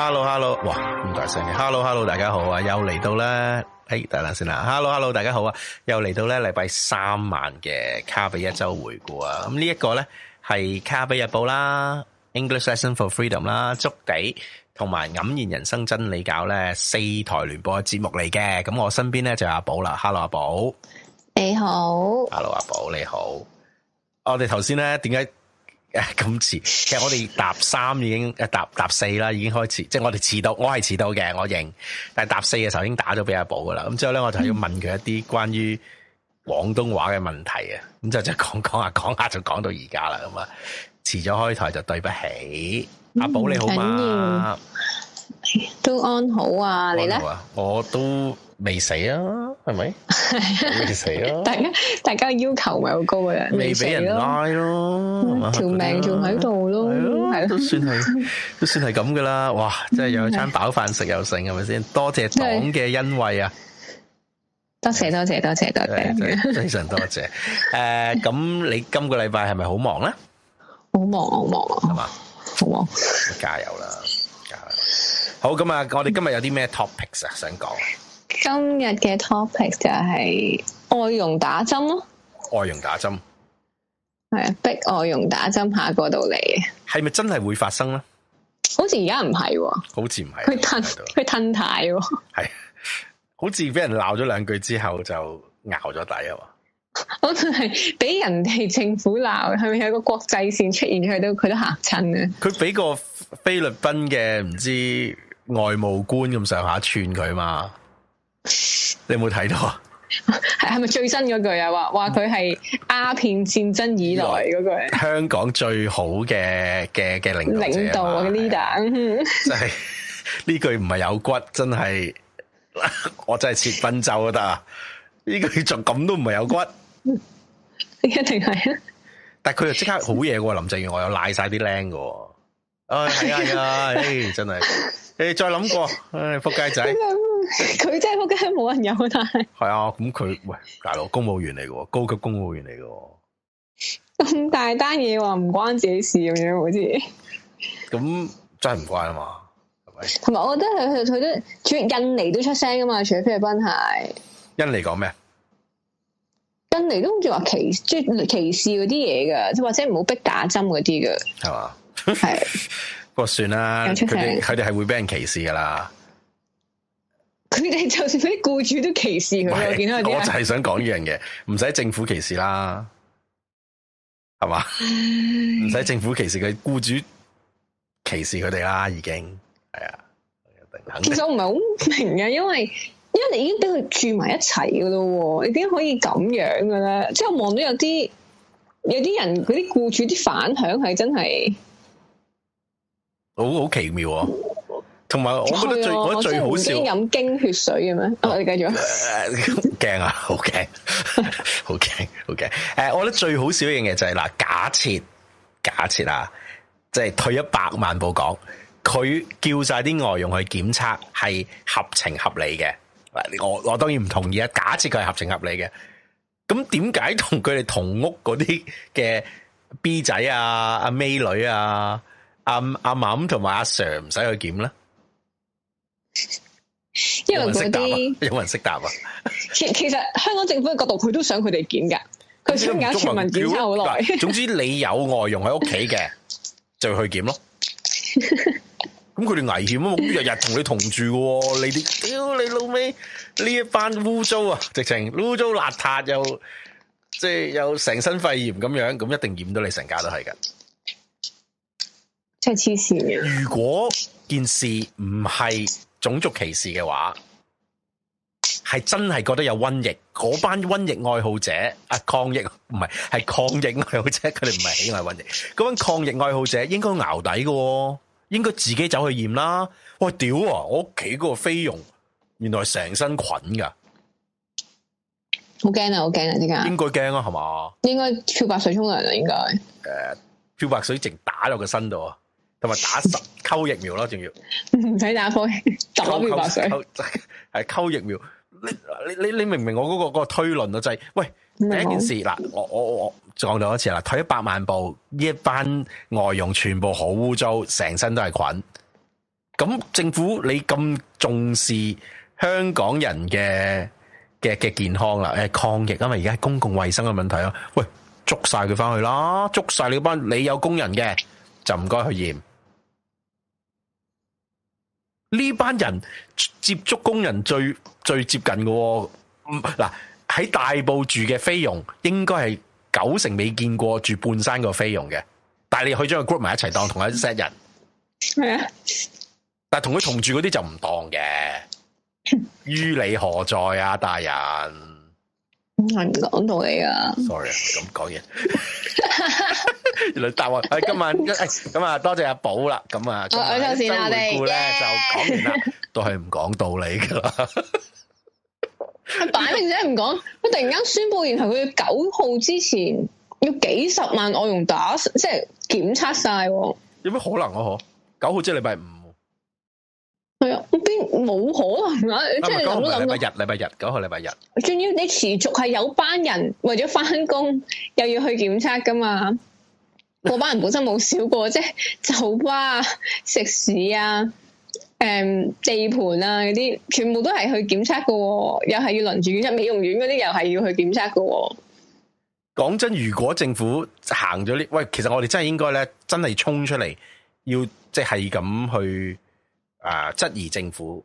Hello，Hello，哇咁大聲嘅！Hello，Hello，大家好啊，又嚟到啦，誒，等下先啦，Hello，Hello，大家好啊，又嚟到咧，禮拜三晚嘅卡比一周回顧啊，咁呢一個咧係卡比日報啦，English Lesson for Freedom 啦，築地同埋黯然人生真理教咧四台聯播嘅節目嚟嘅，咁我身邊咧就阿寶啦，Hello，阿寶，你好，Hello，阿寶，你好，我哋頭先咧點解？誒、啊，咁遲，其實我哋搭三已經一搭搭四啦，已經開始，即係我哋遲到，我係遲到嘅，我認。但係搭四嘅時候已經打咗俾阿寶噶啦，咁之後咧我就要問佢一啲關於廣東話嘅問題啊，咁、嗯、就即就講講下講下就講到而家啦，咁啊，遲咗開台就對不起，嗯、阿寶你好嗎？都安好啊，你咧？我都未死啊。係咪？未死咯！大家大家嘅要求咪好高嘅，未俾人拉咯，條命仲喺度咯，係咯，都算係都算係咁噶啦！哇，真係有餐飽飯食又剩，係咪先？多謝黨嘅恩惠啊！多謝多謝多謝，多謝非常多謝。誒，咁你今個禮拜係咪好忙咧？好忙，好忙啊！係嘛，好忙，加油啦！加油！好，咁啊，我哋今日有啲咩 topic 啊？想講。今日嘅 topic 就係外傭打針咯，外傭打針係啊，愛逼外傭打針下嗰度嚟，嘅，係咪真係會發生咧？好似而家唔係，好似唔係佢吞佢吞太，係、啊、好似俾人鬧咗兩句之後就咬咗底啊！我都係俾人哋政府鬧，係咪有個國際線出現去到佢都吓親啊？佢俾個菲律賓嘅唔知外務官咁上下串佢嘛？你有冇睇到？係咪最新嗰句啊？話話佢係鴉片戰爭以來嗰香港最好嘅嘅嘅領導者啊！即係呢句唔係有骨，真係我真係切賓周都得啊！呢句仲咁都唔係有骨，一定係、 哎、啊！但係佢就即刻好嘢嘅林鄭月娥又賴晒啲靚嘅， 哎，係呀，係呀，真係。你再諗過，唉，仆街仔，佢真係仆街，冇人有，但係係啊，咁佢喂，大佬公務員嚟嘅喎，高級公務員嚟嘅，咁大單嘢話唔關自己事咁樣，好似咁真係唔關啊嘛，係咪？同埋，我覺得佢佢都除印尼都出聲啊嘛，除咗菲律賓係印尼講咩？印尼都好似話歧即係歧視嗰啲嘢噶，即或者唔好逼打針嗰啲噶，係嘛？係。過算啦，佢哋佢哋係會俾人歧視噶啦。佢哋就算啲雇主都歧視佢，我見到我就係想講呢樣嘢，唔 使政府歧視啦，係嘛？唔 使政府歧視佢，雇主歧視佢哋啦，已經係啊定定。其實我唔係好明嘅，因為因為你已經俾佢住埋一齊噶啦，你點可以咁樣噶咧？即係我望到有啲有啲人嗰啲雇主啲反響係真係。好好奇妙、啊，同埋我覺得最我最好笑，飲經血水嘅咩？我你繼續。驚啊，好驚，好驚，好驚！誒，我覺得最好笑嘅、啊啊 uh，就係、是、嗱，假設假設啊，即、就、係、是、退一百萬步講，佢叫晒啲外傭去檢測係合情合理嘅。我我當然唔同意啊。假設佢係合情合理嘅，咁點解同佢哋同屋嗰啲嘅 B 仔啊、阿 May 女啊？阿阿嫲同埋阿 Sir 唔使去檢啦，因為嗰啲有，有人識答啊。其其實香港政府嘅角度，佢都想佢哋檢噶，佢想搞全民檢測好耐。總之你有外傭喺屋企嘅，就去檢咯。咁佢哋危險啊！日日同你同住嘅，你啲屌你老尾呢一班污糟、啊！直情污糟邋遢，又即係又成身肺炎咁樣，咁一定染到你成家都係噶。真係黐線嘅！如果件事唔係種族歧視嘅話，係真係覺得有瘟疫，嗰班瘟疫愛好者啊，抗疫唔係，係抗疫愛好者，佢哋唔係喜愛瘟疫嗰班抗疫愛好者，應該底，應該熬底嘅，應該自己走去驗啦。喂，屌啊！我屋企個菲傭，原來成身菌噶，好驚啊！好驚啊！點解？應該驚呀，係嘛？應該漂白水沖涼啊，應該誒、呃、漂白水直打落個身度啊！同埋打十溝疫苗囉，仲要唔使打科，打千八歲係溝疫苗。你你你,你明唔明我嗰、嗰個、嗰個推論啊？就係、是、喂第一件事嗱，我我我講咗一次啦，退一百萬步，呢班外傭全部好污糟，成身都係菌。咁政府你咁重視香港人嘅嘅嘅健康啦，誒、呃、抗疫啊嘛，而家係公共衛生嘅問題咯。喂，捉晒佢返去啦，捉晒你班你有工人嘅就唔該去驗。呢班人接觸工人最最接近嘅、哦，唔嗱喺大埔住嘅菲傭，應該係九成未見過住半山個菲傭嘅。但係你去將佢 group 埋一齊當同一 set 人，係啊。但係同佢同住嗰啲就唔當嘅，於理何在啊，大人？唔係唔講道理啊！sorry，咁講嘢。 原來答案係，今晚，咁啊，多謝阿寶啦，咁啊，我收線啦，我哋。咧、yeah! 就講完啦，都係唔講道理噶啦。擺明者唔講，佢突然間宣布，然後佢九號之前要幾十萬外傭打，即係檢測晒。有咩可能啊？嗬，九號即係禮拜五。係啊，邊冇可能啊？即係我諗，禮拜日，禮拜日，九號禮拜日。仲要你持續係有班人為咗翻工，又要去檢測噶嘛？嗰班人本身冇少過即係，酒吧、食肆啊、誒地盤啊嗰啲，全部都係去檢測嘅，又係要輪住檢測，美容院嗰啲，又係要去檢測嘅。講真，如果政府行咗呢，喂，其實我哋真係應該咧，真係衝出嚟，要即係咁去啊質疑政府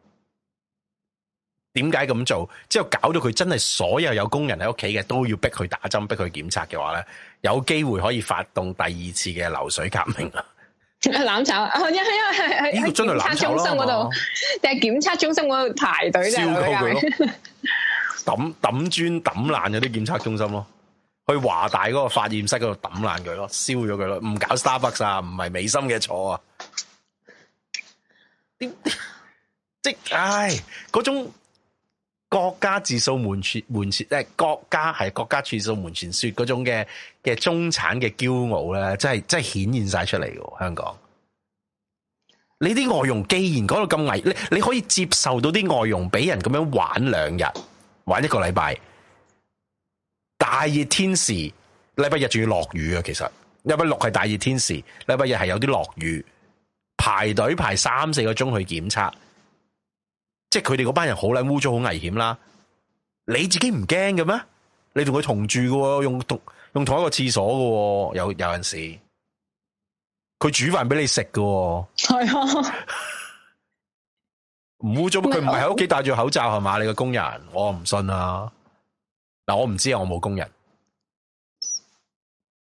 點解咁做？之後搞到佢真係所有有工人喺屋企嘅都要逼佢打針，逼佢檢測嘅話咧。有機會可以發動第二次嘅流水革命啊！攬炒啊，因因為係係檢測中心嗰度，定係檢測中心嗰度排隊燒佢咯，抌抌磚抌爛嗰啲檢測中心咯， 去華大嗰個化驗室嗰度抌爛佢咯，燒咗佢咯，唔搞 Starbucks 啊，唔係美心嘅錯啊，點即唉，嗰種。國家自掃門前門前，即係國家係國家自掃門前雪嗰種嘅嘅中產嘅驕傲咧，真係真係顯現晒出嚟嘅香港。你啲外傭既然嗰度咁危，你你可以接受到啲外傭俾人咁樣玩兩日，玩一個禮拜。大熱天時，禮拜日仲要落雨啊！其實，禮拜六係大熱天時，禮拜日係有啲落雨，排隊排三四個鐘去檢測。即係佢哋嗰班人好靚污糟，好危險啦！你自己唔驚嘅咩？你同佢同住嘅，用同用同一個廁所嘅，有有陣時佢煮飯俾你食嘅，係啊， 唔污糟，佢唔係喺屋企戴住口罩係嘛？你個工人，我唔信啊！嗱，我唔知啊，我冇工人。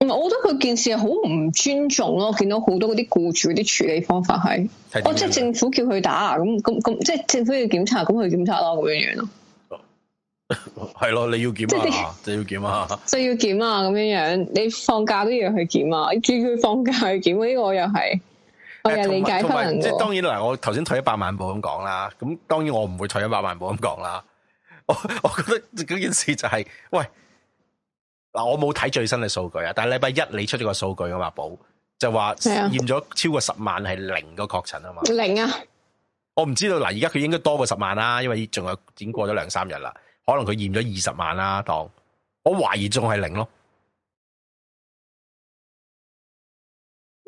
我覺得佢件事好唔尊重咯。我見到好多嗰啲僱主嗰啲處理方法係，哦，即係政府叫佢打咁，咁，咁，即係政府要檢查，咁佢檢查咯咁樣樣咯。係 咯，你要檢啊，就要檢啊，就要檢啊，咁樣樣。你放假都要去檢啊，住 佢放假去檢，呢、這個又係、哎，我又理解不能。即係當然嗱，我頭先退一百萬步咁講啦，咁當然我唔會退一百萬步咁講啦。我我覺得嗰件事就係、是，喂。嗱，我冇睇最新嘅數據啊，但係禮拜一你出咗個數據啊嘛，寶就話驗咗超過十萬係零個確診啊嘛，零啊，我唔知道嗱，而家佢應該多過十萬啦，因為仲有已經過咗兩三日啦，可能佢驗咗二十萬啦，當我懷疑仲係零咯。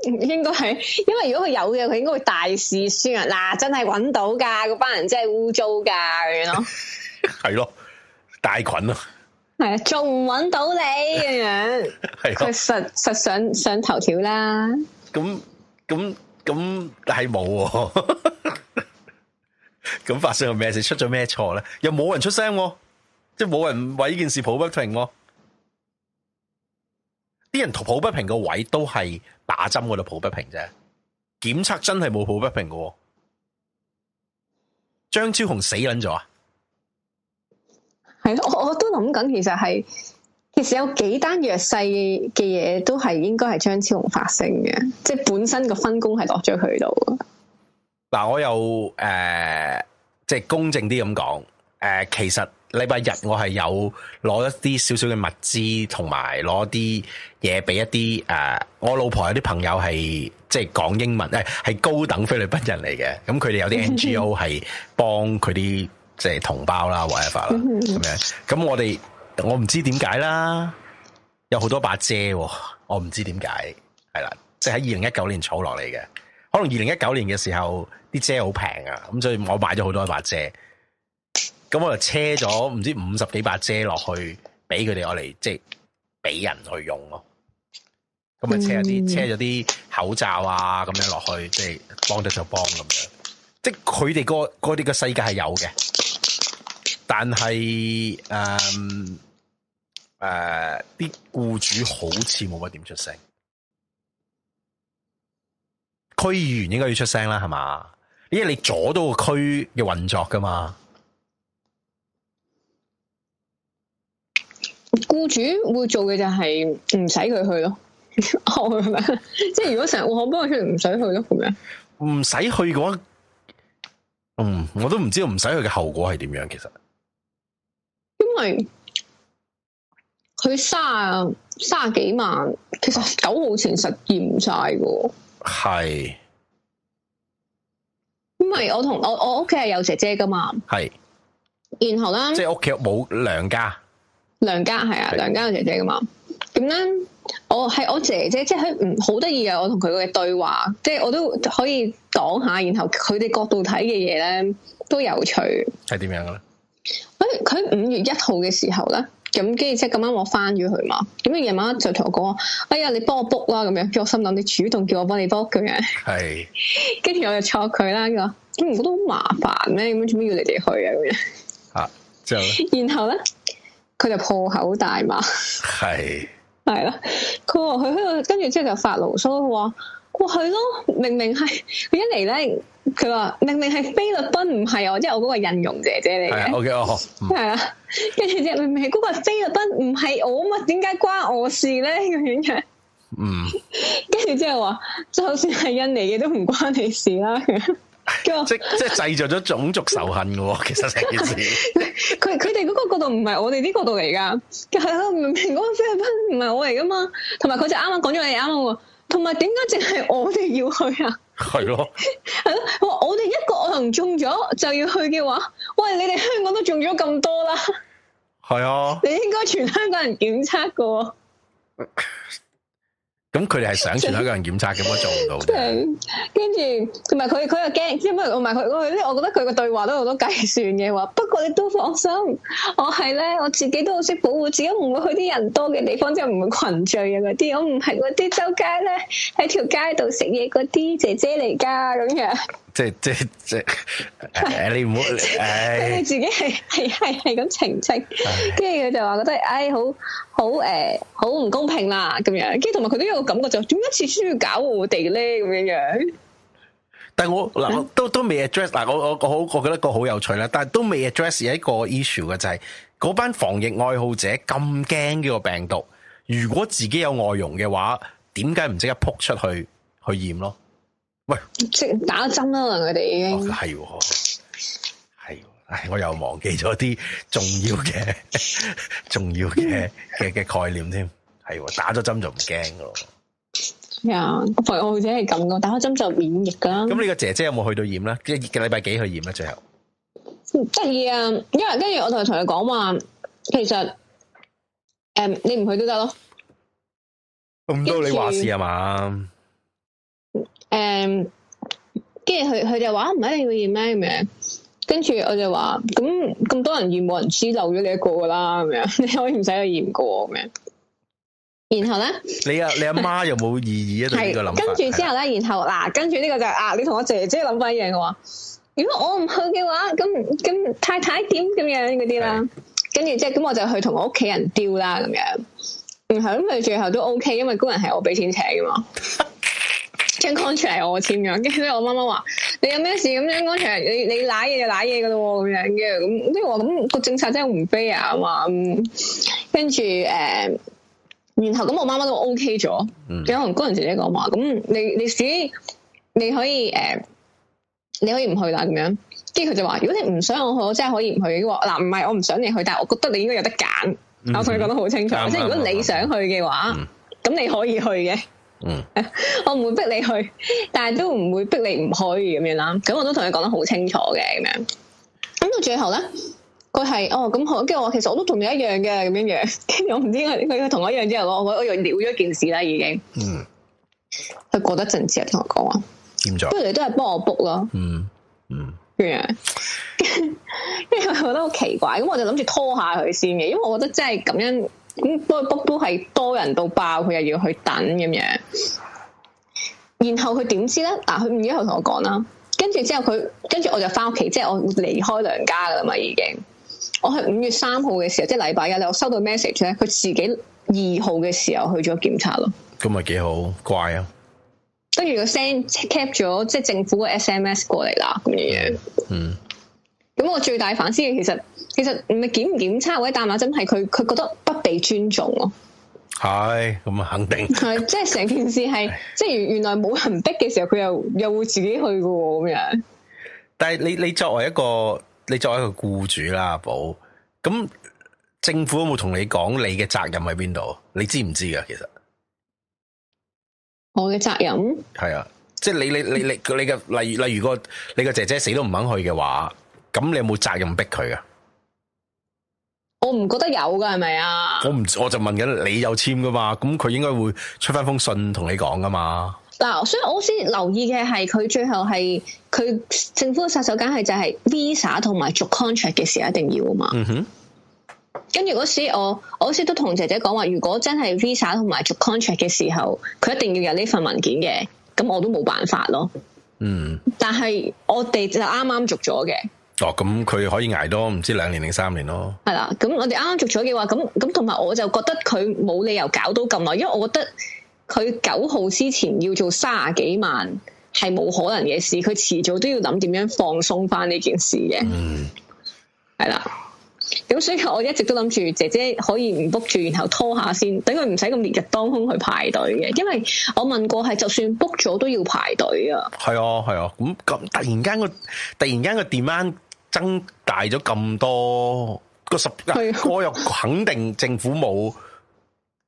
應該係，因為如果佢有嘅，佢應該會大肆宣啊。嗱，真係搵到噶，嗰班人真係污糟噶，咁樣，係 咯，大菌啊！係、嗯嗯嗯嗯嗯、啊，仲唔搵到你咁樣？佢實實上上頭條啦。咁咁咁但係冇，咁發生咗咩事？出咗咩錯咧？又冇人出聲、啊，即係冇人為呢件事抱不平、啊。啲人同抱不平嘅位都係打針嗰度抱不平啫。檢測真係冇抱不平嘅、啊。張超雄死撚咗啊！係，我我都諗緊，其實係其實有幾單弱勢嘅嘢，都係應該係張超雄發聲嘅，即係本身個分工係落咗佢度。嗱，我又誒，即、呃、係、就是、公正啲咁講，誒、呃，其實禮拜日我係有攞一啲少少嘅物資，同埋攞啲嘢俾一啲誒、呃，我老婆有啲朋友係即係講英文，誒、呃，係高等菲律賓人嚟嘅，咁佢哋有啲 NGO 係幫佢啲。 即係同胞啦或者法啦咁 樣。咁我哋我唔知點解啦，有好多把遮，啊，我唔知點解係啦。即係喺二零一九年儲落嚟嘅，可能二零一九年嘅時候啲遮好平啊，咁所以我買咗好多把遮。咁我就車咗唔知五十幾把遮落去，俾佢哋我嚟，即係俾人去用咯。咁啊，車啲車咗啲口罩啊，咁樣落去，即係幫得就幫咁樣。即係佢哋嗰啲個世界係有嘅。但係誒誒，啲、嗯呃、雇主好似冇乜點出聲，區議員應該要出聲啦，係嘛？因為你阻到個區嘅運作噶嘛。雇主會做嘅就係唔使佢去咯，即係如果成日我幫佢出嚟，唔使去咯，咁樣唔使去嘅話，嗯，我都唔知道唔使去嘅後果係點樣，其實。因為佢卅卅幾萬，其實九號前實驗晒嘅。係，因為我同我我屋企係有姐姐噶嘛。係。然後咧，即係屋企冇娘家。娘家係啊，娘家有姐姐噶嘛？咁咧？我係我姐姐，即係唔好得意啊。我同佢嘅對話，即係我都可以講下。然後佢哋角度睇嘅嘢咧，都有趣。係點樣嘅咧？佢五月一號嘅時候咧，咁跟住即係咁啱我翻咗去嘛，咁啊夜晚就同我講，哎呀你幫我 book 啦咁樣，叫我心諗，你主動叫我幫你 book 嘅？係，跟住我就錯佢啦，我咁唔覺得好麻煩咩？咁樣做咩要你哋去啊咁樣，啊之後呢，然後咧佢就破口大罵，係係啦，佢話佢喺度，跟住之後就發牢騷哇、哦，過去咯！明明係佢一嚟咧，佢話明明係菲律賓唔係我，即係我嗰個印傭姐姐嚟嘅。係、yeah,，OK，OK、okay, oh, mm.。係啊，跟住即明明嗰個菲律賓唔係我嘛？點解關我事咧？咁樣嘅，嗯。跟住之後話，就算係印尼嘅都唔關你事啦。 即即係製造咗種族仇恨嘅、哦， 其實成件事 他。佢佢哋嗰個角度唔係我哋呢角度嚟噶，係咯？明明嗰個菲律賓唔係我嚟噶嘛？同埋佢就啱啱講咗你啱啱。剛剛同埋點解淨係我哋要去啊？係咯，係咯，我哋一個可能中咗就要去嘅話，喂，你哋香港都中咗咁多啦，係啊，你應該全香港人檢測㗎。 咁佢哋係想全一個人檢查嘅，我做唔到嘅。跟住同埋佢，佢又驚，知唔知？我唔係佢，我覺得，我覺得佢個對話都有好多計算嘅話。不過你都放心，我係咧，我自己都好識保護自己，唔會去啲人多嘅地方，即係唔會群聚啊嗰啲。我唔係嗰啲周街咧喺條街度食嘢嗰啲姐姐嚟噶咁樣。即係即係即係，你唔好即你自己係係係係咁澄清，跟住佢就話覺得唉好好誒、呃、好唔公平啦咁樣，跟住同埋佢都有個感覺就，點解次次要搞我哋咧咁樣樣？但係我嗱都都未 address 嗱，我我我好我覺得個好有趣啦，但係都未 address 一個 issue 嘅就係，嗰班防疫愛好者咁驚呢個病毒，如果自己有外傭嘅話，點解唔即刻撲出去去驗咯？喂，即打咗針啦、啊，佢哋已經係係，唉、哦哦哦，我又忘記咗啲重要嘅 重要嘅嘅嘅概念添，係、哦、打咗針就唔驚噶咯。咩啊？我好似係咁噶，打咗針就免疫噶。咁你個姐姐有冇去到驗即幾幾禮拜幾去驗咧？最後得意、嗯、啊！因為我跟住我同佢同佢講話，其實誒、嗯，你唔去都得咯、啊。唔到你話事係嘛？誒、嗯，跟住佢佢就話唔係一定要驗咩咁樣，跟住我就話咁咁多人驗冇人知，留咗你一個噶啦咁樣，你可以唔使去驗過咩？然後咧，你阿你阿媽有冇異議啊？係，跟住之後咧，然後嗱，跟住呢個就是、啊，你同我姐姐諗翻一樣嘅話，如果我唔去嘅話，咁咁太太點咁樣嗰啲啦？跟住即係咁，就我就去同我屋企人調啦咁樣，唔後佢最後都 OK，因為工人係我俾錢請噶嘛。 簽 contract 我簽嘅，跟住咧我媽媽話：你有咩事咁樣？contract 你你揦嘢就揦嘢噶咯，咁樣，跟住咁，即係話咁個政策真係唔 fair 啊嘛。跟住誒，然後咁、呃、我媽媽都 OK 咗。嗯。有同工人姐姐你講話，咁你你自己你可以誒，你可以唔、呃、去啦咁樣。跟住佢就話：如果你唔想我去，我真係可以唔去嘅。嗱，唔係我唔想你去，但係我覺得你應該有得揀、嗯。我同你講得好清楚，嗯、即係、嗯、如果你想去嘅話，咁、嗯、你可以去嘅。嗯， 我唔會逼你去，但係都唔會逼你唔去咁樣啦。咁我都同你講得好清楚嘅咁樣。咁到最後咧，佢係哦咁好，跟住我其實我都同你一樣嘅咁樣樣。跟住我唔知佢佢同我一樣之後，我我我又撩咗件事啦，已經。嗯。佢過得陣之後同我講話，點不如你都係幫我 book 咯。嗯嗯。咁樣，因為我覺得好奇怪，咁我就諗住拖下佢先嘅，因為我覺得真係咁樣。咁不過 book 都係多人到爆，佢又要去等咁樣，然後佢點知咧？嗱，佢五月一號同我講啦，跟住之後佢跟住我就翻屋企，即係我離開娘家噶啦嘛，已經。我係五月三號嘅時候，即係禮拜日，我收到 message 咧，佢自己二號嘅時候去咗檢查咯。咁咪幾好，怪啊！跟住個 send kept 咗，即係政府嘅 SMS 過嚟啦，咁嘅嘢。嗯。咁我最大反思嘅其實。其實唔係檢唔檢測或者打埋針，係佢佢覺得不被尊重咯。係咁啊，肯定係即係成件事係即係原原來冇人逼嘅時候，佢又又會自己去噶咁樣。但係你你作為一個你作為一個僱主啦，阿寶，咁政府有冇同你講你嘅責任喺邊度？你知唔知㗎？其實我嘅責任係啊，即係、就是、你你你你你嘅例如例如個你個姐姐死都唔肯去嘅話，咁你有冇責任逼佢啊？我唔覺得有噶，係咪啊？我唔我就問緊你，你有簽噶嘛？咁佢應該會出翻封信同你講噶嘛？嗱，no，所以我先留意嘅係佢最後係佢政府嘅殺手鐧係就係 visa 同埋續 contract 嘅時候一定要啊嘛。嗯哼。跟住嗰時我我先都同姐姐講話，如果真係 visa 同埋續 contract 嘅時候，佢一定要有呢份文件嘅，咁我都冇辦法咯。嗯，mm-hmm。但係我哋就啱啱續咗嘅。哦，咁佢可以捱多唔知兩年定三年咯。係啦，咁我哋啱啱續咗嘅話，咁咁，同埋我就覺得佢冇理由搞到咁耐，因為我覺得佢九號之前要做三十幾萬係冇可能嘅事，佢遲早都要諗點樣放鬆翻呢件事嘅。嗯，係啦，咁所以我一直都諗住姐姐可以唔 book 住，然後拖下先，等佢唔使咁烈日當空去排隊嘅。因為我問過係，就算 book 咗都要排隊啊。係啊，係啊，咁咁突然間個突然間個 demand。增大咗咁多個十，啊、我又肯定政府冇，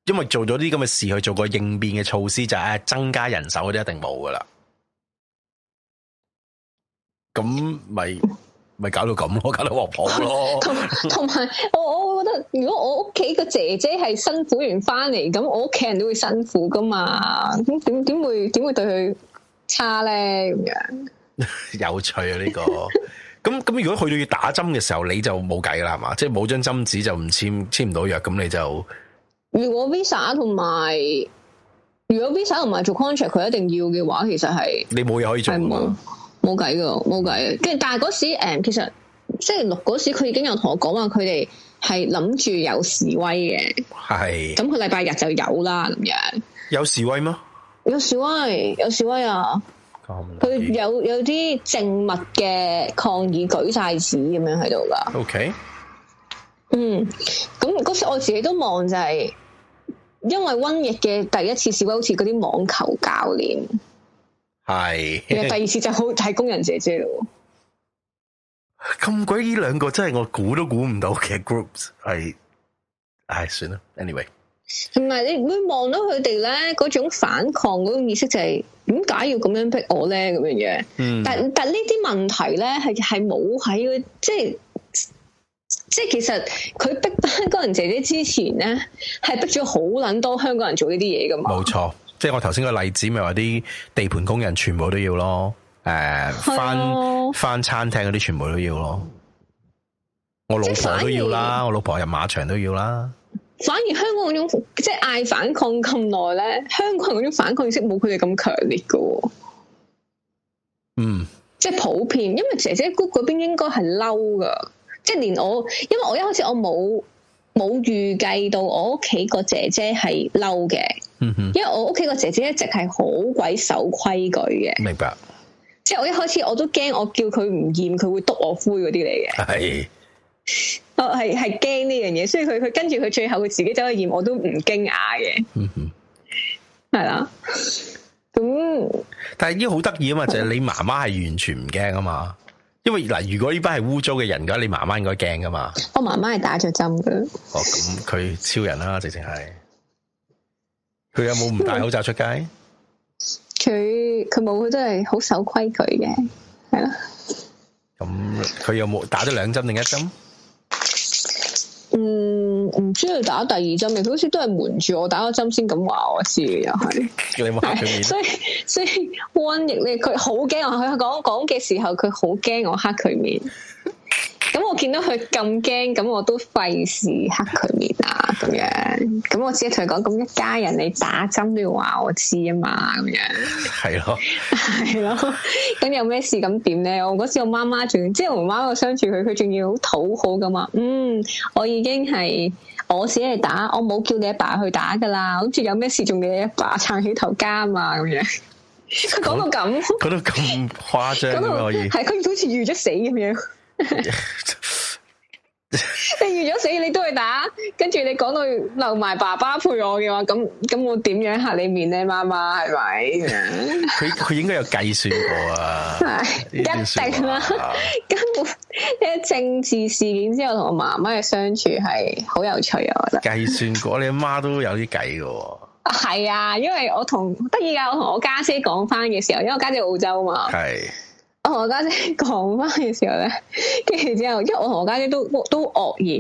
因為做咗啲咁嘅事去做個應變嘅措施，就係增加人手嗰啲一定冇噶啦。咁咪咪搞到咁咯，搞到我婆咯。同同埋，我我會覺得，如果我屋企個姐姐係辛苦完翻嚟，咁我屋企人都會辛苦噶嘛。咁點點會點會對佢差咧？咁 樣有趣啊！呢、這個。咁咁，如果去到要打針嘅時候，你就冇計啦，係嘛？即係冇張針紙就唔簽簽唔到約，咁你就如果 Visa 同埋如果 Visa 同埋做 contract，佢一定要嘅話，其實係你冇嘢可以做的，冇冇計嘅，冇計，跟住，但係嗰時誒，其實星期六嗰時，佢已經有同我講話，佢哋係諗住有示威嘅。係咁，佢禮拜日就有啦，咁樣有示威嗎？有示威，有示威啊！佢 有有啲靜默嘅抗議舉晒紙咁樣喺度噶。O、okay. K，嗯，咁時我自己都望就係、是，因為瘟疫嘅第一次示威好似嗰啲網球教練，係， 第二次就好係工人姐姐咯。咁鬼呢兩個真係我估都估唔到嘅 groups，係，唉，算啦，anyway。同埋你會望到佢哋咧嗰種反抗嗰種意識，就係點解要咁樣逼我咧咁樣嘅？但但呢啲問題咧係係冇喺，即係即係其實佢逼翻工人姐姐之前咧，係逼咗好捻多香港人做呢啲嘢噶嘛？冇錯，即係我頭先個例子，咪話啲地盤工人全部都要咯，誒、呃，翻翻、啊、餐廳嗰啲全部都要咯。我老婆都要啦，我老婆入馬場都要啦。反而香港嗰種即係嗌，反抗咁耐咧，香港人嗰種反抗意識冇佢哋咁強烈㗎。嗯，即係普遍，因為姐姐谷嗰邊應該係嬲㗎，即係連我，因為我一開始我冇冇預計到我屋企個姐姐係嬲嘅。嗯哼。因為我屋企個姐姐一直係好鬼守規矩嘅。明白。即係我一開始我都驚我叫佢唔厭，佢會篤我灰嗰啲嚟嘅。係、哎。哦，係係驚呢樣嘢，所以佢佢跟住佢最後佢自己走去驗，我都唔驚訝嘅。嗯 哼，係啦，咁但係依家好得意啊嘛，就係、是、你媽媽係完全唔驚啊嘛，因為嗱，如果呢班係污糟嘅人嘅話，你媽媽應該驚噶嘛。我媽媽係打咗針嘅。哦，咁佢超人啦，啊，直情係。佢有冇唔戴口罩出街？佢佢冇，佢真係好守規矩嘅，係咯。咁佢有冇打咗兩針定一針？唔知佢打第二針嘅，佢好似都係瞞住我打咗針先咁話我知，嘅又係，所以所以 o n 咧，佢好驚我，佢講講嘅時候，佢好驚我黑佢面。咁我見到佢咁驚，咁我都費事黑佢面啊，咁樣。咁我只係同佢講，咁一家人你打針都要話我知啊嘛，咁樣。係咯，係咯。咁有咩事咁點咧？我嗰時我媽媽仲，即係我媽我相處佢，佢仲要好討好噶嘛。嗯，我已經係我自己打，我冇叫你阿爸去打噶啦。好似有咩事仲要你阿爸撐起頭家啊嘛，咁樣。佢講到咁，講到咁誇張，咁係佢好似預咗死咁樣。 你預咗死你都會打，跟住你講到留埋爸爸陪我嘅話，咁咁我點樣吓你面咧？媽媽係咪？佢佢 應該有計算過啊，一定啦。根本政治事件之後同我媽媽嘅相處係好有趣啊！我覺得計算過， 你阿媽都有啲計喎。係啊，因為我同得意啊，我同我家姐講翻嘅時候，因為我家姐澳洲嘛，係。我同我家姐講翻嘅時候咧，跟住之後，因為我同我家姐，姐都都愕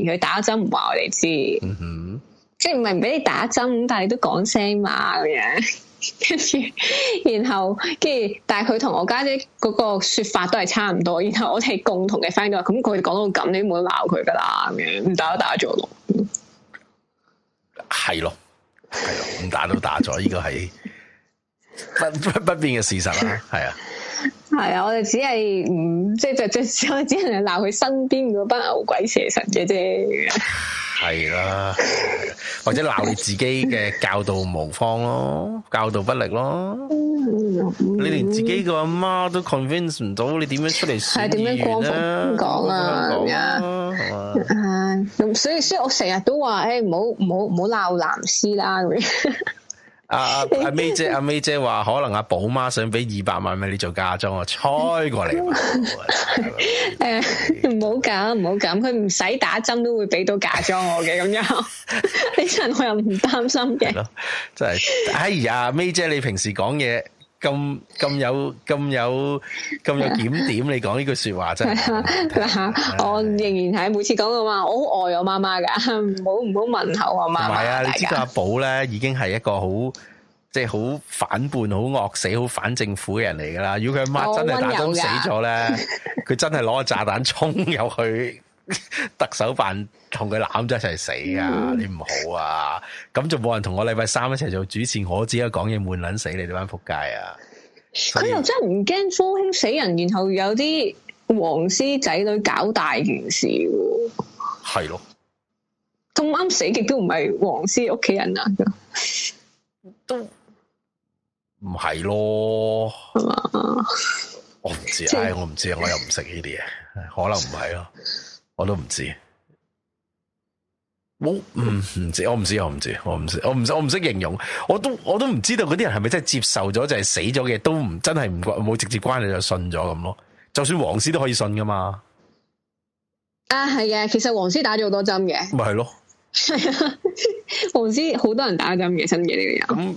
然佢打針唔話我哋知、嗯，即係唔係唔俾你打針，但係都講聲嘛咁樣。跟住然後跟住，但係佢同我家姐嗰個說法都係差唔多。然後我哋共同嘅 friend 咁佢哋講到咁，你唔會鬧佢噶啦嘅，唔打都打咗咯。係 咯，係咯，唔打都打咗，呢、這個係不不變嘅事實啦。係啊。係啊，我哋只係唔即係就最少，我只係鬧佢身邊嗰班牛鬼蛇神嘅啫。係啦、啊 啊，或者鬧你自己嘅教導無方咯，教導不力咯、嗯嗯。你連自己個阿媽都 convince 唔到你點樣出嚟、啊，係點、啊、樣光復香港啊？啊？係咁、啊啊，所以所以我成日都話，誒，唔好唔好唔好鬧藍絲啦。 阿 阿、uh, May 姐，阿 May 姐話可能阿寶媽想畀二百萬畀你做嫁妝我猜過嚟？誒 是吧，唔好咁，唔好咁，佢唔使打針都會畀到嫁妝我嘅咁樣，呢陣我， 我又唔擔心嘅，真係，哎呀，May 姐你平時講嘢。咁咁有咁有咁有檢點，點， 你講呢句說話真係 我仍然係每次講到話，我好愛我媽媽噶，唔好唔好問候我媽。唔係啊，你知道阿寶咧，已經係一個好即係好反叛、好惡死、好反政府嘅人嚟噶啦。如果佢媽真係打針死咗咧，佢 真係攞個炸彈衝入去。 特首辦同佢攬咗一齊死啊！嗯、你唔好啊，咁就冇人同我禮拜三一齊做主持。我只係講嘢悶撚死你哋班仆街啊！佢又真唔驚科興死人，然後有啲黃絲仔女搞大件事，啊。係咯，咁啱死嘅都唔係黃絲屋企人啊，都唔係咯。我唔知，啊，我唔知，就是哎我唔知，我又唔識呢啲嘢，可能唔係咯。 我都唔知，我唔唔知，我唔知，我唔知，我唔知，我唔我唔識形容，我都我都唔知道嗰啲人係咪真係接受咗就係、是、死咗嘅，都唔真係唔關冇直接關你，就信咗咁咯。就算黃絲都可以信噶嘛。啊，係啊，其實黃絲打咗好多針嘅，咪係咯，係啊，黃絲好多人打針嘅，真嘅呢啲人。咁、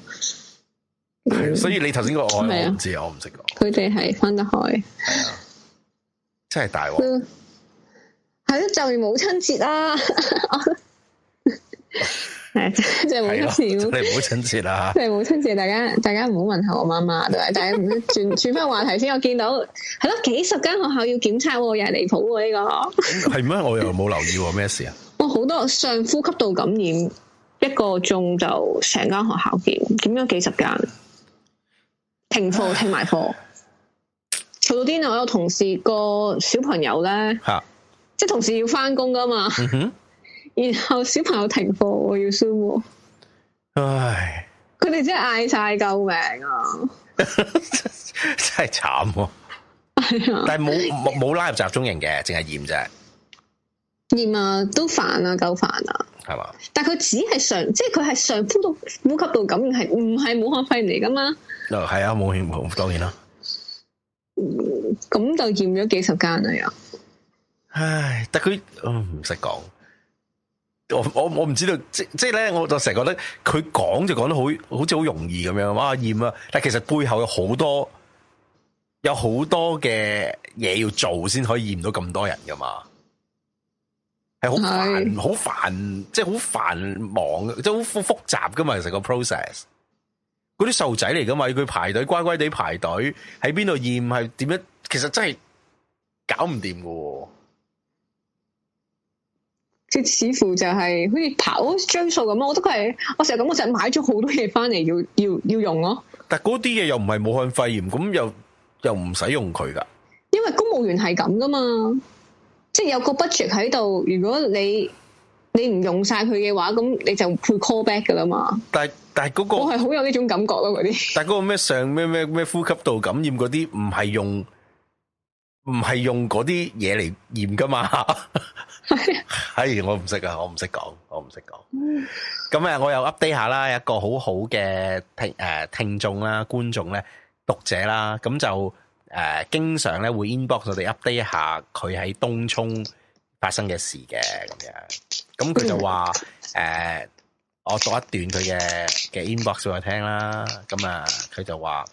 嗯，所以你頭先個案我唔知啊，我唔識講。佢哋係分得開，真係大鑊。係 咯， 就嚟母親節啦，係 就係母親節咯，就嚟母親節啦。就係母親節，大家 大家唔好問候我媽媽，都大家唔轉轉翻話題先。我見到係咯，幾十間學校要檢測，又係離譜喎，呢個係咩？ 我又冇留意喎，咩事啊？我 好、哦、多上呼吸道感染，一個鐘就成間學校檢，點樣幾十間停課聽埋課。好啲啊！我 有同事、個小朋友咧。 即係同時要翻工噶嘛，mm-hmm。然後小朋友停課要疏，唉，佢哋真係嗌晒救命 啊！真係慘喎，但係冇冇拉入集中營嘅，淨係驗啫，驗啊都煩啊，夠煩啊，係、就是、嘛？但係佢只係上，即係佢係上呼吸道呼吸道感染，係唔係武漢肺炎嚟噶嘛？嗱係啊，冇輕當然啦，咁、嗯、就驗咗幾十間啦又。唉，但佢唔識講，我我我唔知道，即即咧，我就成日覺得佢講就講得好好似好容易咁樣，哇驗啊！但其實背後有好多有好多嘅嘢要做，先可以驗到咁多人噶嘛，係好煩好煩，即係好繁忙，即係好複雜噶嘛。成個 process，嗰啲細路仔嚟噶嘛，要佢排隊乖乖地排隊，喺邊度驗係點樣？其實真係搞唔掂噶。佢似乎就係好似跑張數咁，我覺得佢係我成日咁，我就買咗好多嘢翻嚟要要要用咯。但嗰啲嘢又唔係武漢肺炎，咁又又唔使用佢噶。因為公務員係咁噶嘛，即係有個 budget 喺度，如果你你唔用晒佢嘅話，咁你就配 call back 噶啦嘛。但係但係、那、嗰個我係好有呢種感覺咯，嗰啲但係嗰個咩上咩咩咩呼吸道感染嗰啲唔係用。唔係用嗰啲嘢嚟驗㗎嘛？ 哎， 我唔識啊，我唔識講，我唔識講。咁誒，我又 update 下啦，有一個好好嘅聽誒、呃、聽眾啦、觀眾咧、讀者啦，咁、啊、就誒、呃、經常咧會 inbox 我哋 update 一下佢喺東涌發生嘅事嘅咁樣。咁佢就話誒，呃、說我讀一段佢嘅嘅 inbox 咗嚟聽啦。咁啊，佢就話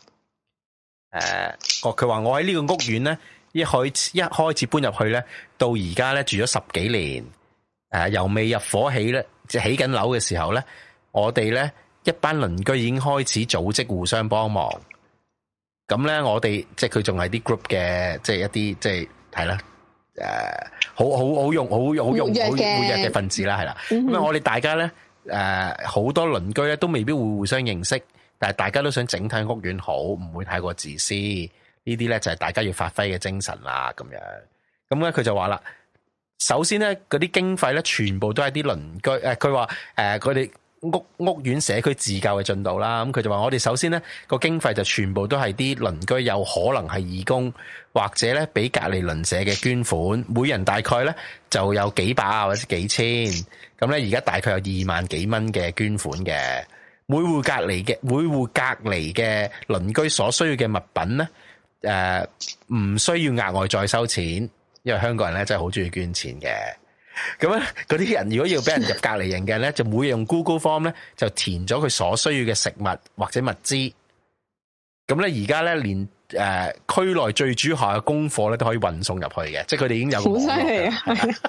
誒，我佢話我喺呢個屋苑咧。一開一開始搬入去咧，到而家咧住咗十幾年，誒，由未入伙起咧，即起緊樓嘅時候咧，我哋咧一班鄰居已經開始組織互相幫忙。咁咧，我哋即係佢仲係啲 group 嘅，即係一啲即係係啦，誒、啊，好好好用，好用，好，好用，好每日嘅份子啦，係啦。咁、嗯、啊，我哋大家咧，誒，好多鄰居咧都未必會互相認識，但係大家都想整體屋苑好，唔會太過自私。呢啲咧就係大家要發揮嘅精神啦，咁樣咁咧佢就話啦，首先咧嗰啲經費咧全部都係啲鄰居誒，佢話誒佢哋屋屋苑社區自救嘅進度啦。咁佢就話我哋首先咧個經費就全部都係啲鄰居，有可能係義工或者咧俾隔離鄰舍嘅捐款，每人大概咧就有幾百或者幾千咁咧。而家大概有二萬幾蚊嘅捐款嘅每戶隔離嘅每戶隔離嘅鄰居所需要嘅物品咧。誒，唔需要額外再收錢，因為香港人咧真係好中意捐錢嘅。咁咧，嗰啲人如果要俾人入隔離營嘅咧， 就每日用 Google Form 咧就填咗佢所需要嘅食物或者物資。咁咧，而家咧連誒區內最主下嘅功課咧都可以運送入去嘅，即係佢哋已經有好犀利啊！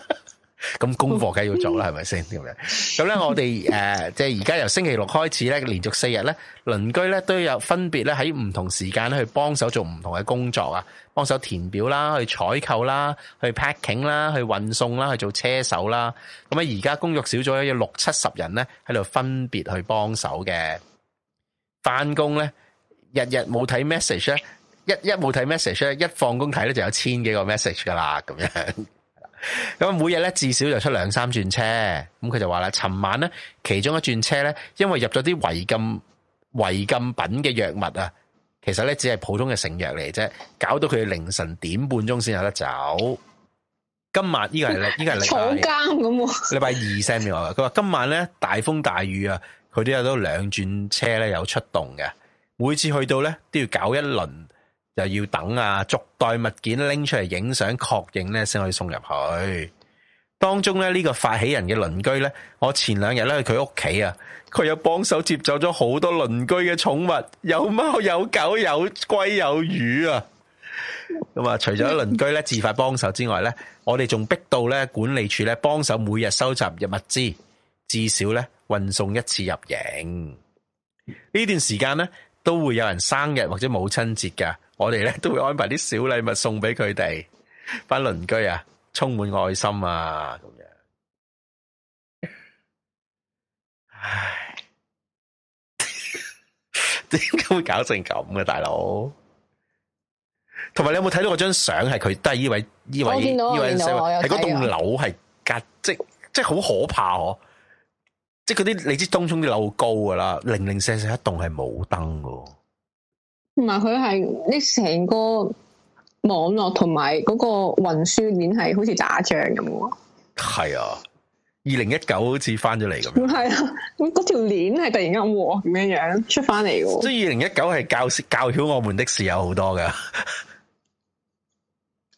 咁功課梗要做啦，係咪先？咁樣咁咧，我哋誒，即係而家由星期六開始咧，連續四日咧，鄰居咧都有分別咧喺唔同時間咧去幫手做唔同嘅工作啊，幫手填表啦，去採購啦，去 packing 啦，去運送啦，去做車手啦。咁啊，而家工作小組有六七十人咧喺度分別去幫手嘅翻工咧，日日冇睇 message 咧，一一冇睇 message 咧，一放工睇咧就有千幾個 message 噶啦，咁樣。咁每日咧至少就出兩三轉車，咁佢就話啦，尋晚咧其中一轉車咧，因為入咗啲違禁違禁品嘅藥物啊，其實咧只係普通嘅成藥嚟啫，搞到佢凌晨點半鐘先有得走。今晚呢、呢個係呢、呢個係禮拜，好奸咁。禮拜二 send 俾我佢話今晚咧大風大雨啊，佢都有都兩轉車咧有出動嘅，每次去到咧都要搞一輪。就要等啊，逐袋物件拎出嚟影相確認咧，先可以送入去。當中咧呢個發起人嘅鄰居咧，我前兩日咧去佢屋企啊，佢有幫手接走咗好多鄰居嘅寵物，有貓有狗有龜有魚啊。咁啊，除咗鄰居咧自發幫手之外咧，我哋仲逼到咧管理處咧幫手每日收集入物資，至少咧運送一次入營。呢段時間咧都會有人生日或者母親節㗎。我哋咧都會安排啲小禮物送俾佢哋，班鄰居啊，充滿愛心啊，咁 樣。唉，點解會搞成咁嘅，大佬？同埋你有冇睇到嗰張相？係佢都係依位，依位，依位師係嗰棟樓係隔，即即好可怕呵！即嗰啲你知東，東涌啲樓高噶啦，零零舍舍一棟，一棟係冇燈噶。同埋佢係啲成個網絡同埋嗰個運輸鏈係好似打仗咁嘅，係啊，二零一九好似翻咗嚟咁，係啊，咁嗰條鏈係突然間和咁樣樣出翻嚟嘅，即係二零一九係教教曉我們的事有好多嘅，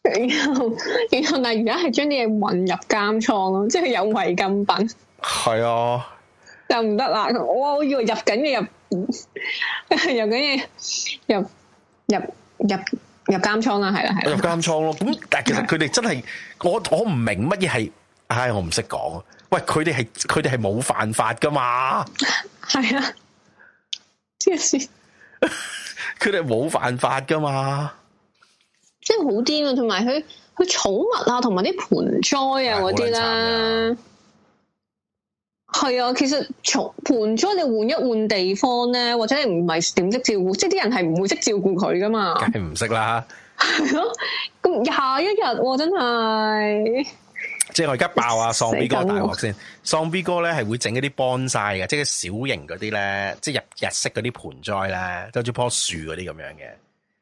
然後然後但係而家係將啲嘢運入監倉咯，即係有違禁品，係啊，又唔得啦，我我以為入緊嘅入。又嗰啲入入入入監倉啦，係啦，係啦。入監倉咯，咁但係其實佢哋真係我我唔明乜嘢係，唉我唔識講。喂，佢哋係佢哋係冇犯法噶嘛？係 啊，即係佢哋係冇犯法噶嘛？即係好癲啊！同埋佢佢寵物啊，同埋啲盆栽啊嗰啲啦。哎係啊，其實從盆栽你換一換地方咧，或者你唔係點識照顧，即係啲人係唔會識照顧佢噶嘛，梗係唔識啦。係咯，咁下一日真係，即係我而家爆啊喪 B 哥大鑊先，喪 B 哥咧係會整一啲 bonsai 嘅，即係小型嗰啲咧，即係日日式嗰啲盆栽咧，即係好似樖樹嗰啲咁樣嘅。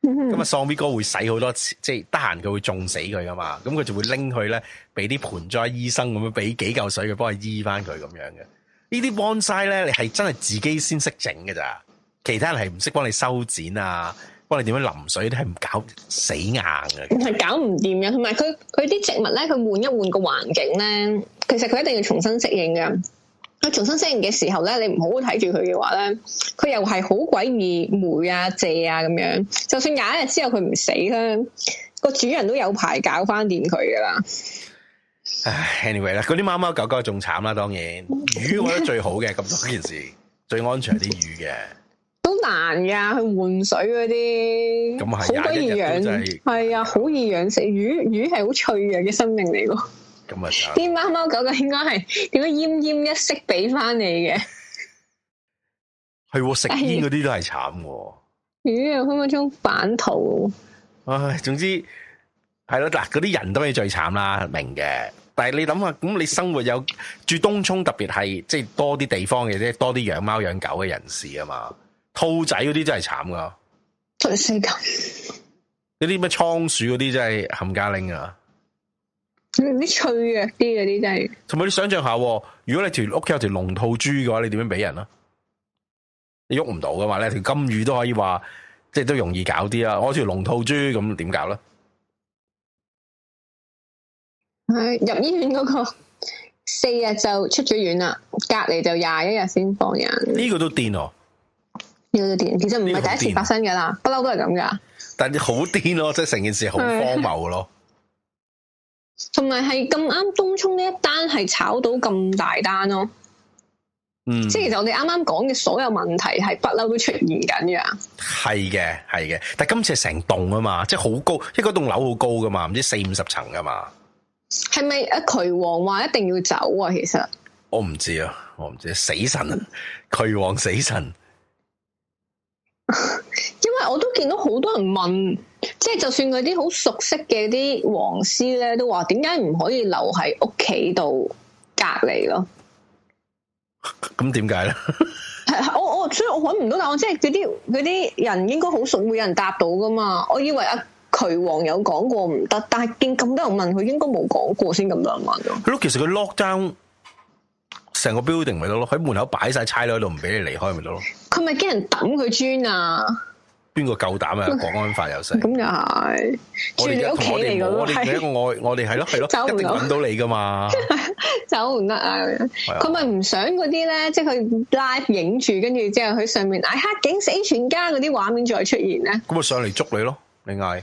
咁、嗯、啊，喪 b 哥會洗好多次，即係得閒佢會種死佢噶嘛，咁佢就會拎去咧，俾啲盆栽醫生咁樣，俾幾嚿水佢幫佢醫翻佢咁樣嘅。呢啲 bonsai 咧，你係真係自己先識整嘅咋，其他人係唔識幫你修剪啊，幫你點樣淋水，都係唔搞死硬嘅。係搞唔掂嘅，同埋佢佢啲植物咧，佢換一換個環境咧，其實佢一定要重新適應嘅。佢重新適應嘅時候咧，你唔好睇住佢嘅話咧，佢又係好詭異，霉啊、借啊咁樣。就算有一日之後佢唔死啦，個主人都有排搞翻掂佢噶啦。唉，anyway 啦，嗰啲貓貓狗狗仲慘啦，當然魚我覺得最好嘅咁多件事，最安全係啲魚嘅。都好難噶，去換水嗰啲，咁係好易養，係啊，好易養死魚。魚係好脆弱嘅生命嚟個。啲貓貓狗狗應該係點樣奄奄一息俾翻你嘅？係 食煙嗰啲都係慘嘅。咦？開個窗反圖？唉，總之係咯嗱，嗰啲人都係最慘啦，明嘅。但係你諗下，咁你生活有住東涌，特別係即係多啲地方嘅，啫，多啲養貓養狗嘅人士啊嘛。兔仔嗰啲真係慘噶 真係慘。嗰啲咩倉鼠嗰啲真係冚家拎啊！你啲脆弱啲嗰啲真係。同埋你想象下，如果你條屋企有條龍吐珠嘅話，你點樣俾人啦？你喐唔到嘅嘛？你條金魚都可以話，即係都容易搞啲啦。我條龍吐珠咁點搞咧？係入醫院嗰個四日就出咗院啦，隔籬就廿一日先放人。呢個都癲哦！呢個都癲，其實唔係第一次發生噶啦，不嬲都係咁噶。但係好癲咯，即係成件事好荒謬咯。 同埋係咁啱東涌呢一單係炒到咁大單咯。哦，嗯，即係其實我哋啱啱講嘅所有問題係不嬲都出現緊嘅。係嘅，係嘅，但係今次係成棟啊嘛，即係好高，即係嗰棟樓好高噶嘛，唔知四五十層噶嘛。係咪阿渠王話一定要走啊？其實我唔知啊，我唔知，死神，渠王死神， 因為我都見到好多人問。即係就算嗰啲好熟悉嘅啲黃絲咧，都話點解唔可以留喺屋企度隔離咯？咁點解咧？係 我我所以我搵唔到答案，即係嗰啲啲人應該好熟，會有人答到噶嘛？我以為阿渠王有講過唔得，但係見咁多人問，佢應該冇講過先咁多人問咯。Look 其實佢 lock down 成個 building 咪得咯？喺門口擺晒差佬喺度，唔俾你離開咪得咯？佢咪驚人抌佢磚啊！邊個夠膽啊？國安法又成，咁又係住你屋企嚟噶咯？我哋我哋係咯係咯，一定搵到你噶嘛？ 走唔得啊！佢咪唔想嗰啲咧，即係佢 live 影住，跟住之後喺上面嗌黑警死全家嗰啲畫面再出現咧。咁啊，上嚟捉你咯！你嗌。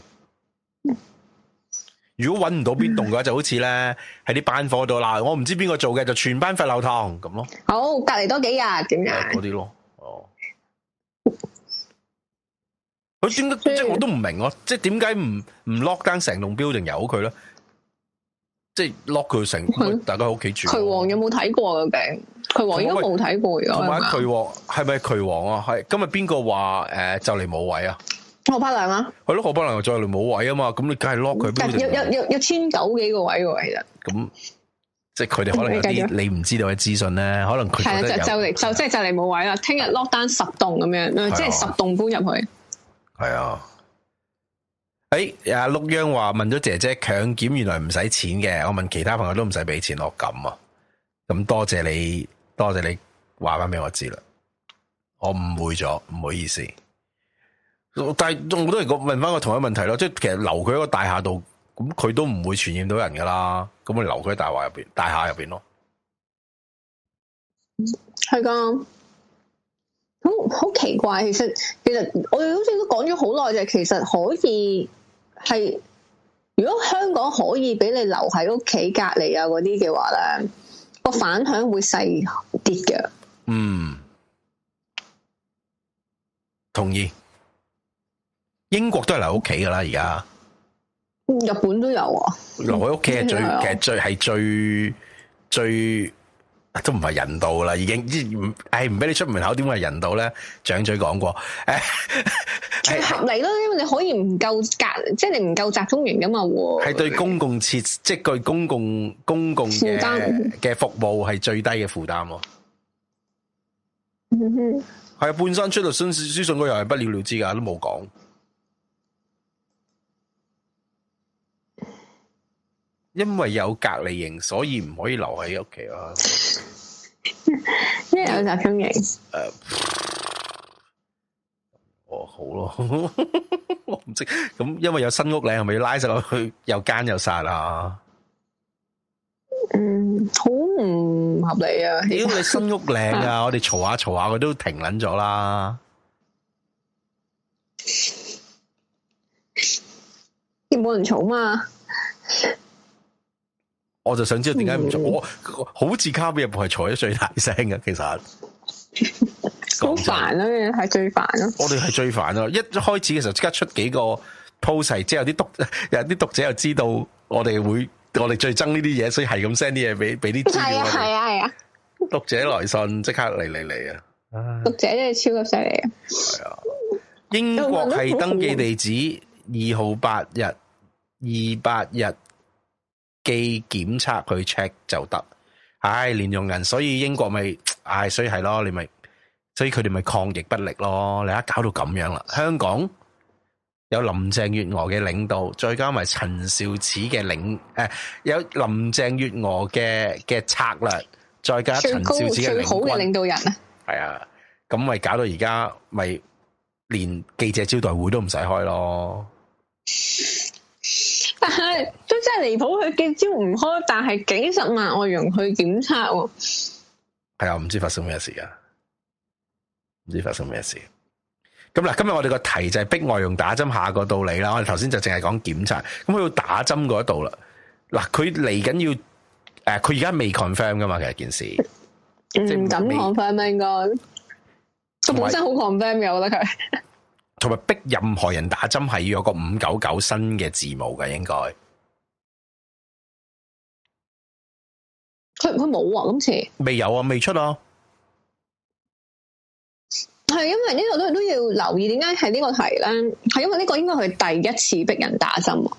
如果搵唔到邊棟嘅話， 就好似咧喺啲班房度嗱，我唔知邊個做嘅，就全班罰留堂咁咯。好，隔籬多幾日點樣？嗰啲咯。佢點解，即我都唔明咯，即係點解唔唔 lock down 成棟 building 由佢咧？即係 lock 佢成，大家喺屋企住。渠王有冇睇過個病？渠王應該冇睇過嘅。唔係渠王係咪渠王啊？係今日邊個話誒就嚟冇位啊？何柏良啊？係咯，何柏良又再嚟冇位啊嘛？咁你梗係 lock 佢。有有有一千九幾個位喎，啊，其實。咁即係佢哋可能有啲你唔知道嘅資訊咧，可能佢係啊，就就嚟就即係就嚟冇，就是，位啦。聽日 lock down 十棟咁樣，即係十棟搬入去。係啊！誒、哎，阿陸央話問咗姐姐強檢，強檢原來唔使錢嘅。我問其他朋友都唔使俾錢咯。咁啊，咁多謝你，多謝你話翻俾我知啦。我誤會咗，唔好意思。但係仲好多人問翻個同一個問題咯，即係其實留佢喺個大廈度，咁佢都唔會傳染到人噶啦。咁咪留佢喺大廈入邊，大廈入邊咯。嗯，係噶。好好奇怪，其實其實我哋好似都講咗好耐，就其實可以係如果香港可以俾你留喺屋企隔離啊嗰啲嘅話咧，個反響會細啲嘅。嗯，同意。英國都係留屋企噶啦，而家。日本都有啊，留喺屋企係最，其實最係最最。最最都唔係人道啦，已經即係唔，俾你出門口，點會係人道咧？長嘴講過，誒， 最合理咯，因為你可以唔夠隔，即係你唔夠集中營噶嘛。係對公共設，即係對公共公共負嘅服務係最低嘅負擔。嗯哼，係啊，半山出到新書信嗰又係不了了之噶，都冇講。因為有隔離營，所以唔可以留喺屋企啊。因為有集中營哦好咯，我唔識咁，因為有新屋靚，係咪要拉晒落去又奸又殺啊！嗯，好、嗯、唔、嗯、合理啊！如、哎、果你新屋靚啊， 我哋嘈下嘈下，佢都停捻咗啦。要冇人嘈嘛？我就想知道點解唔做，嗯、我好似卡比入部係嘈得最大聲嘅，其實好煩咯，係、啊、最煩咯、啊。我哋係最煩咯、啊，一一開始嘅時候即刻出幾個 post 之後啲讀，有啲讀者又知道我哋會，我哋最憎呢啲嘢，所以係咁 send 啲嘢俾俾啲係啊，係啊，係啊，讀者來信即刻嚟嚟嚟啊！讀者真係超級犀利啊！係啊，英國係登記地址二號八日二八日。既檢測佢 check 就得，唉，連用銀，所以英國咪唉，所以係咯，你咪，所以佢哋咪抗疫不力咯，你一搞到咁樣啦。香港有林鄭月娥嘅領導，再加埋陳肇始嘅領，誒、呃、有林鄭月娥嘅嘅策略，再加陳肇始嘅領，最好嘅領導人，係啊，咁咪搞到而家咪連記者招待會都唔使開咯。但係都真係離譜，佢嘅招唔開，但係幾十萬外傭去檢測，係啊，唔知發生咩事啊？唔知發生咩事。咁嗱，今日我哋個題就係逼外傭打針下個道理啦。我哋頭先就淨係講檢查，咁去到打針嗰度啦。嗱，佢嚟緊要誒，佢而家未 confirm 噶嘛？其實件事唔敢 confirm 啊，應該佢本身好 confirm 嘅，我覺得佢。同埋逼任何人打針係要有個五九九新嘅字母嘅，應該佢佢冇啊，今次未有啊，未出啊，係因為呢度都都要留意，點解係呢個題咧？係因為呢個應該係第一次逼人打針啊。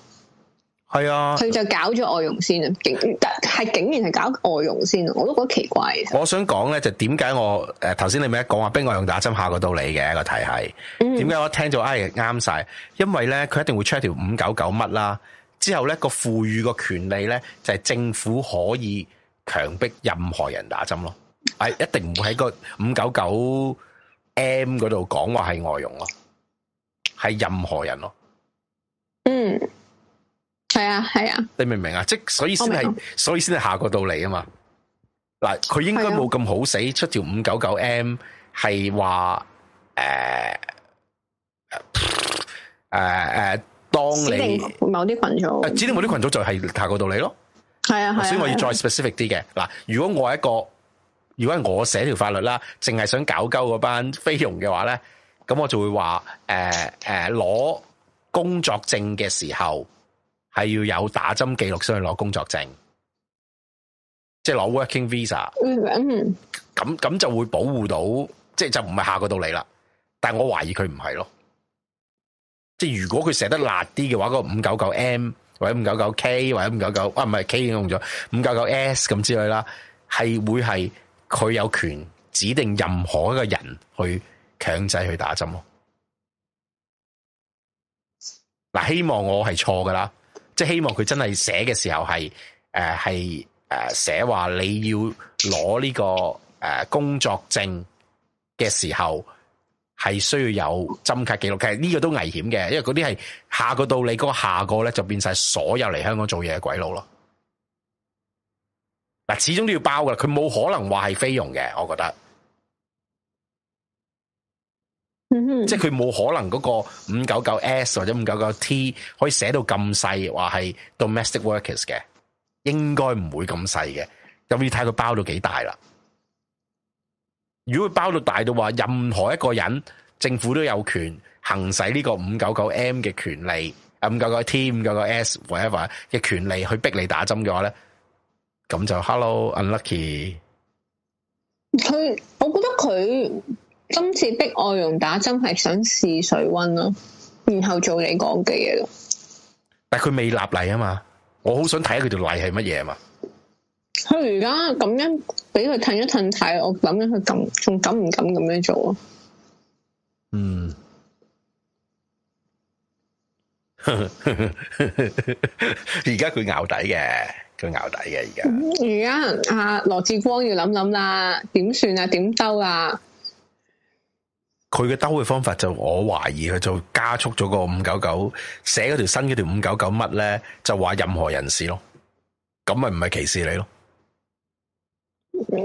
係啊，佢就搞咗外傭先啊，竟但係竟然係搞外傭先，我都覺得奇怪。我想講咧，就點解我誒頭先你咪講話逼外傭打針下個道理嘅個題係？點解、嗯、我聽到哎啱晒？因為咧，佢一定會出一條五九九乜啦，之後咧個賦予個權利咧就係、是、政府可以強逼任何人打針咯，係一定唔會喺個五九九 M 嗰度講話係外傭咯，係任何人咯，嗯。係啊，係啊，你明唔明啊？即所以先係，所以先係下個道理啊嘛。嗱，佢應該冇咁好死，是啊，出條五九九 M 係話誒誒誒，當你某啲群組，指定某啲群、啊、群組就係下個道理咯。係啊，啊，所以我要再 specific 啲嘅。嗱，啊啊啊啊，如果我係一個，如果係我寫條法律啦，淨係想搞鳩嗰班菲傭嘅話咧，咁我就會話誒誒，攞，呃呃、工作證嘅時候。係要有打針記錄先去攞工作證，即係攞 working visa，mm-hmm.。咁咁就會保護到，即係就唔係下個道理啦。但係我懷疑佢唔係咯。即係如果佢寫得辣啲嘅話，嗰個五九九 M 或者五九九 K 或者五九九啊，唔係，K 已經用咗，五九九 S 咁之類啦，係會係佢有權指定任何一個人去強制去打針咯。嗱，希望我係錯噶啦。即係希望佢真係寫嘅時候係誒係誒寫話你要攞呢、這個誒、呃、工作證嘅時候係需要有針卡記錄，其實呢個都危險嘅，因為嗰啲係下個到你嗰個下個咧就變晒所有嚟香港做嘢嘅鬼佬咯。嗱，始終都要包噶，佢冇可能話係菲傭嘅，我覺得。 即係佢冇可能嗰個五九九 S 或者五九九 T 可以寫到咁細，話係 domestic workers 嘅，應該唔會咁細嘅，咁要睇佢包到幾大啦。如果佢包到大到話，任何一個人政府都有權行使呢個五九九 M 嘅權利，五九九 T 五九九 S whatever 嘅權利去逼你打針嘅話咧，咁就 hello unlucky。佢，我覺得佢。今次逼外傭打針，係想試水溫咯，然後做你講嘅嘢咯。但係佢未立例啊嘛，我好想睇下佢條例係乜嘢啊嘛。佢而家咁樣俾佢褪一褪睇，我諗佢敢仲敢唔敢咁樣做啊？嗯，而家佢咬底嘅，佢咬底嘅而家。而家阿羅智光要諗諗啦，點算啊？點兜啊？佢嘅兜嘅方法就我懷疑佢就加速咗個五九九寫嗰條新嗰條五九九乜咧，就話任何人士咯，咁咪唔係歧視你咯？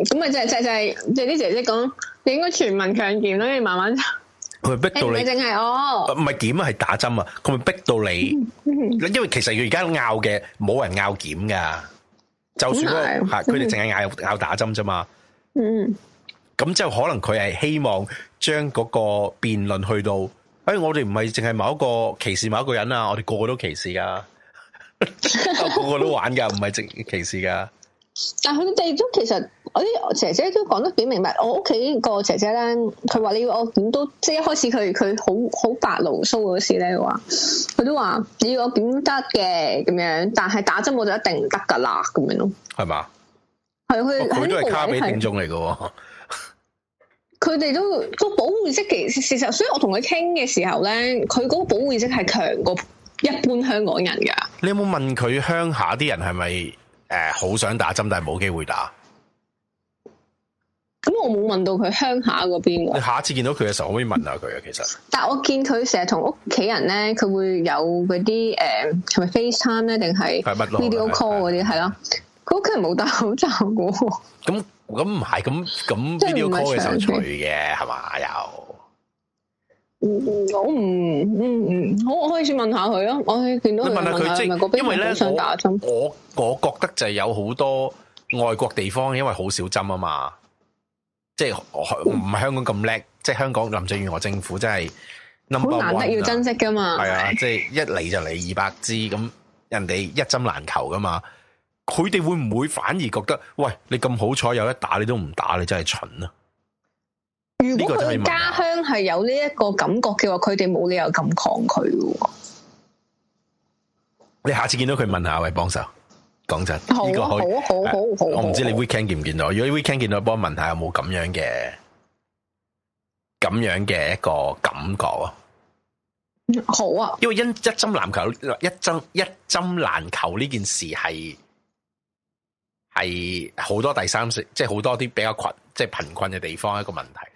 咁咪、就是、就就是、就係即係啲姐姐講，你應該全民強檢咯，因為慢慢佢逼到你淨係我，唔係檢係打針啊！佢咪逼到你，因為其實佢而家拗嘅冇人拗檢噶，就算佢哋淨係拗拗打針啫嘛。嗯，咁就可能佢係希望。將嗰個辯論去到，哎，我哋唔係淨係某一個歧視某一個人啊，我哋個個都歧視噶， 我個個都玩噶，唔係淨歧視噶。但係佢哋都其實，我啲姐姐都講得幾明白。我屋企個姐姐咧，佢話你要我點都，即係一開始佢佢好好發牢騷嗰時咧，話佢都話你要我點得嘅咁樣，但係打針我就一定唔得噶啦，咁樣咯。係嘛？係佢佢都係卡比點中嚟噶。佢哋都個保護意識，其實，所以我同佢傾嘅時候咧，佢嗰個保護意識係強過一般香港人噶。你有冇問佢鄉下啲人係咪誒好想打針，但係冇機會打？咁我冇問到佢鄉下嗰邊，啊。你下一次見到佢嘅時候，可唔可以問下佢啊。其實，但係我見佢成日同屋企人咧，佢會有嗰啲誒係咪 FaceTime 咧，定係係乜 Video Call 嗰啲係囉。佢屋企人冇戴口罩嘅。咁咁唔係咁咁俾你 call 嘅時候除嘅係嘛又，我唔嗯嗯，好，我可以先問下佢咯，我去見到問下佢即係，因為咧我想打針，我我覺得就係有好多外國地方因為好少針啊嘛，即係唔係香港咁叻，嗯，即係香港林鄭月娥政府真係 number one，好難得要珍惜噶嘛，係啊，即係 一嚟就嚟二百支咁，人哋一針難求噶嘛。佢哋會唔會反而覺得，喂，你咁好彩有一打，你都唔打，你真係蠢啊！如果佢家鄉係有呢一個感覺嘅話，佢哋冇理由咁抗拒嘅。你下次見到佢問下，喂，幫手，講真，呢、啊這個好、啊、好、啊、好、啊啊、好、啊好，啊好啊。我唔知你 weekend 見唔見到、啊啊，如果 weekend 見到，幫我問下有冇咁樣嘅咁樣嘅一個感覺啊！好啊，因為一一針難求，一針難求一針難求呢件事係。係好多第三即係好多啲比較貧困，即係貧困嘅地方一個問題嚟。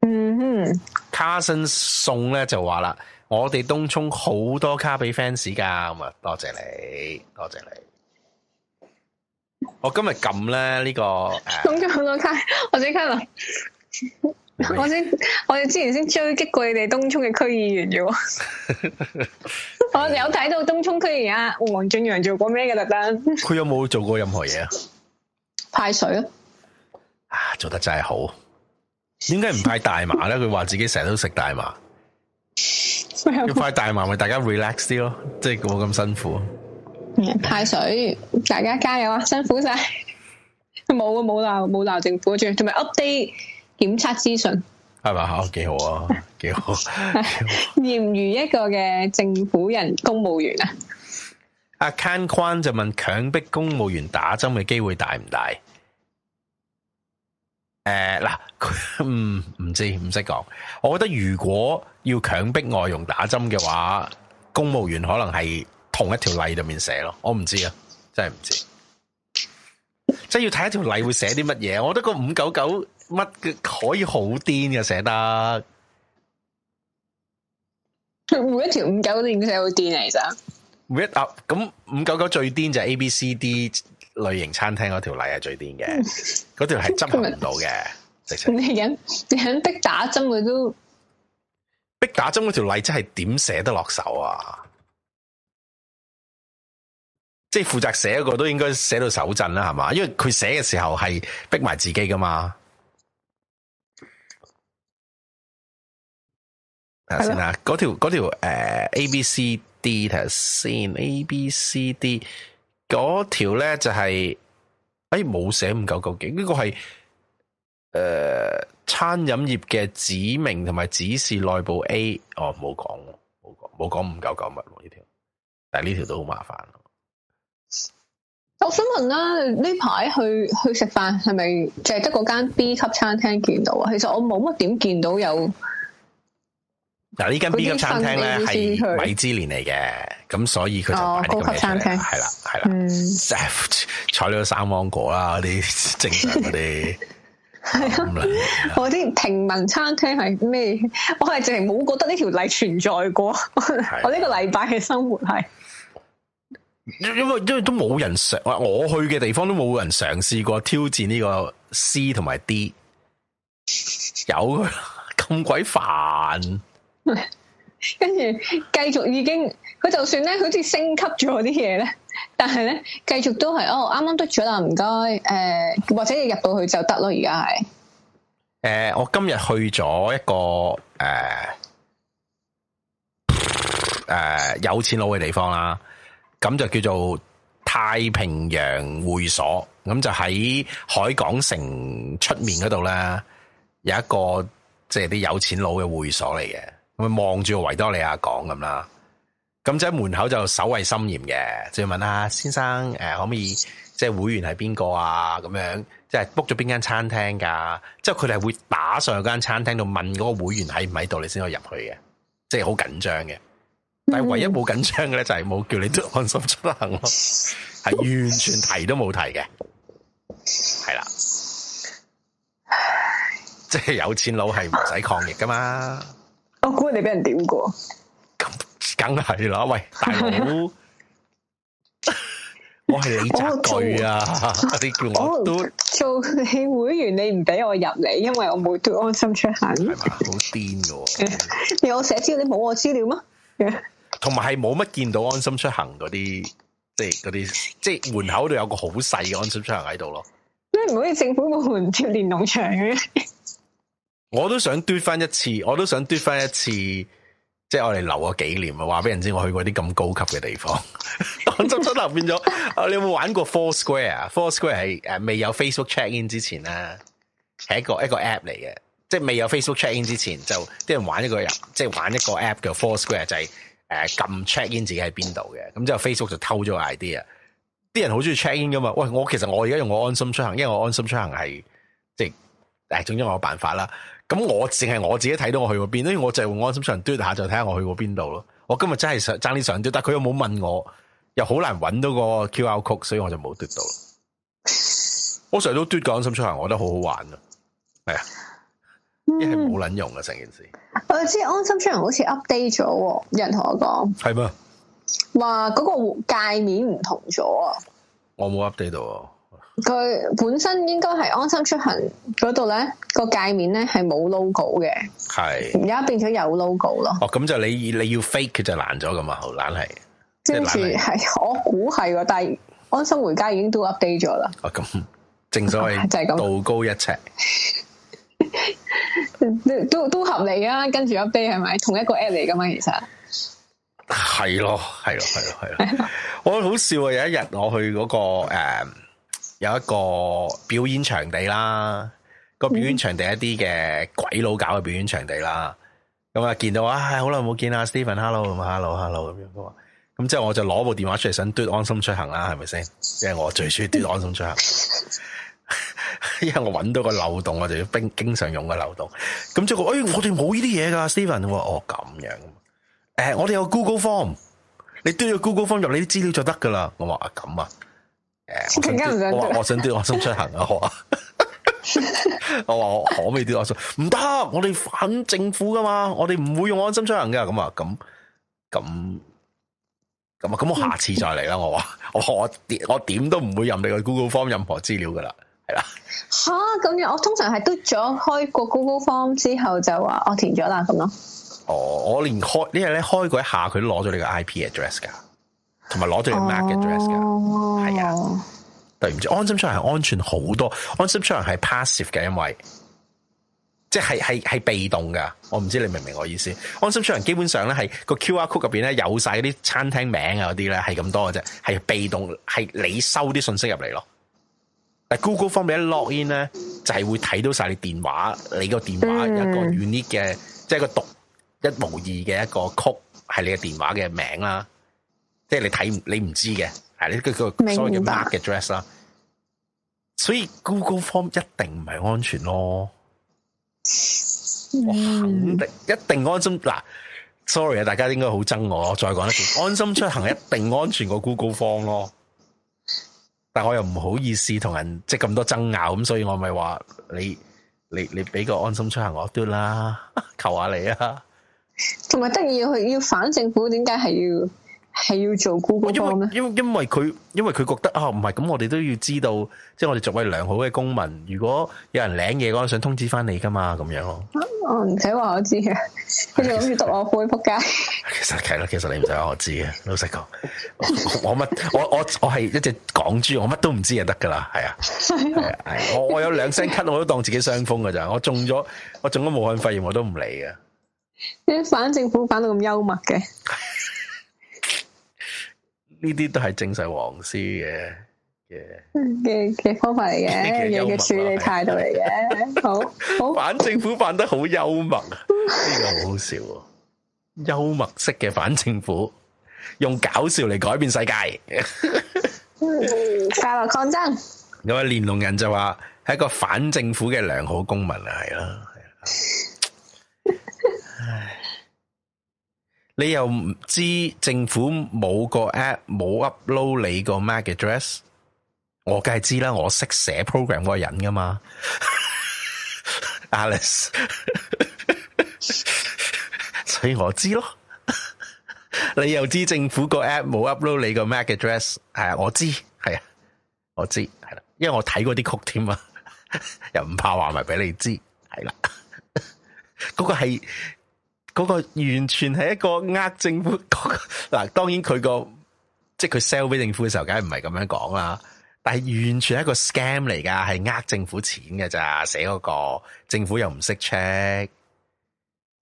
嗯哼，卡森送咧就話啦，我哋東涌好多卡俾 fans 噶，咁啊多謝你，多謝你。我今日撳咧呢個誒，好 嗯、多卡，我自己卡啦。 我先， 我哋之前先追擊過你哋東涌嘅區議員啫。我， 我有睇到東涌區議員黃俊陽做過咩嘅特登。佢有冇做過任何嘢啊？派水咯，啊。啊，做得真係好。點解唔派大麻咧？佢 話自己成日都食大麻。要 派大麻咪大家 relax 啲咯，即係冇咁辛苦。派水，大家加油啊！辛苦晒。冇 啊，冇鬧，冇鬧政府住，同埋 update。檢測資訊係咪啊？幾、哦、好啊，幾好、啊！嚴 如 一個嘅政府人公務員啊。阿 Can 寬就問強迫公務員打針嘅機會大唔大？誒、uh, 嗯，嗱，唔唔知，唔識講。我覺得如果要強迫外佣打針嘅話，公務員可能係同一條例入面寫咯。我唔知啊，真係唔知啊。即 係要睇一條例會寫啲乜嘢？我覺得個五九九。乜嘅可以好癲嘅寫得，每一條五九九寫好癲嚟咋？每一啊咁五九九最癲就係 A B C D 類型餐廳嗰條例係最癲嘅，嗰條係執行唔到嘅。直 情你響你響逼打針佢都逼打針嗰條例真係點寫得落手啊？即係負責寫個都應該寫到手震啦，係嘛？因為佢寫嘅時候係逼埋自己噶嘛。先嗰條條誒 A B C D 條 A B C D 嗰條咧就係、是，哎冇寫五九九。究竟呢個係誒餐飲業嘅指明同埋指示內部 A 哦冇講冇講冇講五九九物呢條，但係呢條都好麻煩。我想問啦、啊，呢排去去食飯係咪凈係得嗰間 B 級餐廳見到啊？其實我冇乜點見到有。嗱，呢間 B 級餐廳咧係米芝蓮嚟嘅，咁、哦、所以佢就係高級餐廳，係啦，係啦，即係採咗生芒果啊，嗰啲正常嗰啲。係 啊，我啲平民餐廳係咩？我係淨係冇覺得呢條例存在過。我呢個禮拜嘅生活係，因為因為都冇人嘗，我去嘅地方都冇人嘗試過挑戰呢個 C 同埋 D，有咁鬼煩。這麼煩跟 住繼續已經，佢就算咧好似升級咗啲嘢咧，但係咧繼續都係哦，啱啱得咗啦，唔該，誒、呃，或者你入到去就得咯，而家係誒，我今日去咗一個誒誒、呃呃、有錢佬嘅地方啦，咁就叫做太平洋會所，咁就喺海港城出面嗰度咧，有一個即係啲有錢佬嘅會所嚟嘅。咁望住維多利亞港咁啦，咁即係門口就守衛森嚴嘅，就要問下先生，誒、啊、可唔可以即係會員係邊個啊？咁樣即係 book 咗邊間餐廳噶？即係佢哋會打上去間餐廳度問嗰個會員喺唔喺度，你先可以入去嘅，即係好緊張嘅。但係唯一冇緊張嘅咧，就係冇叫你都安心出行咯，係完全提都冇提嘅，係啦，即係有錢佬係唔使抗疫噶嘛。我估你俾人點過，咁梗係啦！喂，大佬、啊 啊，我係 你扎隊啊！啲叫我,我都做你會員，你唔俾我入嚟，因為我冇對安心出行。係嘛？好癲嘅，你有寫 紙，你冇我資料嗎？同埋係冇乜見到安心出行嗰啲，即係嗰啲，即係門口度有個好細嘅安心出行喺度咯。你唔可以政府部門跳連農場嘅？ 我都想嘟翻一次，我都想嘟翻一次，即係我哋留個紀念啊！話俾人知我去過啲咁高級嘅地方。安心出行變咗，你有冇玩過 Four Square, Fall Square 啊？Four Square 係誒未有 Facebook check in 之前啦，係一個一個 app 嚟嘅，即係未有 Facebook check in 之前，就啲人玩一個即係玩一個 app 叫 Four Square，就係、是、誒撳、啊、check in 自己喺邊度嘅。咁之後 Facebook 就偷咗個 idea，啲人好中意 check in 噶嘛？喂，我其實我而家用我安心出行，因為我安心出行係即係誒、啊，總之我有辦法啦。咁我淨係我自己睇到我去過邊，所以我就用安心出行嘟下，就睇下我去過邊度咯。我今日真係想爭啲上嘟，但佢又冇問我，又好難揾到個 QR Code，所以我就冇嘟到。我成日都嘟個安心出行，我覺得好好玩啊，係、哎、啊，一係冇撚用嘅成件事。我知安心出行好似 update 咗，有人我同我講，係咩？話嗰個界面唔同咗啊！我冇 update 到。啊。佢本身應該係安心出行嗰度咧個界面咧係冇 logo 嘅，係而家變咗有 logo 咯。哦，咁就你你要 fake 佢就難咗噶嘛，好難係。即住係我估係，但係安心回家已經都 update 咗啦。咁、哦、正所謂就係道高一尺，啊就是、 都都合理啊！跟住一飛係咪同一個 app 嚟噶嘛？其實係咯，係咯，係咯，係咯。我 好，好笑啊！有一日我去嗰、那個誒。Uh, 有一個表演場地啦，個表演場地一啲嘅鬼佬搞嘅表演場地啦，咁啊、哎、見到啊，好耐冇見啊，Stephen，hello，咁啊 Hello，hello，hello，咁樣咁，咁之後我就攞部電話出嚟想篤安心出行啦，係咪先？即係我最中意篤安心出行， 因為我揾到個漏洞，我就要經常用個漏洞。咁之後，誒、哎，我哋冇呢啲嘢噶，Stephen，我話哦咁樣，誒、哎，我哋有 Google Form，你篤咗 Google Form 入你啲資料就得噶啦，我話啊咁啊。誒更加唔想，想，我 話我想丟我心出行啊！我話 我可唔可以丟我心，唔得！我哋反政府噶嘛，我哋唔會用安心出行噶。咁啊，咁咁咁啊，咁我下次再嚟啦！ 我話我我點都唔會任你去 Google Form 任何資料噶啦，係啦吓咁樣。我通常係嘟咗開個 Google Form 之後就話我填咗啦，咁咯。哦，我連開、這個、呢日咧開過一下，佢都攞咗你個 IP address 噶。同埋攞咗個 Mac address 㗎，係、oh. 啊，對唔住，安心出行係安全好多，安心出行係 passive 嘅，因為即係係係被動噶，我唔知你明唔明我意思。安心出行基本上咧係個 QR code 入邊咧有晒啲餐廳名啊嗰啲咧係咁多嘅啫，係被動，係你收啲信息入嚟咯。但 Google 方面一 login 咧，就係會睇到晒你電話，你個電話有個 unique 嘅，即、mm. 係個讀一無二嘅一個 code 係你嘅電話嘅名啦。即係你睇，你唔知嘅，係呢個個所謂嘅 market dress 啦。所以 Google Form 一定唔係安全咯，我肯定一定安心。嗱，sorry 啊，Sorry, 大家應該好憎我，我再講一次，安心出行一定安全過 Google Form 咯。 但係我又唔好意思同人即咁多爭拗咁，所以我咪話你，你，你俾個安心出行我都啦，求下你啊。同埋得意要去要反政府，點解係要？係要做 Google 因為因為佢因為佢覺得啊，唔係咁，我哋都要知道，即係我哋作為良好嘅公民，如果有人領嘢嗰陣想通知翻你噶嘛，咁樣咯。我唔使話我知嘅，佢仲諗住讀我灰撲街。其實係啦，其實你唔使話我知嘅， 老實講，我乜我我我係一隻港豬，我乜都唔知就得噶啦，係啊係啊，我我有兩聲咳，我都當自己傷風噶咋，我中咗我中咗武漢肺炎我都唔理嘅。你反政府反到咁幽默嘅？ 呢啲都係正式黃絲嘅嘅嘅方法嚟嘅，嘅處理態度嚟嘅， 好好反政府扮得好幽默呢 個好好笑幽默式嘅反政府，用搞笑嚟改變世界，快樂抗爭。有啊，連登人就話係一個反政府嘅良好公民啊，係啦，係。 你又唔知政府冇個 app 冇 upload 你個 mac address，我梗係知啦，我識寫 program 嗰個人噶嘛 ，Alice， 所以我知咯。 你又知政府個 app 冇 upload 你個 mac address，係啊，我知，係啊，我知，係啦、啊，因為我睇過啲曲添啊，又唔怕話埋俾你知，係啦，嗰個係。.嗰個完全係一個呃政府嗰個，嗱，當然佢個即係佢 sell 俾政府嘅時候，梗係唔係咁樣講啦。但係完全係一個 scam 嚟噶，係呃政府錢㗎咋，寫嗰個政府又唔識 check。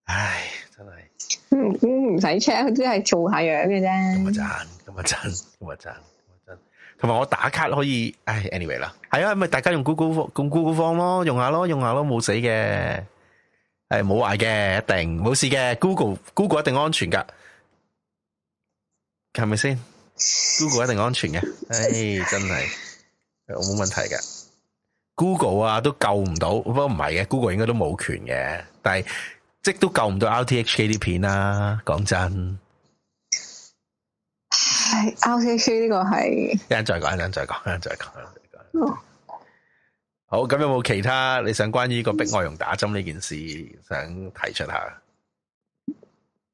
唉，真係唔使 check，即係做下樣嘅啫。咁日讚，咁日讚，咁日讚，咁日讚。同埋我打卡可以，唉，anyway 啦，係啊，咪大家用 Google Form，用 Google Form 咯，用下咯，用下咯，冇死嘅。係冇壞嘅，一定冇事嘅。Google，Google 一定安全噶，係咪先？Google 一定安全嘅，誒， hey, 真係我冇問題嘅。Google 啊，都救唔到，不過唔係嘅，Google 應該都冇權嘅。但係即都救唔到 RTHK 啲片啦，啊，講真。RTHK 呢個係一陣再講，一陣再講，一陣再講，一陣再講。再好，咁有冇其他你想關於個逼外傭打針呢件事，想提出下？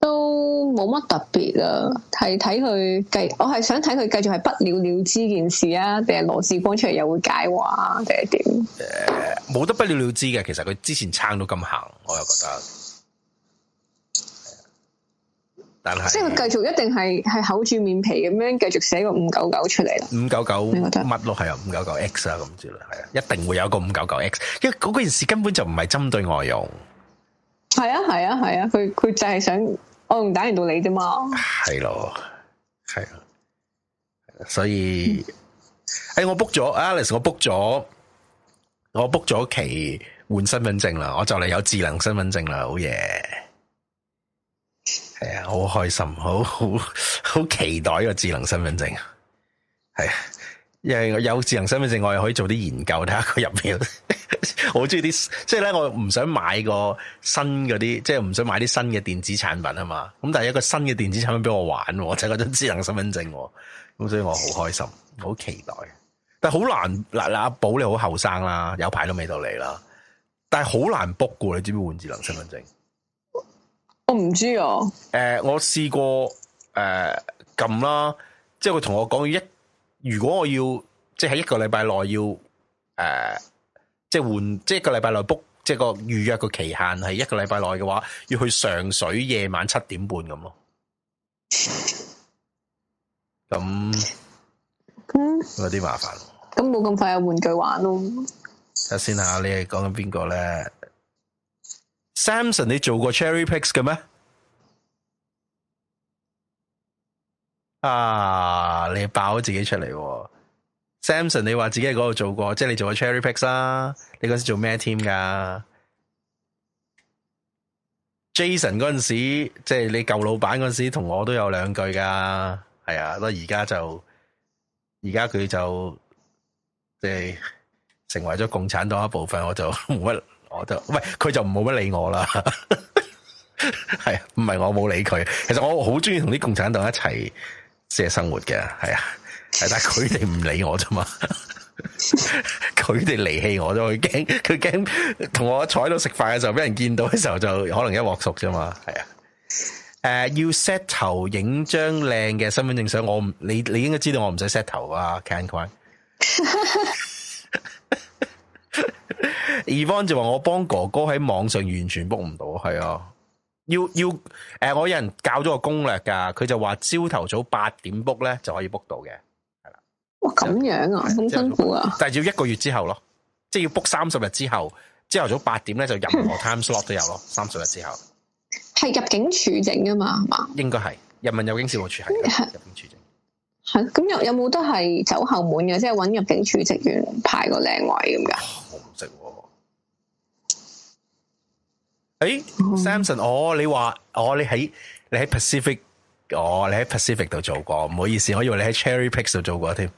都冇乜特別啊，係睇佢繼，我係想睇佢繼續係不了了之件事啊，定係羅致光出嚟又會解話定係點？誒，冇、yeah, 得不了了之嘅，其實佢之前撐到咁行，我又覺得。但是即係佢繼續一定係係厚住面皮咁樣繼續寫個五九九出嚟啦，五九九乜咯係啊五九九 X 啊咁之類係啊，一定會有個五九九 X，因為嗰件事根本就唔係針對外傭。係啊係啊係啊，佢佢、啊啊、就係想我唔打贏到你啫嘛。係咯、啊，係啊，所以，誒我 book 咗 Alice 我 book 咗我 book 咗期換身份證啦，我就嚟有智能身份證啦，好嘢。係啊，好開心，好好好期待呢個智能身份證係啊！係啊，因為我有智能身份證，我又可以做啲研究睇下佢入面。 我中意啲，即係咧，我唔想買個新嗰啲，即係唔想買啲新嘅電子產品啊嘛。咁但係一個新嘅電子產品俾我玩，就係嗰張智能身份證。咁所以我好開心，好期待。但係好難，嗱嗱阿寶你好後生啦，有排都未到你啦。但係好難 book 嘅，你知唔知換智能身份證？我唔知啊。誒、呃，我試過誒撳啦，即係佢同我講，一如果我要即係一個禮拜內要誒、呃，即係換即係一個禮拜內 book，即係個預約個期限係一個禮拜內嘅話，要去上水夜晚七、嗯、點半咁咯。咁有啲麻煩。咁冇咁快有玩具玩咯。睇先下，你係講緊邊個咧？Samson，你做過 Cherry Picks 嘅咩？啊，你爆咗自己出嚟！Samson，你話自己喺嗰度做過，即係你做過 Cherry Picks 啦、啊。你嗰陣時做咩 team 噶？Jason 嗰陣時，即係你舊老闆嗰陣時，同我都有兩句噶。係啊，不過而家就而家佢就即係、就是、成為咗共產黨一部分，我就冇乜。我就，喂，佢就冇乜理我啦，係， 唔係我冇理佢，其實我好中意同啲共產黨一齊即係生活嘅，係啊，係，但係佢哋唔理我咋嘛，佢哋離棄我咗，佢驚，佢驚同我坐喺度食飯嘅時候，俾人見到嘅時候，就可能一鑊熟咋嘛，係啊，誒、uh,，要 set 頭影張靚嘅身份證相，我唔，你你應該知道我唔使 set 頭啊，can can。Can-Coin e 方就話我幫哥哥喺網上完全 book 唔到，係啊，要要誒、呃，我有人教咗個攻略噶，佢就話朝頭早八點 book 咧就可以 book 到嘅，係啦、啊。哇，咁樣啊，咁辛苦啊！但、就、係、是、要一個月之後咯，即、就、係、是、要 book 三十日之後，朝頭早八點咧就任何 time slot 都有咯，三十日之後係 入境處整噶嘛，係嘛？應該係，人民有境事務處係入境處整。係咁有有冇得係走後門嘅，即係搵入境處職員排個靚位咁噶？誒、欸 mm-hmm.，Samson，哦，你話，哦，你喺你喺 Pacific，哦，你喺 Pacific 度做過，唔好意思，我以為你喺 Cherry Pick 度做過添，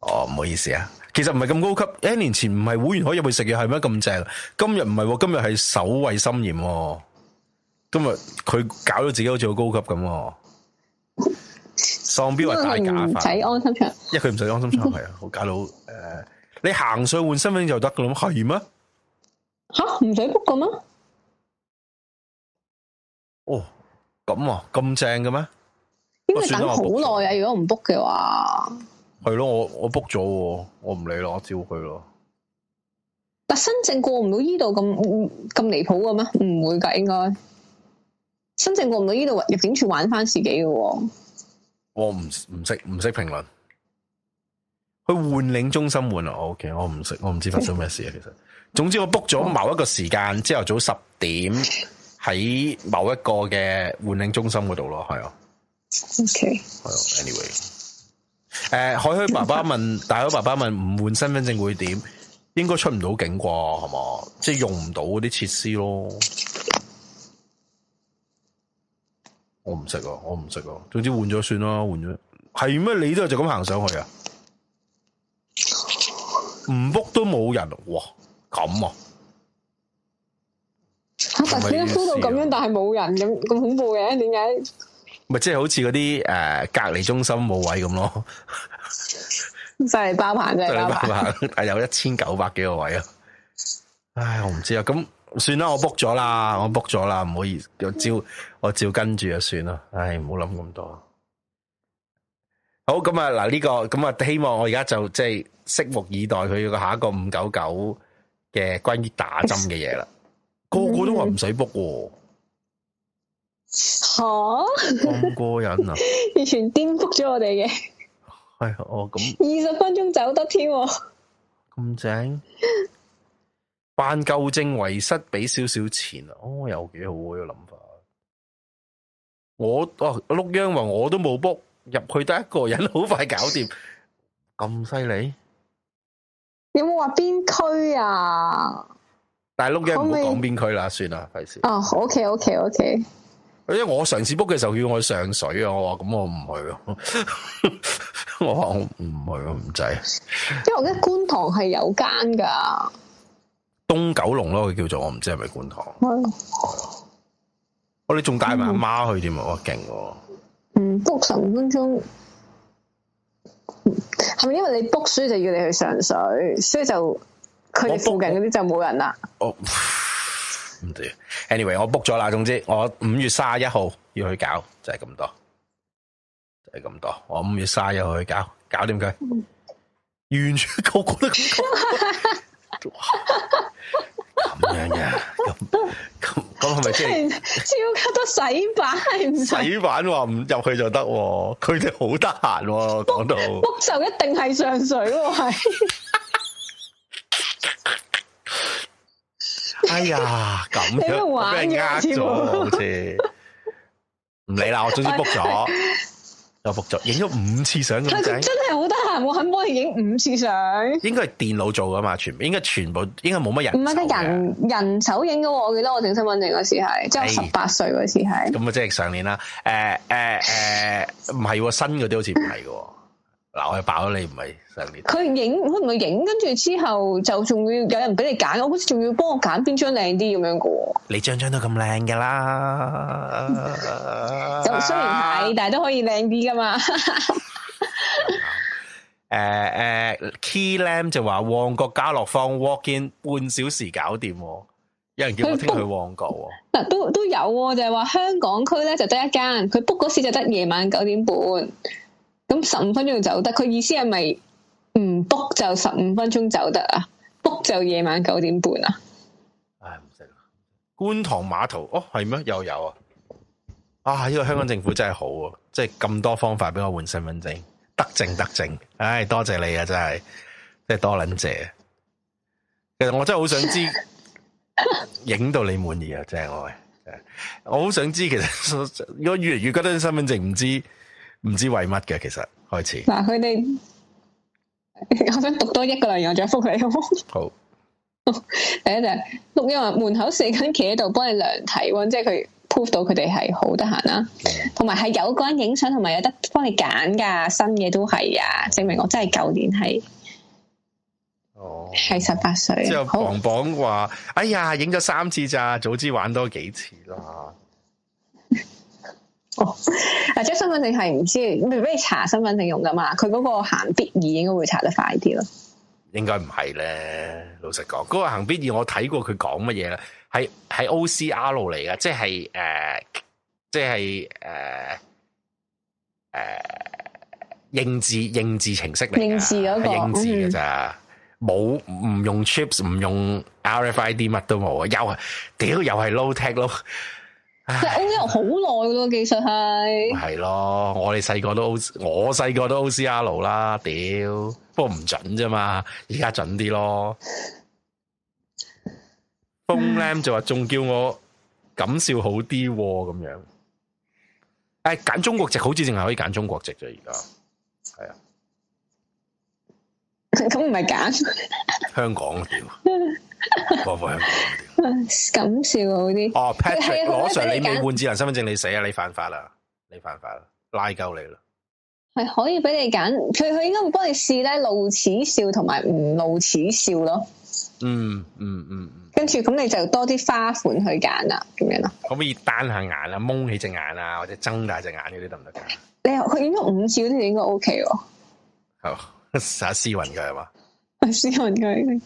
哦，唔好意思啊，其實唔係咁高級，一年前唔係會員可以入去食嘢，係咩咁正？今日唔係，今日係守衛森嚴、哦，今日佢搞到自己好似好高級咁、哦，喪標係大假法，唔使安心腸，因為佢唔使安心腸係啊，好 搞到，誒、呃，你上去換行上換身份就得噶啦，係咩？吓、啊，唔使 book 咩？哦，咁啊，咁正嘅咩？應該等好耐呀，如果唔 book 嘅話。係咯，我我 book 咗，我唔理咯，我照去咯。但深圳過唔到呢度咁咁離譜嘅咩？唔會噶，應該。深圳過唔到呢度，入境處玩翻自己嘅。我唔唔識唔識評論。去換領中心換啊，OK，我唔識，我唔知發生咩事啊， 其實。總之我 book 咗某一個時間，朝 頭早十點。喺某一個嘅換領中心嗰度咯，係啊。OK，係。Anyway，誒、呃，海海爸爸問，大海爸爸問，唔換身份證會點？應該出唔到境啩，係嘛？即係用唔到嗰啲設施咯。我唔識，我唔識。總之換咗算啦，換咗。係咩？你都係就咁行上去不啊？唔 book 都冇人，哇！咁啊？啊啊、突然呼到咁樣，但係冇人咁咁恐怖嘅。點解？咪即係好似嗰啲誒隔離中心冇位咁咯，真係爆棚真係爆棚，係有一千九百幾個位啊！唉，我唔知啊，咁算啦，我 book 咗啦，我 book 咗啦，唔好意思我照，我照跟住就算啦，唉，唔好諗咁多。好咁啊，嗱呢、這個咁啊，希望我而家就即係拭目以待佢個下一個五九九嘅關於打針嘅嘢啦。個、哦、個都話唔使 book 喎，吓？咁過癮啊！啊 完全顛覆咗我哋嘅係哦，咁二十分鐘走得添，咁正辦救證遺失俾少少錢啊！哦，有幾好呢，啊這個諗法。我哦，碌央話我都冇 book 入去，得一個人好快搞掂，咁犀利？有冇話邊區啊？大陸嘅唔好講邊區啦，算啦，費事。哦、啊、，OK OK OK。因為我上次 book 嘅時候叫我上水啊，我話咁我唔去咯， 我話我唔去啊，唔制。因為我覺得觀塘係有間噶，東九龍咯，佢叫做我唔知係咪觀塘。我哋仲帶埋阿媽去添啊，我勁喎。嗯，book 十五分鐘，係、啊、咪、嗯、因為你 book 書就要你去上水，所以就？佢哋附近嗰啲就冇人啦。哦，唔對，anyway，我 book 咗啦。總之我五月卅一號要去搞，就係咁多，就係咁多。我五月卅一號去搞，搞掂佢。完全個個都咁樣嘅、啊，咁咁咁係咪先？超級多洗版，唔洗版話唔入去就得。佢哋好得閒，講到 book 就一定係上水喎，係。 哎呀，咁樣俾 人呃咗，好似唔理啦，我總之 book 咗，又 book 咗，影咗五次相，真係好得閒，我肯幫你影五次相，應該係電腦做噶嘛，全部應該全部應該冇乜人，唔係得人人手影噶，我記得我整身份證嗰時係，即係十八歲嗰時係，咁啊即係上年啦，誒誒誒，唔係喎，新嗰啲好似唔係噶。 嗱，我去爆咗你唔係上面。佢影，佢唔係影，跟住之後就仲要有人俾你揀，我好似仲要幫我揀邊張靚啲咁樣嘅。你張張都咁靚嘅啦，就雖然係，但係都可以靚啲嘅嘛。誒誒，Key Lam 就話旺角家樂坊 walk in 半小時搞掂，有人叫我聽去旺角。嗱，都都有喎，就係話香港區咧就得一間，佢 book 嗰時就得夜晚九點半。咁十五分鐘走得，佢意思係咪唔 book 就十五分鐘走得啊？book 就夜晚九點半啊？唉、哎，唔識喇。觀塘碼頭哦，係咩？又有啊！啊，呢、這個香港政府真係好啊！即係咁多方法俾我換身份證，得正得正。唉、哎，多謝你啊，真係，真係多撚謝。其實我真係好想知，影 到你滿意啊！真係我，我好想知。其實如果越嚟越覺得身份證唔知。唔知為乜嘅，其實開始嗱，佢哋我想讀多一個嚟，我再複你 好。第一就係錄音門口四個人企喺度幫你量體溫，即係佢 prove 到佢哋係好得閒啦。同埋係有個人影相，同埋有得幫你揀噶，新嘅都係啊，證明我真係舊年係哦，係十八歲。之後，棒棒話：哎呀，影咗三次咋，早知玩多幾次啦。哦，啊，即係身份證係唔知，你俾你查身份證用噶嘛？佢嗰個行必二應該會查得快啲咯。應該唔係咧，老實講，嗰、嗰個行必二我睇過佢講乜嘢啦，係係 O C R 路嚟噶，即係誒、呃，即係誒誒，認字認字程式嚟，認字嗰個認字噶咋，冇唔、嗯嗯、用 chips，唔用 R F I D，乜都冇啊，又屌又係 low tech 咯。其實 O C 好耐咯，其實係係咯，我哋細個都 O，我細個都 O C R L 啦，屌！不過唔准啫嘛，而家准啲咯。b o Lam 就話仲叫我感笑好啲咁、啊、樣，誒，揀中國籍好似淨係可以揀中國籍啫，而家係啊，咁唔係揀香港屌。講笑,, 笑好啲哦、oh,，Patrick，羅 Sir, 你未換智能身份證，你死啊！你犯法啦，你犯法啦，拉鳩你啦！係可以俾你揀，佢佢應該會幫你試咧，露齒笑同埋唔露齒笑咯。嗯嗯嗯嗯，跟住咁你就多啲花款去揀啦，咁樣咯？可唔可以單下眼啊，蒙起隻眼啊，或者睜大隻眼嗰啲得唔得噶？你佢影咗五次啲，你應該 OK 喎。好，實斯文嘅係嘛？佢，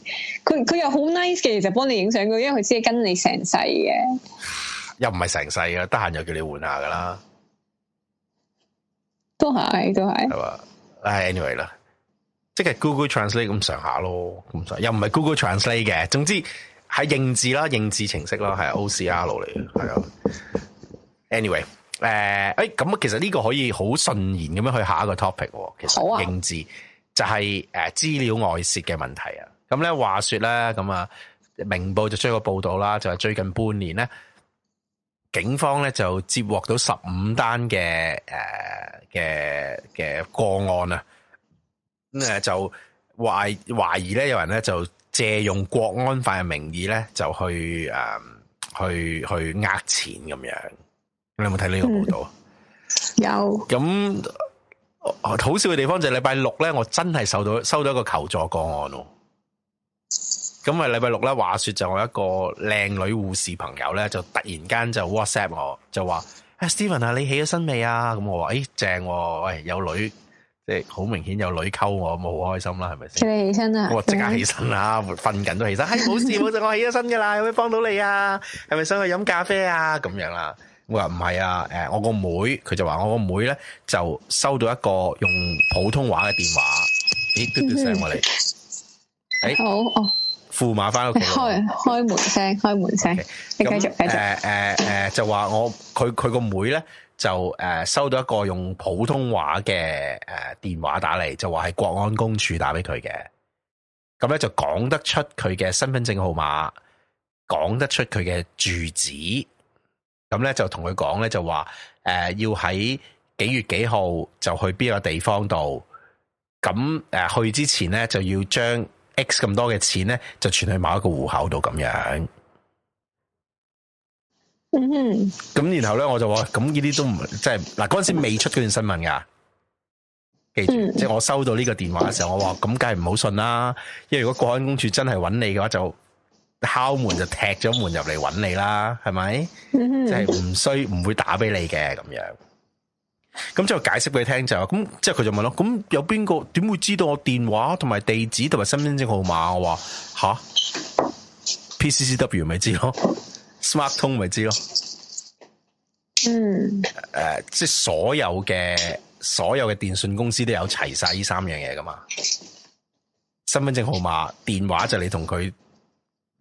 佢又好 nice 嘅，其實幫你影相佢，因為佢知跟你成世嘅，又唔係成世嘅，得閒又叫你換下噶啦，都係都係係嘛，係 anyway 啦，即係 Google Translate 咁上下咯，咁又唔係 Google Translate 嘅，總之係認字啦，認字程式啦，係 OCR 路嚟嘅，係啊，anyway，誒、呃，誒，咁其實呢個可以好順延咁樣去下一個 topic，其實認字。好啊就係誒資料外泄嘅問題啊。咁咧話說咧，咁啊明報就出個報道啦，就係、是，最近半年咧，警方咧，就接獲到十五單嘅誒嘅嘅個案啊，咁誒就懷懷疑咧，有人咧就借用國安法嘅名義咧，就去誒去去呃錢咁樣，你有冇睇呢個報道？嗯、有咁。哦、好笑嘅地方就係禮拜六咧，我真係收到收到一個求助個案咯。咁啊禮拜六咧，話說就我一個靚女護士朋友咧，就突然間就 WhatsApp 我就話、hey,Steven 啊、嗯 hey, 哦，你起咗身未啊？咁我話，誒正，喂有女，即係好明顯有女溝我，咁我好開心啦，係咪先？你起身啊？我即刻起身啦，瞓緊都起身，嘿冇、哎、事冇事，我起咗身噶啦， 有咩幫到你啊？係咪想去飲咖啡啊？咁樣啦。我話唔係啊，誒，我個妹佢就話我個妹咧就收到一個用普通話嘅電話，咦嘟嘟聲我嚟，誒、哎、好哦，父母返屋企，開開門聲，開門聲，門聲 okay, 你繼續，誒誒誒，就話我佢佢個妹咧就誒、呃、收到一個用普通話嘅誒、呃、電話打嚟，就話係國安公署打俾佢嘅，咁咧就講得出佢嘅身份證號碼，講得出佢嘅住址。咁咧就同佢講咧就話，誒、呃、要喺幾月幾號就去邊個地方度，咁誒、呃、去之前咧就要將 X 咁多嘅錢咧就存去某一個戶口度咁樣。嗯，咁然後咧我就話，咁呢啲都唔即係嗱嗰陣時未出嗰段新聞噶，記住，嗯、即係我收到呢個電話嘅時候，我話咁梗係唔好信啦，因為如果國安公署真係揾你嘅話就。敲門就踢咗門入嚟揾你啦，係咪？即係唔需唔會打俾你嘅咁樣。咁之後解釋俾佢聽就咁，即係佢就問咯。咁有邊個點會知道我電話同埋地址同埋身份證號碼？我話吓，PCCW 咪知咯，SmarTone 咪知咯。嗯，誒，即係所有嘅所有嘅電信公司都有齊晒呢三樣嘢噶嘛？身份證號碼、電話就係你同佢，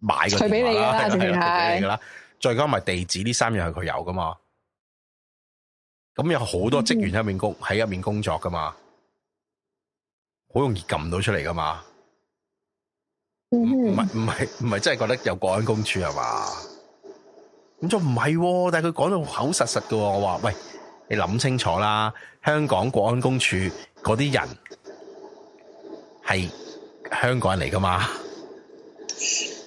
買個電話啦，係係係，再加埋地址呢三樣係佢有噶嘛？咁有好多職員喺面工喺入面工作噶嘛？好、嗯、容易撳到出嚟噶嘛？唔係唔係唔係真係覺得有國安公署係嘛？咁就唔係，但係佢講到口實實噶。我話喂，你諗清楚啦，香港國安公署嗰啲人係香港人嚟噶嘛？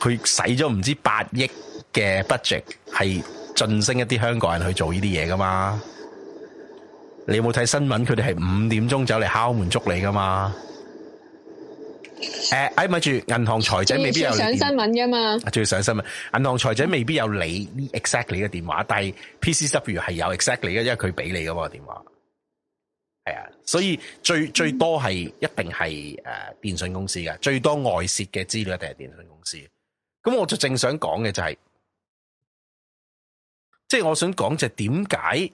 佢使咗唔知八億嘅 budget 係晉升一啲香港人去做呢啲嘢噶嘛？你有冇睇新聞？佢哋係五點鐘走嚟敲門捉你噶嘛、哎？誒，哎咪住，銀行財仔未必有上新聞噶嘛？仲要上新聞？銀行財仔未必有你呢？exactly 嘅電話，但係 PCCW 係有 exactly 嘅，因為佢俾你噶嘛個電話。係啊，所以最最多係、嗯、一定係誒電信公司㗎，最多外泄嘅資料一定係電信公司。咁我就正想講嘅就係、是，即、就、係、是、我想講就係點解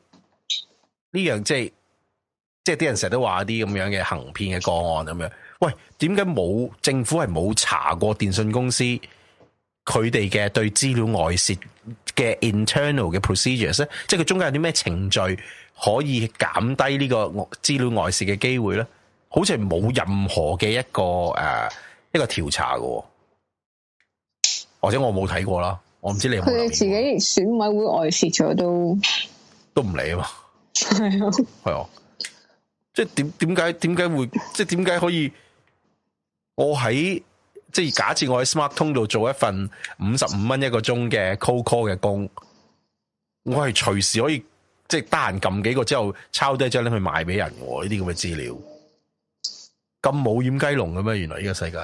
呢樣即係，即係啲人成日都話啲咁樣嘅行騙嘅個案咁樣。喂，點解冇政府係冇查過電信公司佢哋嘅對資料外泄嘅 internal 嘅 procedures 咧？即係佢中間有啲咩程序可以減低呢個資料外泄嘅機會咧？好似係冇任何嘅一個誒、啊、一個調查噶。或者我冇睇過啦，我唔知你。佢哋自己選委會外泄咗都都唔理啊嘛，係 啊，係啊，即係點點解點解會即係點解可以？我喺即係假設我喺 SmartTone 度做一份五十五蚊一個鐘嘅 call call 嘅工，我係隨時可以即係得閒撳幾個之後抄低一張咧去賣俾人，呢啲咁嘅資料咁冇掩雞籠嘅咩？原來呢個世界。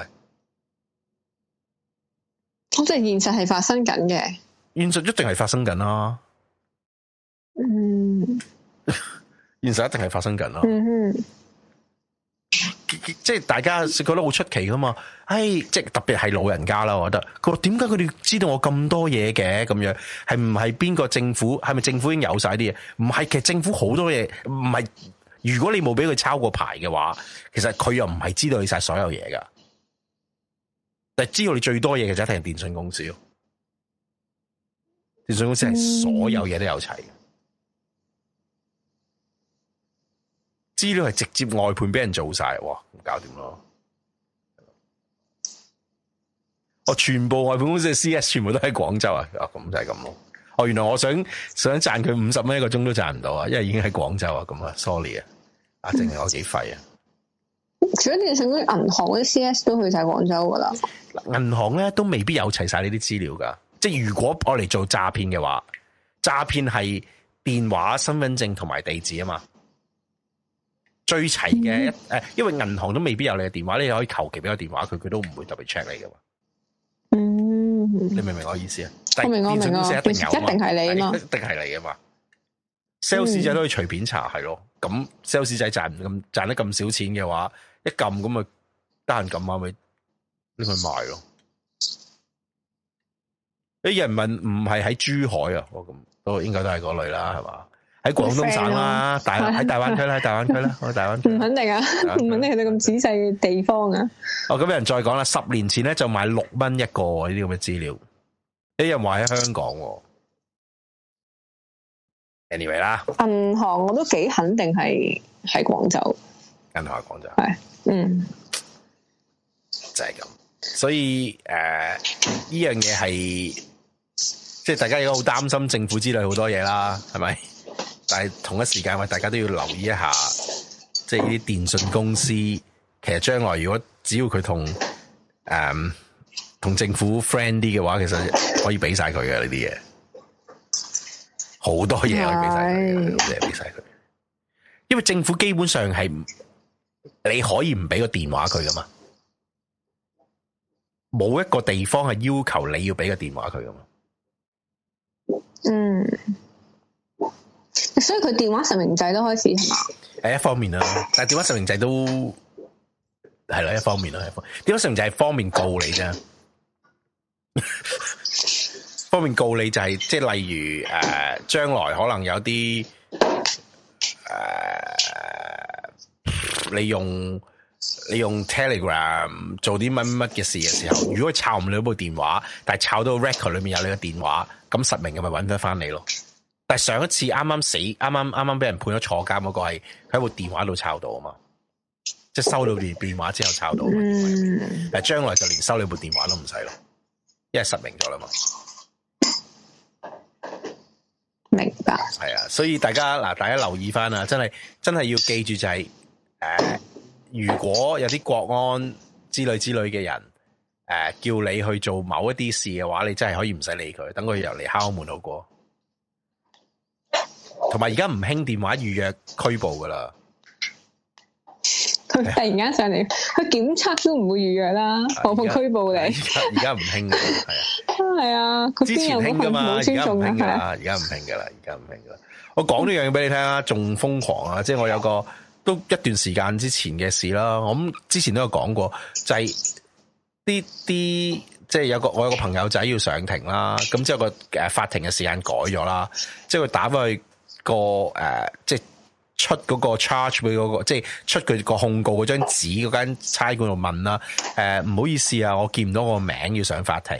咁即係現實係發生緊嘅，現實一定係發生緊啦。嗯， 現實一定係發生緊啦，嗯哼，即係大家覺得好出奇噶嘛？哎，即係特別係老人家啦，我覺得佢點解佢哋知道我咁多嘢嘅？咁樣係唔係邊個政府？係咪政府已經有晒啲嘢？唔係，其實政府好多嘢唔係，如果你冇俾佢抄過牌嘅話，其實佢又唔係知道你晒所有嘢噶。但係知道你最多嘢嘅就一定係電信公司咯，電信公司係所有嘢都有齊嘅，資料係直接外判俾人做晒嘩，唔搞掂咯。哦，全部外判公司嘅 C S 全部都喺廣州啊？咁、哦、就係咁咯。哦，原來我想想賺佢五十蚊一個鐘都賺唔到啊，因為已經喺廣州啊。咁啊，sorry 啊，阿靜，我幾廢啊！除咗電信嗰啲，銀行啲 C S 都去晒廣州噶啦，銀行咧都未必有齊晒呢啲資料噶。即係如果我嚟做詐騙嘅話，詐騙係電話、身份證同埋地址啊嘛。最齊嘅誒，嗯、因為銀行都未必有你嘅電話，你可以求其俾個電話佢，佢都唔會特別 check 你噶嘛。嗯，你明唔明我意思啊？我明我明我，一定有一定係你啊嘛，一定係你啊嘛。sales 仔都可以隨便查係咯，咁 sales 仔賺唔咁賺得咁少錢嘅話。一撳咁咪，得閒撳下咪拎去賣咯。啲人問唔係喺珠海啊，我咁都應該都係嗰類啦，係嘛？喺廣東省啦、啊，大喺大灣區啦，喺大灣區啦，喺大灣區。唔肯定啊？唔肯定係你咁仔細嘅地方啊？哦，咁有人再講啦，十年前咧就賣六蚊一個呢啲咁嘅資料。啲人話喺香港、啊。anyway 啦銀，銀行我都幾肯定係喺廣州。銀行喺廣州係。嗯，就係咁，所以誒，呢樣嘢係，即係大家應該好擔心政府之類好多嘢啦，係咪？但係同一時間，大家都要留意一下，即係呢啲電信公司，其實將來如果只要佢同誒同政府 friend 啲嘅話，其實可以俾晒佢嘅呢啲嘢，好多嘢可以俾晒佢，俾晒佢，因為政府基本上係唔。你可以唔俾個電話佢噶嘛？冇一個地方係要求你要俾個電話佢噶嘛？嗯，所以佢電話實名制都開始係嘛？係一方面啦，但係電話實名制都係咯，係係係一方面啦，一方面，係一方面電話實名制係方便告你啫， 方便告你就係、係、即係例如誒、呃，將來可能有啲誒。呃你用你用 Telegram 做啲乜乜嘅事嘅時候，如果抄唔到部電話，但係抄到 record 裏面有你嘅電話，咁實名嘅咪搵得翻你咯。但係上一次啱啱死，啱啱啱啱俾人判咗坐監嗰個係喺部電話度抄到啊嘛，即係收到電電話之後抄到。嗯。但係將來就連收你部電話都唔使咯，因為實名咗啦嘛。明白。係啊，所以大家嗱，大家留意翻啊，真係真係要記住就係、係。誒、呃，如果有啲國安之類之類嘅人，誒、呃、叫你去做某一啲事嘅話，你真係可以唔使理佢，等佢又嚟敲門好過。同埋而家唔興電話預約拘捕噶啦，佢突然間上嚟，佢檢測都唔會預約啦，何況拘捕你？而家唔興噶，係 是啊，係 啊，之前興㗎嘛，而家唔興噶啦，而家唔興噶啦。我講呢樣嘢俾你聽啊，仲瘋狂啊！即係我有個。都一段時間之前嘅事啦，我諗之前都有講過，就係呢啲即係有個我有個朋友仔要上庭啦，咁之後個誒法庭嘅時間改咗啦，即係佢打返去個誒即係出嗰個 charge 俾嗰個，即係出佢個控告嗰張紙嗰間差館度問啦，誒、呃、唔好意思啊，我見唔到我名要上法庭，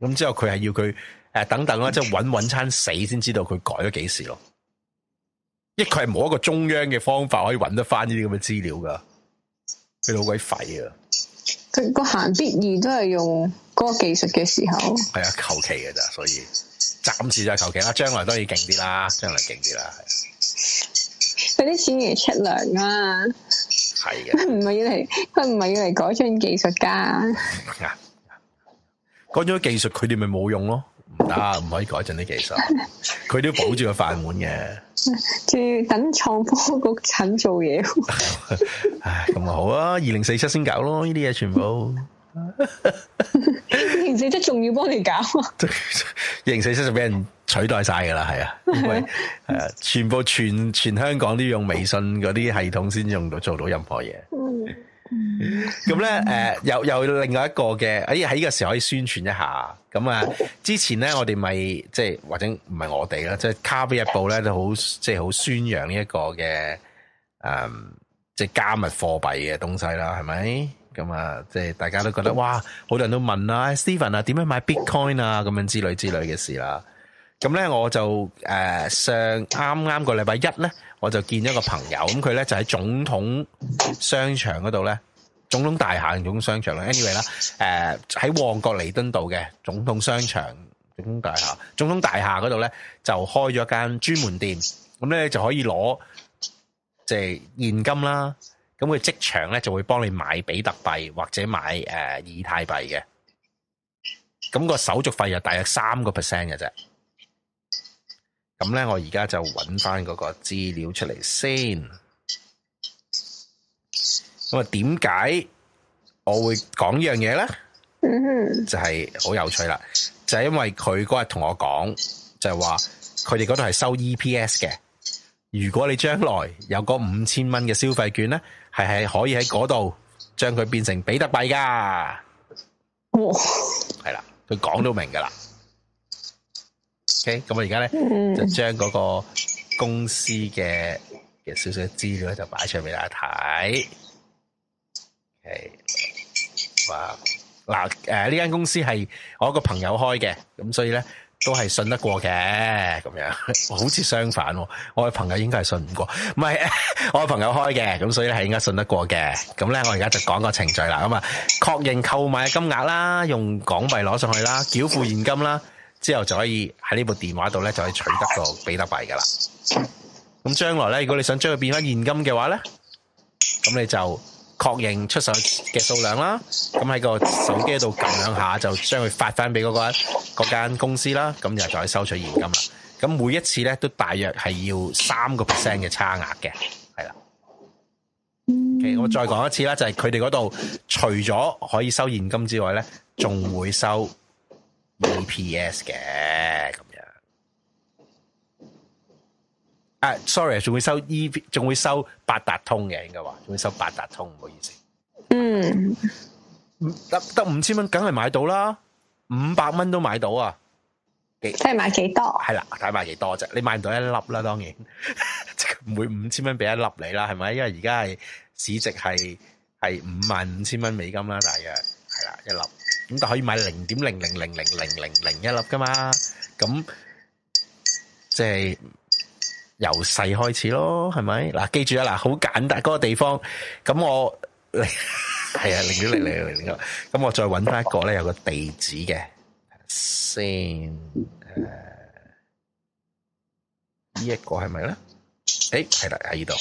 咁之後佢係要佢等等啦，即係揾揾餐死先知道佢改咗幾時咯。亦佢係冇一個中央嘅方法可以揾得翻呢啲咁嘅資料噶，佢好鬼廢啊！佢個行必二都係用嗰個技術嘅時候，係啊，求其嘅咋？所以暫時就求其啦，將來當然勁啲啦，將來勁啲啦。係啲錢嚟出糧啊，嘛？係嘅，唔係要嚟，佢唔係要嚟改進技術噶。改進咗技術，佢哋咪冇用咯，唔得，唔可以改進啲技術，佢都要保住個飯碗嘅。仲要等創科局診做嘢， 唉，咁啊好啊，二零四七先搞咯，呢啲嘢全部二零四七仲要幫你搞啊，二零四七就俾人取代晒噶啦，係啊，係啊，全部全全香港都要用微信嗰啲系統先用到做到任何嘢，咁咧誒，又、呃、又另外一個嘅，可喺呢個時候可以宣傳一下。咁啊，之前咧，我哋咪即係或者唔係我哋啦，即係《卡比日報》咧，都好即係好宣揚呢一個嘅，誒，即係加密貨幣嘅東西啦，係咪？咁啊，即係大家都覺得哇，好多人都問啊，Stephen 啊，點樣買 Bitcoin 啊，咁樣之類之類嘅事啦。咁咧，我就誒上啱啱個禮拜一咧，我就見咗個朋友，咁佢咧就喺總統商場嗰度咧。總統大廈總統商場啦，anyway 啦、呃，誒喺旺角彌敦道嘅總統商場、總統大廈、總統大廈嗰度咧就開咗間專門店，咁咧就可以攞即係現金啦，咁佢即場咧就會幫你買比特幣或者買誒、呃、以太幣嘅，咁、那個手續費又大約三個 percent 嘅啫，咁咧我而家就揾翻嗰個資料出嚟先。咁啊？點解我會講呢樣嘢咧？就係、是、好有趣啦！就係、是、因為佢嗰日同我講，就係話佢哋嗰度係收 EPS 嘅。如果你將來有嗰五千蚊嘅消費券咧，係係可以喺嗰度將佢變成比特幣噶。哇、哦！係啦，佢講都明噶啦。OK，咁我而家咧就將嗰個公司嘅嘅少少資料咧就擺出嚟俾大家睇。係，哇！嗱，誒，呢間公司係我一個朋友開嘅，咁所以呢都係信得過嘅，咁樣好似相反喎。我嘅朋友應該係信唔過，唔係我嘅朋友開嘅，咁所以係應該信得過嘅。咁呢，我而家就講個程序啦。咁啊，確認購買嘅金額啦，用港幣攞上去啦，繳付現金啦，之後就可以喺呢部電話度呢就可以取得個比特幣㗎喇。咁將來呢，如果你想將佢變返現金嘅話呢，咁你就。確認出手嘅數量啦，咁喺個手機度撳兩下，就將佢發返俾嗰個嗰間公司啦，咁就再收取現金啦。咁每一次呢，都大約係要三個 percent 嘅差額嘅，係啦。Okay, mm -hmm. 我再講一次啦，就係佢哋嗰度除咗可以收現金之外呢，仲會收 EPS 嘅。啊，sorry，仲會收 E，仲會收八達通嘅，應該話，仲會收八達通，唔好意思。嗯，得得五千蚊梗係買到啦，五百蚊都買到啊。即係買幾多？係啦，睇買幾多啫，你買唔到一粒啦，當然即唔會五千蚊俾一粒你啦，係咪？因為而家係市值係係五萬五千蚊美金啦，大約係啦一粒，咁但可以買零點零零零零零零零一粒噶嘛？咁即係。由細開始咯，係咪？嗱，記住啊，嗱，好簡單嗰、嗰個地方。咁我，係 啊，零零零零零。咁 我再搵翻一個咧，有個地址嘅先。誒、呃，呢個、係咪咧、欸、呢一個係咪咧？誒，係啦，喺呢度。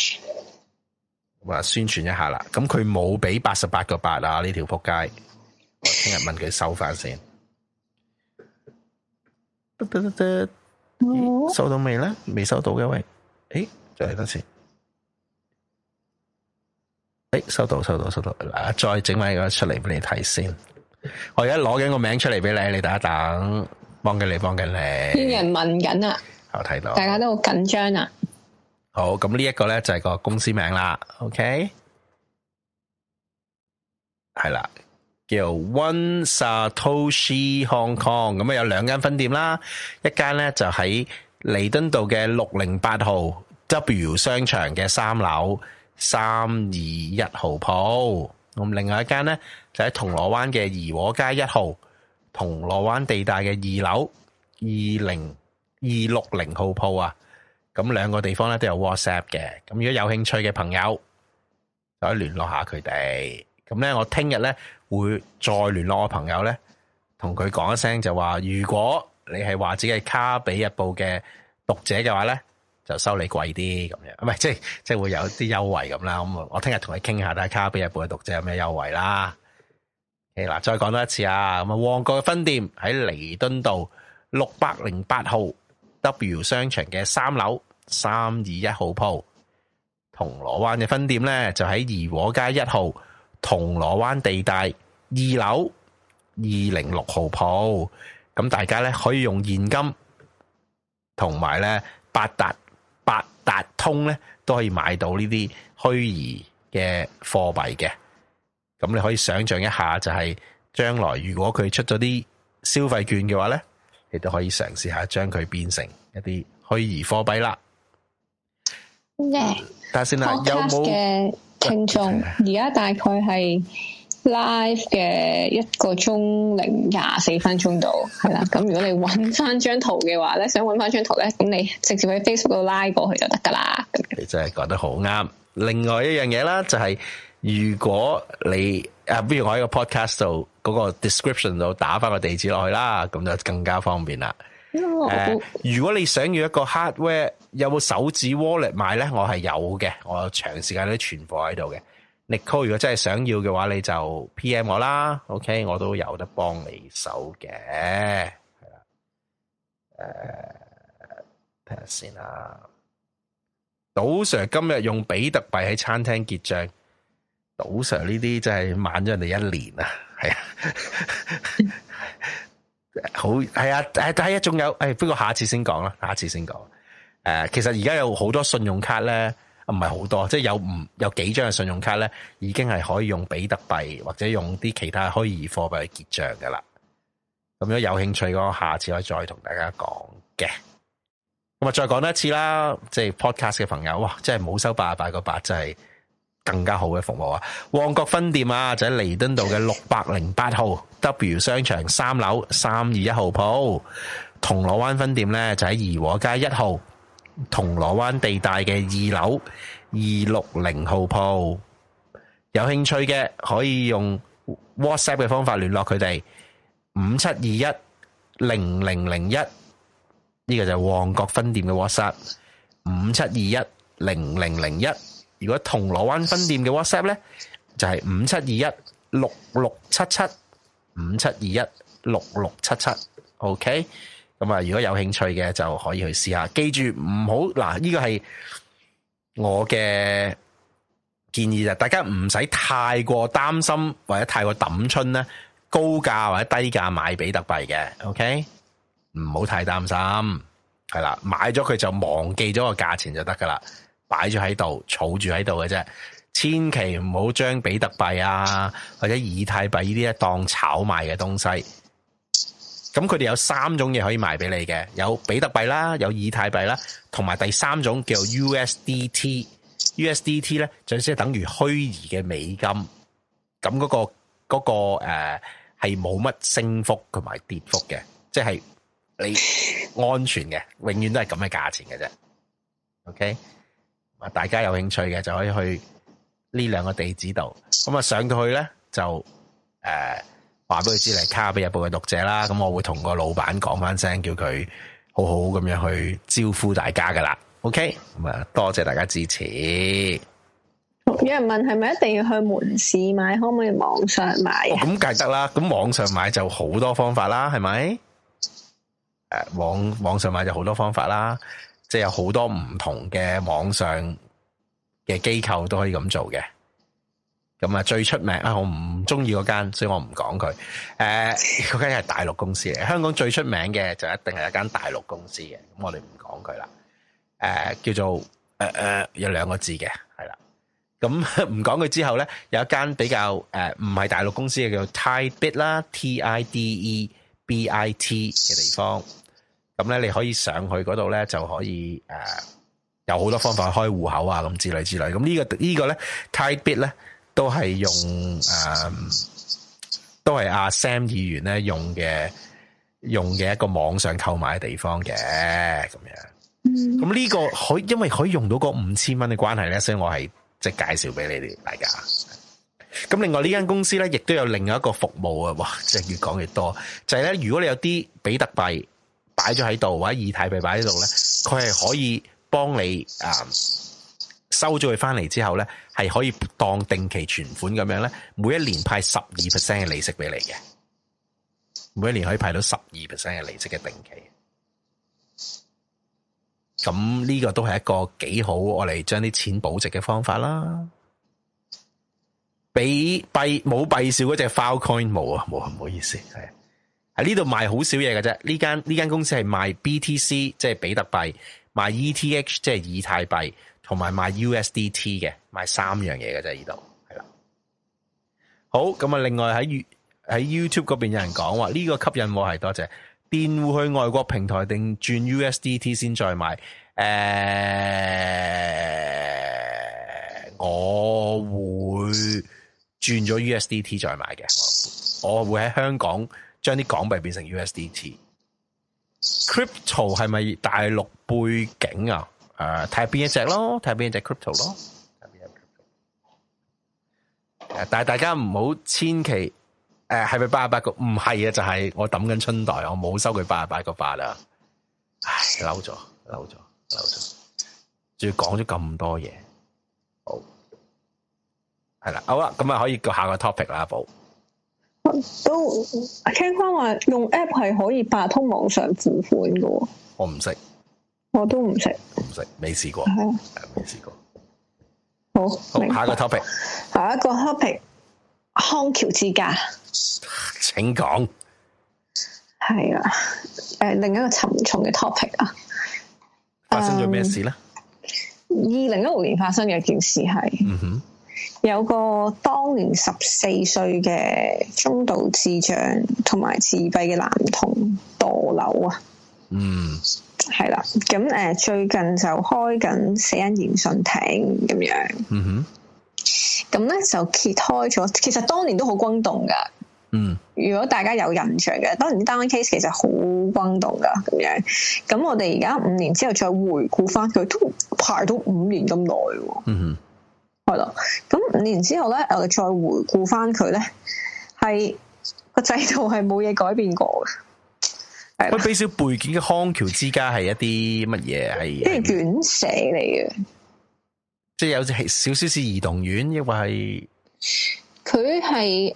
我話宣傳一下啦。咁佢冇俾八十八個八啊！呢條撲街，我聽日問佢收翻先。嘟嘟嘟嘟收到未咧？未收到嘅喂，誒，再多先，誒，收到，收到，收到，嗱，再整埋個出嚟俾你睇先。我而家攞緊個名出嚟俾你，你等一等，幫緊你，幫緊你。有人問緊啊，我睇到，大家都好緊張啊。好，咁呢一個咧就係個公司名啦。OK，係啦。叫 One Satoshi Hong Kong，咁啊有兩間分店啦，一間咧就喺彌敦道嘅六零八號 W 商場嘅三樓三二一號鋪，咁另外一間咧就喺銅鑼灣嘅怡和街一號銅鑼灣地帶嘅二樓二零二六零號鋪啊，咁兩個地方咧都有 WhatsApp 嘅，咁如果有興趣嘅朋友，就可以聯絡下佢哋，咁咧我聽日咧。會再聯絡我朋友咧，同佢講一聲就話，如果你係話自己係《卡比日報》嘅讀者嘅話咧，就收你貴啲咁樣，唔係即係即係會有啲優惠咁啦。咁我聽日同佢傾下，睇《卡比日報》嘅讀者有咩優惠啦。嗱，再講多一次啊。咁旺角嘅分店喺彌敦道六百零八號 W 商場嘅三樓三二一號鋪。銅鑼灣嘅分店咧就喺怡和街一號。銅鑼灣地帶二樓二零六號鋪，咁大家咧可以用現金同埋咧八達八達通咧都可以買到呢啲虛擬嘅貨幣嘅，咁你可以想象一下就係將來如果佢出咗啲消費券嘅話咧，你都可以嘗試下將佢變成一啲虛擬貨幣啦。得先啦有冇？輕鬆，而家大概係 live 嘅一個鐘零廿四分鐘度，係啦。咁如果你揾翻張圖嘅話咧，想揾翻張圖咧，咁你直接喺 Facebook 度拉過去就得噶啦。你真係講得好啱。 另外一樣嘢啦，就係、是、如果你啊，不如我喺個 podcast 度嗰，那個 description 度打翻個地址落去啦，咁就更加方便啦。 呃、如果你想要一個 hardware 有冇手指 wallet 賣咧？我係有嘅，我有長時間都存貨喺度嘅。Nico 如果真係想要嘅話，你就 PM 我啦，OK，我都有得幫你手嘅。係啦，誒、呃，睇下先啦。賭 Sir 今日用比特幣喺餐廳結賬，賭 Sir 呢啲真係晚咗人哋一年啊，係啊。 好係啊，但係仲有，誒，不過下次先講啦，下次先講。誒、呃，其實而家有好多信用卡咧，唔係好多，即係有唔有幾張嘅信用卡咧，已經係可以用比特幣或者用啲其他虛擬貨幣去結賬噶啦。咁樣有興趣嘅，下次可以再同大家講嘅。咁啊，再講多一次啦，即係 Podcast 嘅朋友，哇，即係冇收八啊八個八，就係、是。更加好嘅服務啊！旺角分店啊，就喺彌敦道嘅六百零八號 W 商場三樓三二一號鋪。銅鑼灣分店呢，就喺怡和街一號銅鑼灣地帶嘅二樓二六零號鋪。有興趣嘅可以用 WhatsApp 嘅方法聯絡佢哋，五七二一零零零一，呢個就係旺角分店嘅 WhatsApp，五七二一零零零一。如果銅鑼灣分店嘅 WhatsApp 咧，就係五七二一六六七七五七二一六六七七，OK。咁啊，如果有興趣嘅就可以去試下。記住唔好嗱，呢個係我嘅建議，就大家唔使太過擔心或者太過揼春咧，高價或者低價買比特幣嘅，OK。唔好太擔心，係啦，買咗佢就忘記咗個價錢就得噶啦。擺住喺度，儲住喺度嘅啫。千祈唔好將比特幣啊或者以太幣呢啲咧當炒賣嘅東西。咁佢哋有三種嘢可以賣俾你嘅，有比特幣啦，有以太幣啦，同埋第三種叫 USDT, USDT。USDT 咧就即係等於虛擬嘅美金。咁嗰個嗰個誒係冇乜升幅同埋跌幅嘅，即係你安全嘅，永遠都係咁嘅價錢嘅啫。OK。大家有興趣嘅就可以去呢兩個地址度，咁啊上到去咧就誒話俾佢知嚟，呃、你卡比日報嘅讀者啦。咁我會同個老闆講翻聲，叫佢好好咁樣去招呼大家噶啦。OK，咁啊多謝大家支持。有人問係咪一定要去門市買，可唔可以網上買啊？咁梗係得啦，咁網上買就好多方法啦，係咪？誒、呃，網網上買就好多方法啦。即係有好多唔同嘅網上嘅機構都可以咁做嘅，咁啊最出名啊我唔中意嗰間，所以我唔講佢。誒、呃，佢係大陸公司嚟，香港最出名嘅就一定係一間大陸公司嘅，咁我哋唔講佢啦。誒、呃，叫做誒誒、呃、有兩個字嘅，係啦。咁唔講佢之後咧，有一間比較誒唔係大陸公司嘅叫做 Tidebit 啦，T-I-D-E-B-I-T 嘅地方。咁咧，你可以上去嗰度咧，就可以誒，有好多方法開戶口啊，咁之類之類。咁、這個這個、呢個呢個咧，Tidebit 咧，都係用誒、嗯，都係阿 Sam 議員咧用嘅，用嘅一個網上購買嘅地方嘅，咁樣。咁呢個可以因為可以用到嗰五千蚊嘅關係咧，所以我係即係介紹俾你哋大家。咁另外呢間公司咧，亦都有另外一個服務啊！哇，真係越講越多。就係、是、咧，如果你有啲比特幣。擺咗喺度或者以太幣擺喺度咧，佢係可以幫你啊、嗯、收咗佢翻嚟之後咧，係可以當定期存款咁樣咧，每一年派十二 percent 嘅利息俾你嘅，每一年可以派到十二 percent 嘅利息嘅定期。咁呢個都係一個幾好，我哋將啲錢保值嘅方法啦。俾幣冇幣少嗰隻 Filecoin 冇啊冇啊唔好意思係。喺呢度賣好少嘢嘅啫，呢間呢間公司係賣 BTC，即係比特幣，賣 ETH，即係以太幣，同埋賣 USDT 嘅，賣三樣嘢嘅啫，呢度係啦。好，咁啊，另外喺 YouTube 嗰邊有人講話呢個吸引我係多謝，電戶，去外國平台定轉 USDT 先再買。誒，我會轉咗 USDT 再買嘅，我會喺香港。將啲港幣變成 USDT，crypto 係咪大陸背景啊？誒、呃，睇下邊一隻咯，睇下邊一隻 crypto 咯。誒、啊，但係大家唔好千祈誒，係咪八十八個？唔係啊，就係、是、我抌緊春袋,我冇收佢八十八個八啦、啊。唉，嬲咗，嬲咗，嬲咗。仲要講咗咁多嘢，好係啦，好啦，咁啊可以叫下個 topic 啦，寶。我都聽翻話用 app 係可以直通網上付款嘅。我唔識，我都唔識，唔識，未試過，未試過。好，下一個 topic，下一個 topic 康橋之家。請講。係啊，誒、呃，另一個沉重嘅 topic 啊，發生咗咩事咧？二零一六年發生嘅一件事係。嗯哼有個當年十四歲嘅中度智障同埋自閉嘅男童墮樓啊！嗯，係啦，咁誒，最近就開緊死因研訊庭咁樣。嗯哼，咁咧就揭開咗，其實當年都好轟動噶。嗯，如果大家有印象嘅，當年啲單案 case 其實好轟動噶咁樣。咁我哋而家五年之後再回顧翻佢，都排到五年咁耐啊。嗯哼。係咯，咁五年之後咧，我哋再回顧翻佢咧，係個制度係冇嘢改變過嘅。個俾少背景嘅康橋之家係一啲乜嘢？係啲院舍嚟嘅，即係有少少似兒童院，抑或係佢係誒，佢、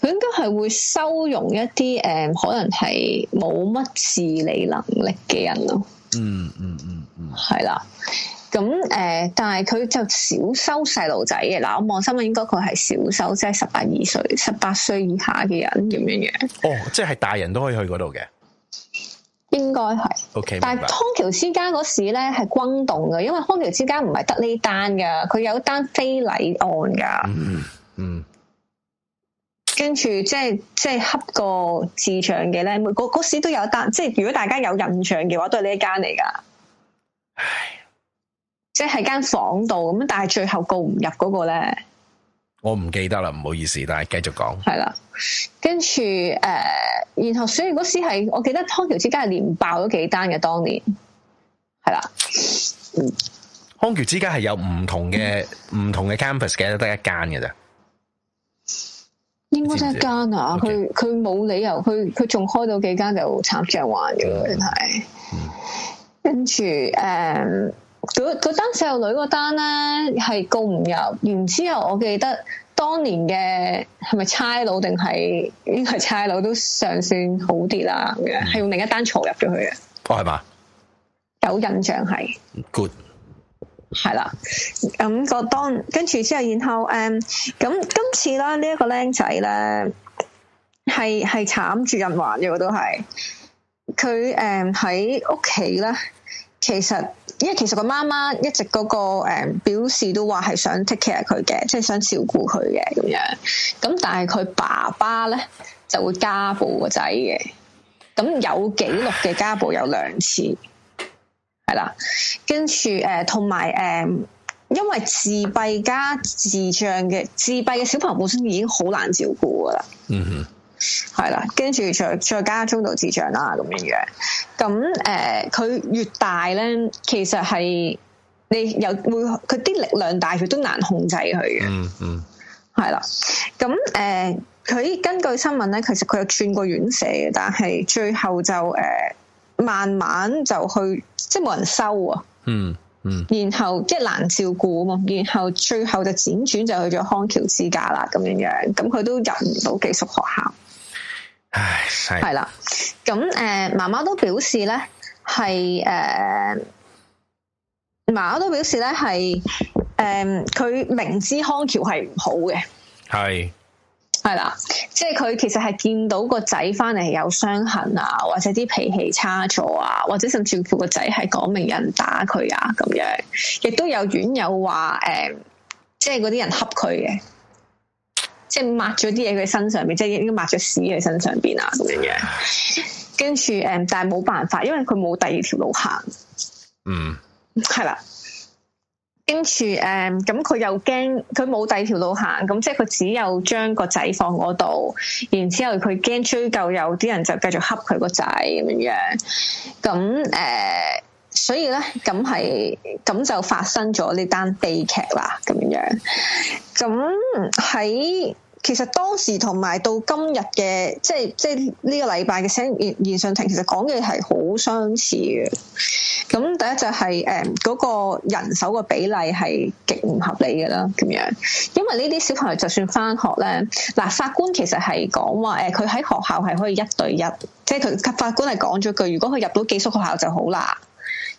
嗯、應該係會收容一啲誒、嗯，可能係冇乜自理能力嘅人咯。嗯嗯嗯嗯，係、嗯、啦。咁誒、呃，但係佢就少收細路仔嘅嗱，我望新聞應該佢係少收，即係十八二歲、十八歲以下嘅人，咁樣嘅。哦，即係大人都可以去嗰度嘅，應該係。OK，但係康橋之家嗰時咧係轟動嘅，因為康橋之家唔係得呢單噶，佢有一單非禮案噶。嗯嗯。跟住即係即係恰個智障嘅咧，每個嗰時都有一單。即係如果大家有印象嘅話，都係呢一間嚟噶。唉即係喺間房度咁，但係最後告唔入嗰個咧，我唔記得啦，唔好意思，但係繼續講係啦。跟住誒，然、呃、後所以嗰時係，我記得康橋之家係連爆咗幾單嘅當年係啦。康橋、嗯、之家係有唔同嘅唔、嗯、同嘅 campus 嘅，得一間嘅咋？應該得一間啊！佢佢冇理由，佢佢仲開到幾間就慘着玩嘅，真、嗯、係、嗯。跟住誒。呃嗰嗰單細路女個單咧係告唔入，然之後我記得當年嘅係咪差佬定係應該係差佬都尚算好啲啦，咁、嗯、係用另一單坐入咗去嘅。哦，係嘛，有印象係 good，係啦。咁、那個、當跟住之後，然後誒，咁、嗯、今次啦，呢一個僆仔咧係係慘住人玩嘅，都係佢誒喺屋企咧，其實。因為其實佢媽媽一直嗰個誒表示都話係想 take care 佢嘅，即係想照顧佢嘅咁樣。咁但係佢爸爸咧就會家暴個仔嘅。咁有記錄嘅家暴有兩次，係啦。跟住誒，同埋誒，因為自閉加智障嘅自閉嘅小朋友本身已經好難照顧噶啦。嗯哼。係啦，跟住再再加中度智障啦，咁樣樣。咁誒，佢、呃、越大咧，其實係你有會佢啲力量大，佢都難控制佢嘅。嗯嗯，係啦。咁誒，佢、呃、根據新聞咧，其實佢有轉過院舍嘅，但係最後就誒、呃、慢慢就去即係冇人收啊。嗯嗯。然後即係難照顧，然後最後就輾轉就去咗康橋之家啦，咁樣樣。咁佢都入唔到寄宿學校。唉，係啦，咁誒，媽媽、呃、都表示咧係誒，媽媽、呃、媽媽都表示咧係誒，佢、呃、明知康橋係唔好嘅，係係啦，即係佢其實係見到個仔翻嚟有傷痕啊，或者啲脾氣差錯啊，或者甚至叫個仔係講明人打佢啊，咁樣亦都有院友話誒、呃，即係嗰啲人恰佢嘅。即係抹咗啲嘢佢身上邊，即係應該抹咗屎佢身上邊啊咁樣樣，跟住誒、嗯，但係冇辦法，因為佢冇第二條路行，嗯，係啦，跟住誒，咁、嗯、佢又驚佢冇第二條路行，咁即係佢只有將個仔放嗰度，然之後佢驚追究，有啲人就繼續恰佢個仔咁樣，咁、嗯、誒。嗯。所以咧，咁係咁就發生咗呢單悲劇啦，咁樣。咁喺其實當時同埋到今日嘅，即係即係呢個禮拜嘅先，嚴嚴上庭，其實講嘅係好相似嘅。咁第一就係、是、誒，嗰、嗯那個人手嘅比例係極唔合理嘅啦，咁樣。因為呢啲小朋友就算返學咧，嗱，法官其實係講話，誒、呃，佢喺學校係可以一對一，即係佢法官係講咗句，如果佢入到寄宿學校就好啦。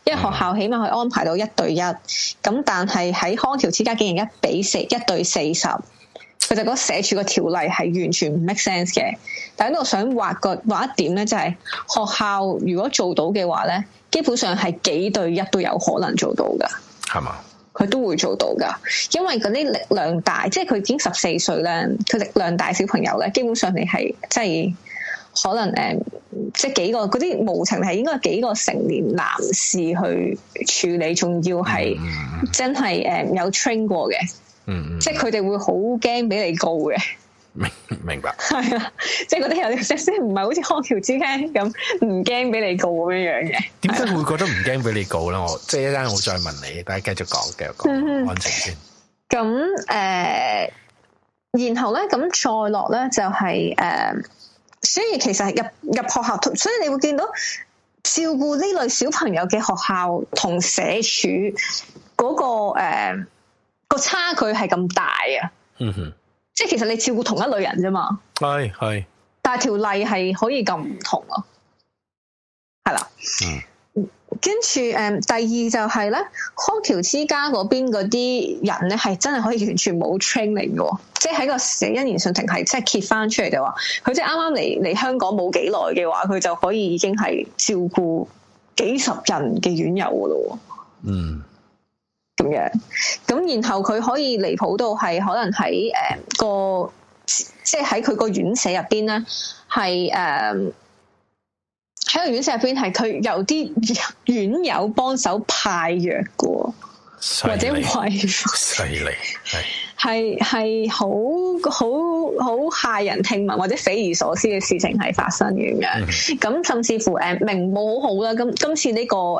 因為學校起碼可以安排到一對一，咁但係喺康橋之家竟然一比四，一對四十，佢就覺得寫住個條例係完全唔 make sense 嘅。但係呢想畫個畫一點咧、就是，就係學校如果做到嘅話咧，基本上係幾對一都有可能做到噶，係嘛？佢都會做到噶，因為嗰啲力量大，即係佢已經十四歲咧，佢力量大，小朋友咧，基本上你係即係。可能誒、嗯，即係幾個嗰啲無情係應該幾個成年男士去處理，仲要係真係誒、嗯嗯、有 train 過嘅、嗯，嗯，即係佢哋會好驚俾你告嘅。明白明白係啊，即係嗰啲有啲唔係好似康橋之家咁，唔驚俾你告咁樣樣嘅。點解會覺得唔驚俾你告咧？我即係一陣我再問你，大家繼續講，繼續講案、嗯、情先。咁、嗯、誒、嗯，然後咧咁再落咧就係、是、誒。嗯所以其實入入學校，所以你會見到照顧呢類小朋友嘅學校同社署嗰、那個誒個、呃、差距係咁大啊！嗯哼，即係其實你照顧同一類人啫嘛，係、哎、係，但係條例係可以咁唔同咯，係啦。嗯跟住誒，第二就係、是、咧，康橋之家嗰邊嗰啲人咧，係真係可以完全冇 training 嘅，即係喺個死因研訊庭係即係揭翻出嚟就話，佢即係啱啱嚟嚟香港冇幾耐嘅話，佢就可以已經係照顧幾十人嘅院友噶啦，嗯，咁樣，咁然後佢可以離譜到係可能喺誒、呃、個，即係喺佢個院舍入邊咧，係誒。呃喺個院舍入邊係佢由啲院友幫手派藥嘅，或者維護。 係係好好好駭人聽聞或者匪夷所思嘅事情係發生咁樣，咁、嗯、甚至乎誒明報好好啦，咁今次呢、呢個誒呢、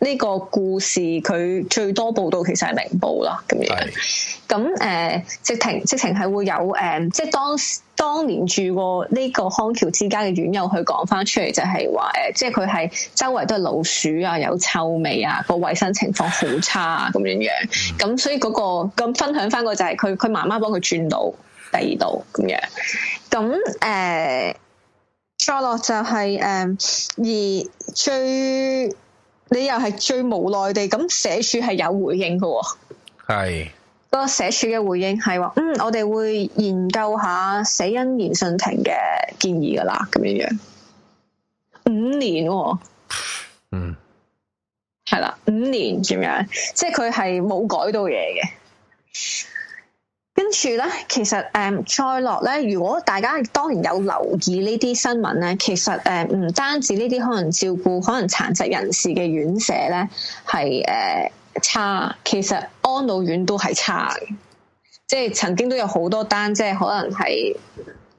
呃呢個故事佢最多報道其實係明報啦咁樣，咁、呃、誒直情直情係會有誒、呃，即係當當年住過呢個康橋之家嘅院友去講翻出嚟，就係話誒，即係佢係周圍都係老鼠啊，有臭味啊，個衛生情況好差啊咁樣樣，咁所以嗰、嗰個咁分享翻個就係、是。佢佢媽媽幫佢轉到第二度咁樣，咁誒，再、uh, 落就係、是、誒，uh, 而最你又係最無奈地咁，社署係有回應嘅、喎，係、嗰個社署嘅回應係話，嗯，我哋會研究一下死因研訊庭嘅建議噶啦，咁樣樣五、喎嗯、五年，嗯，係啦，五年咁樣，即係佢係冇改到嘢嘅。跟住咧，其實誒、嗯、再落咧，如果大家當然有留意這些聞呢啲新聞咧，其實誒唔、嗯、單止呢啲可能照顧可能殘疾人士嘅院舍咧係誒差，其實安老院都係差嘅，即係曾經都有好多單，即係可能係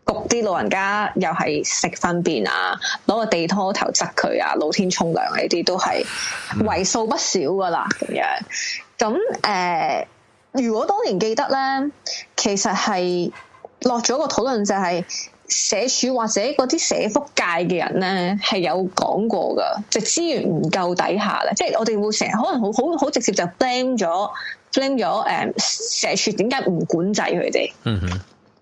焗啲老人家又係食糞便啊，攞個地拖頭執佢啊，露天沖涼呢啲都係為數不少噶啦，咁樣咁誒。如果當年記得咧，其實係落咗個討論，就係社署或者嗰啲社福界嘅人咧，係有講過㗎，就是、資源唔夠底下咧。即、就、係、是、我哋會成日可能好好好直接就 blame 咗 blame 咗、嗯、社署點解唔管制佢哋，嗯哼，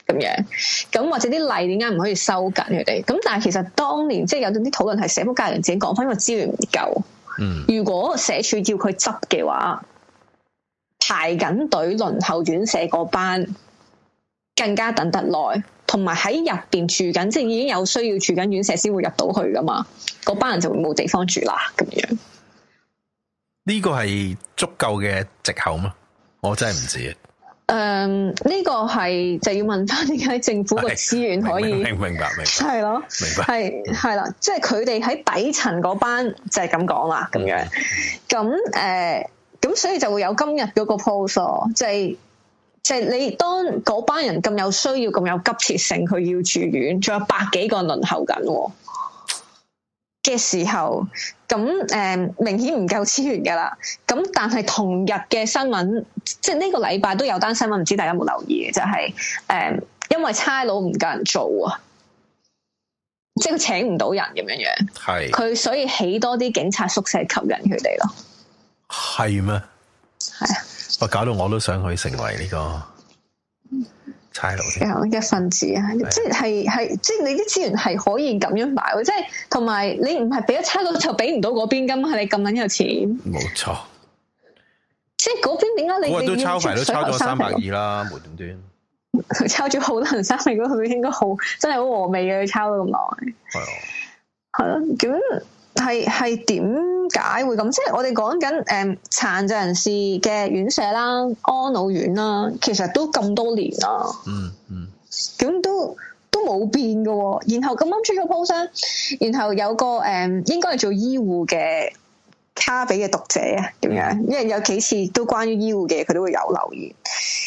咁樣咁或者啲例點解唔可以收緊佢哋？咁但係其實當年即係、就是、有啲討論，係社福界人自己講返，因為資源唔夠、嗯。如果社署要佢執嘅話。排緊隊輪候院舍嗰班，更加等得耐，同埋喺入邊住緊，即係已經有需要住緊院舍先會入到去噶嘛，嗰班人就會冇地方住啦，咁樣。呢個係足夠嘅藉口嗎？我真係唔知道。誒、嗯、呢、這個係就要問翻點解政府個資源可以？明白，明白，係咯， 明白，係係啦，即係佢哋喺底層嗰班就係咁講啦，咁樣。咁誒。呃咁所以就會有今日嗰個 proposal，即係即係你當嗰班人咁有需要、咁有急切性，佢要住院，仲有百幾個輪候緊嘅時候，咁誒、嗯、明顯唔夠資源㗎啦。咁但係同日嘅新聞，即係呢個禮拜都有單新聞，唔知大家有冇留意嘅就係、是、誒、嗯、因為差佬唔夠人做啊，即、就、係、是、佢請唔到人咁樣樣，係佢所以起多啲警察宿舍吸引佢哋咯。係咩？係啊！我搞到我都想去成為呢個差佬嘅一份子啊，哎！即係係即係你啲資源係可以咁樣買，即係同埋你唔係俾咗差佬就俾唔到嗰邊，金，係你咁捻有錢？冇錯，即係嗰邊點解你你都抄埋都抄咗三百二啦，無端端，佢抄咗好多人生股，佢應該好真係好和味嘅，抄咗咁耐，係啊，係啦，啊，咁。係係點解會咁？即係我哋講緊誒殘疾人士嘅院舍啦、安老院啦，其實都咁多年啦，嗯嗯，咁都都冇變㗎。然後咁啱出咗 post，然後有個誒、嗯，應該係做醫護嘅。卡比嘅讀者啊，點樣、嗯？因為有幾次都關於醫護嘅，佢都會有留言。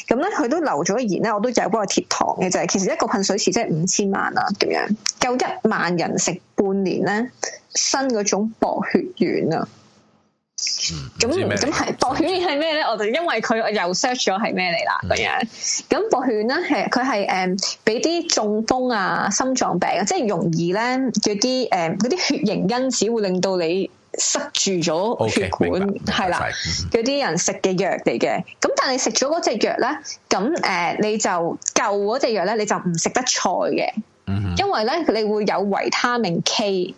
咁咧，佢都留咗言咧，我都有幫佢貼糖嘅。就係其實一個噴水池即係五千萬啊，咁樣夠一萬人食半年咧？新嗰種薄血丸啊，咁咁係薄血丸係咩咧？我哋因為佢又 search 咗係咩嚟啦，咁樣。咁薄血咧係佢係誒，俾啲、呃、中風啊、心臟病啊，即係容易咧啲誒，嗰啲、呃、血型因子會令到你。塞住咗血管，係、okay, 啦，嗰啲、嗯、人食嘅藥嚟嘅。咁但係食咗嗰隻藥咧，咁誒你就救嗰隻藥咧，你就唔食得菜嘅、嗯，因為咧你會有維他命 K，、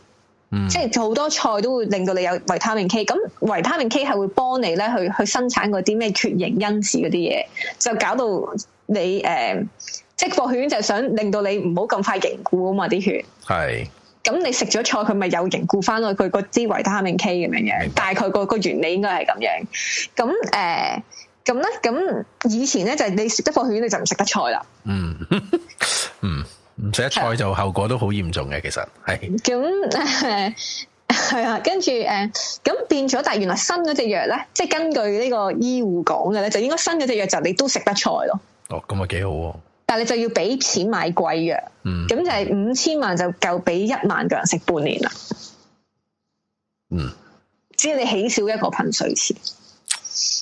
嗯、即係好多菜都會令到你有維他命 K。咁維他命 K 係會幫你咧去去生產嗰啲咩缺型因子嗰啲嘢，就搞到你誒、呃，即係薄血就想令到你唔好咁快凝固啊嘛啲血。係。咁你食咗菜，佢咪有凝固翻咯？佢個支維他命 K 咁樣樣，大概個、嗰個原理應該係咁樣。咁誒，咁、呃、咧，咁以前咧就係、是、你食得放血丸你就唔食得菜啦。嗯嗯，唔食得菜就後果都好嚴重嘅，其實係。咁係啊，跟住誒，咁變咗，但係、呃呃、原來新嗰隻藥咧，即係根據呢個醫護講嘅咧，就應該新嗰隻藥就你都食得菜咯。哦，咁啊，幾好。但係你就要俾錢買貴藥，咁、嗯、就係五千萬就夠俾一萬個人食半年啦。嗯，只要你少起少一個噴水池，係、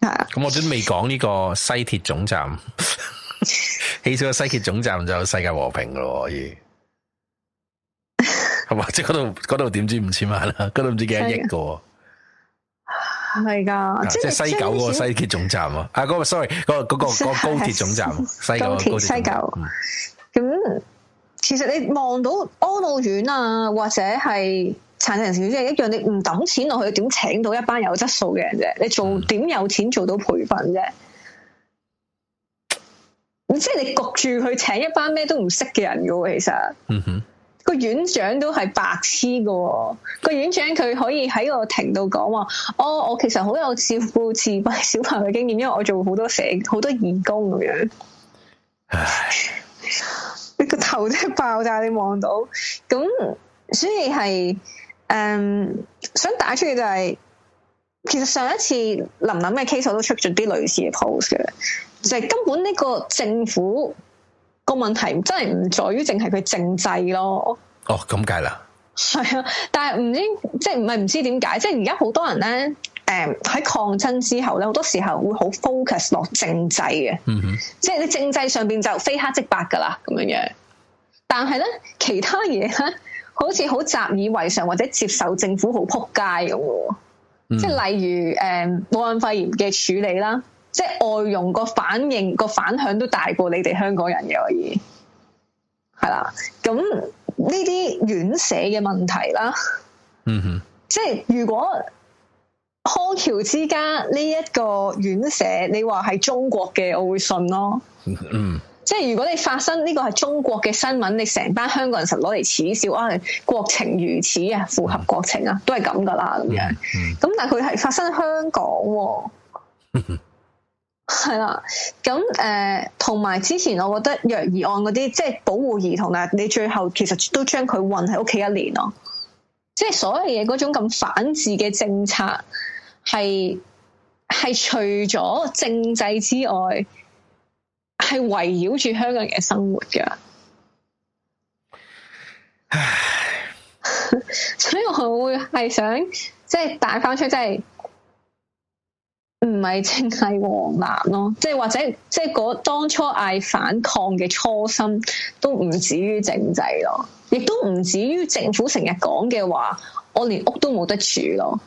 嗯、啊。咁、嗯、我都未講呢個西鐵總站， 起少個西鐵總站就有世界和平咯，可以。係 嘛？即係嗰度嗰度點知五千萬啦？嗰度唔知幾多億噶。係噶，即係西九嗰個西鐵總站啊！啊，嗰、嗰個 sorry，嗰、嗰個嗰個嗰個高鐵總站，西高鐵西九。咁、嗯、其實你望到安老院啊，或者係殘疾人士，即係一樣，你唔揼錢落去，點請到一班有質素嘅人啫？你做點、嗯、有錢做到培訓啫？即係你焗住去請一班咩都唔識嘅人噶、啊，其實。嗯哼。個院長都係白痴噶，個院長佢可以喺個庭度講話，哦，我其實好有照顧自閉小朋友嘅經驗，因為我做好多社好多義工咁樣。唉，你個頭真係爆炸，你望到咁，所以係誒、嗯、想打出嘅就係、是，其實上一次琳琳嘅 case 都出咗啲類似嘅 pose 嘅，就係、是、根本呢個政府，個問題真係唔在於淨係佢政制咯。哦，咁解啦。係啊，但係唔知即係唔係唔知點解，即係而家好多人咧，誒、嗯、喺抗爭之後咧，好多時候會好 focus 落政制嘅。嗯哼。即係啲政制上面就非黑即白㗎啦，咁樣樣。但係咧，其他嘢咧，好似好習以為常或者接受政府好撲街咁喎。即係例如誒，新、嗯、冠肺炎嘅處理啦。即係外傭，那個反應個反響都大過你哋香港人嘅可以，係啦。咁呢啲院舍嘅問題啦，嗯哼，即係如果康橋之家呢一，這個院舍，你話係中國嘅，我會信咯。嗯，即係如果你發生呢個係中國嘅新聞，你成班香港人實攞嚟恥笑啊，國情如此啊，符合國情啊，嗯、都係咁噶啦，咁、嗯、樣。咁但係佢係發生喺香港、啊。嗯係啦、啊，咁誒，同、呃、埋之前，我覺得虐兒案嗰啲，即係保護兒童啊，你最後其實都將佢困喺屋企一年咯，即係所有嘢嗰種咁反智嘅政策，係係除咗政制之外，係圍繞住香港人嘅生活㗎。唉， 所以我會係想，即係帶翻出，即係。唔係淨係黃藍咯，即係或者即係嗰，當初嗌，反抗嘅初心，都唔止於政制咯，亦都唔止於政府成日講嘅話，我連屋都冇得住咯。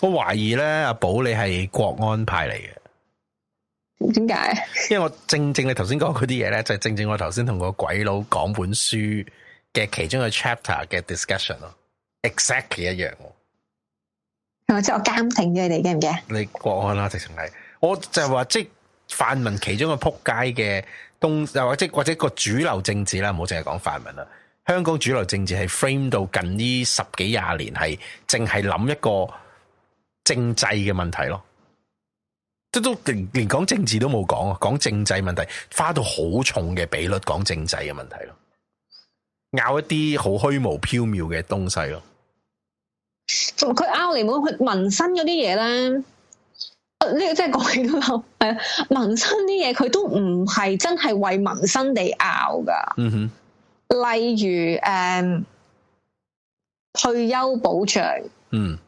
我懷疑咧，阿寶你係國安派嚟嘅，點解？因為我正正你頭先講嗰啲嘢咧，就係、是、正正我頭先同個鬼佬講本書嘅其中一個 chapter 嘅 discussion 咯 ，exactly 一樣。即我監聽咗你哋，啊，驚唔驚你國安啦，直情係，我就係話，即係泛民其中個扑街嘅東，又或者或者個主流政治啦，唔好淨係講泛民啦。香港主流政治係 frame 到近呢十幾廿年係淨係諗一個政制嘅問題咯，即都連講政治都冇講啊，講政制問題花到好重嘅比率講政制嘅問題咯，咬一啲好虛無縹緲嘅東西咯。佢拗嚟冇佢民生嗰啲嘢咧，呢個真係講起都好係啊！民生啲嘢佢都唔係真係為民生地拗噶。嗯哼，例如誒、呃、退休保障，嗯，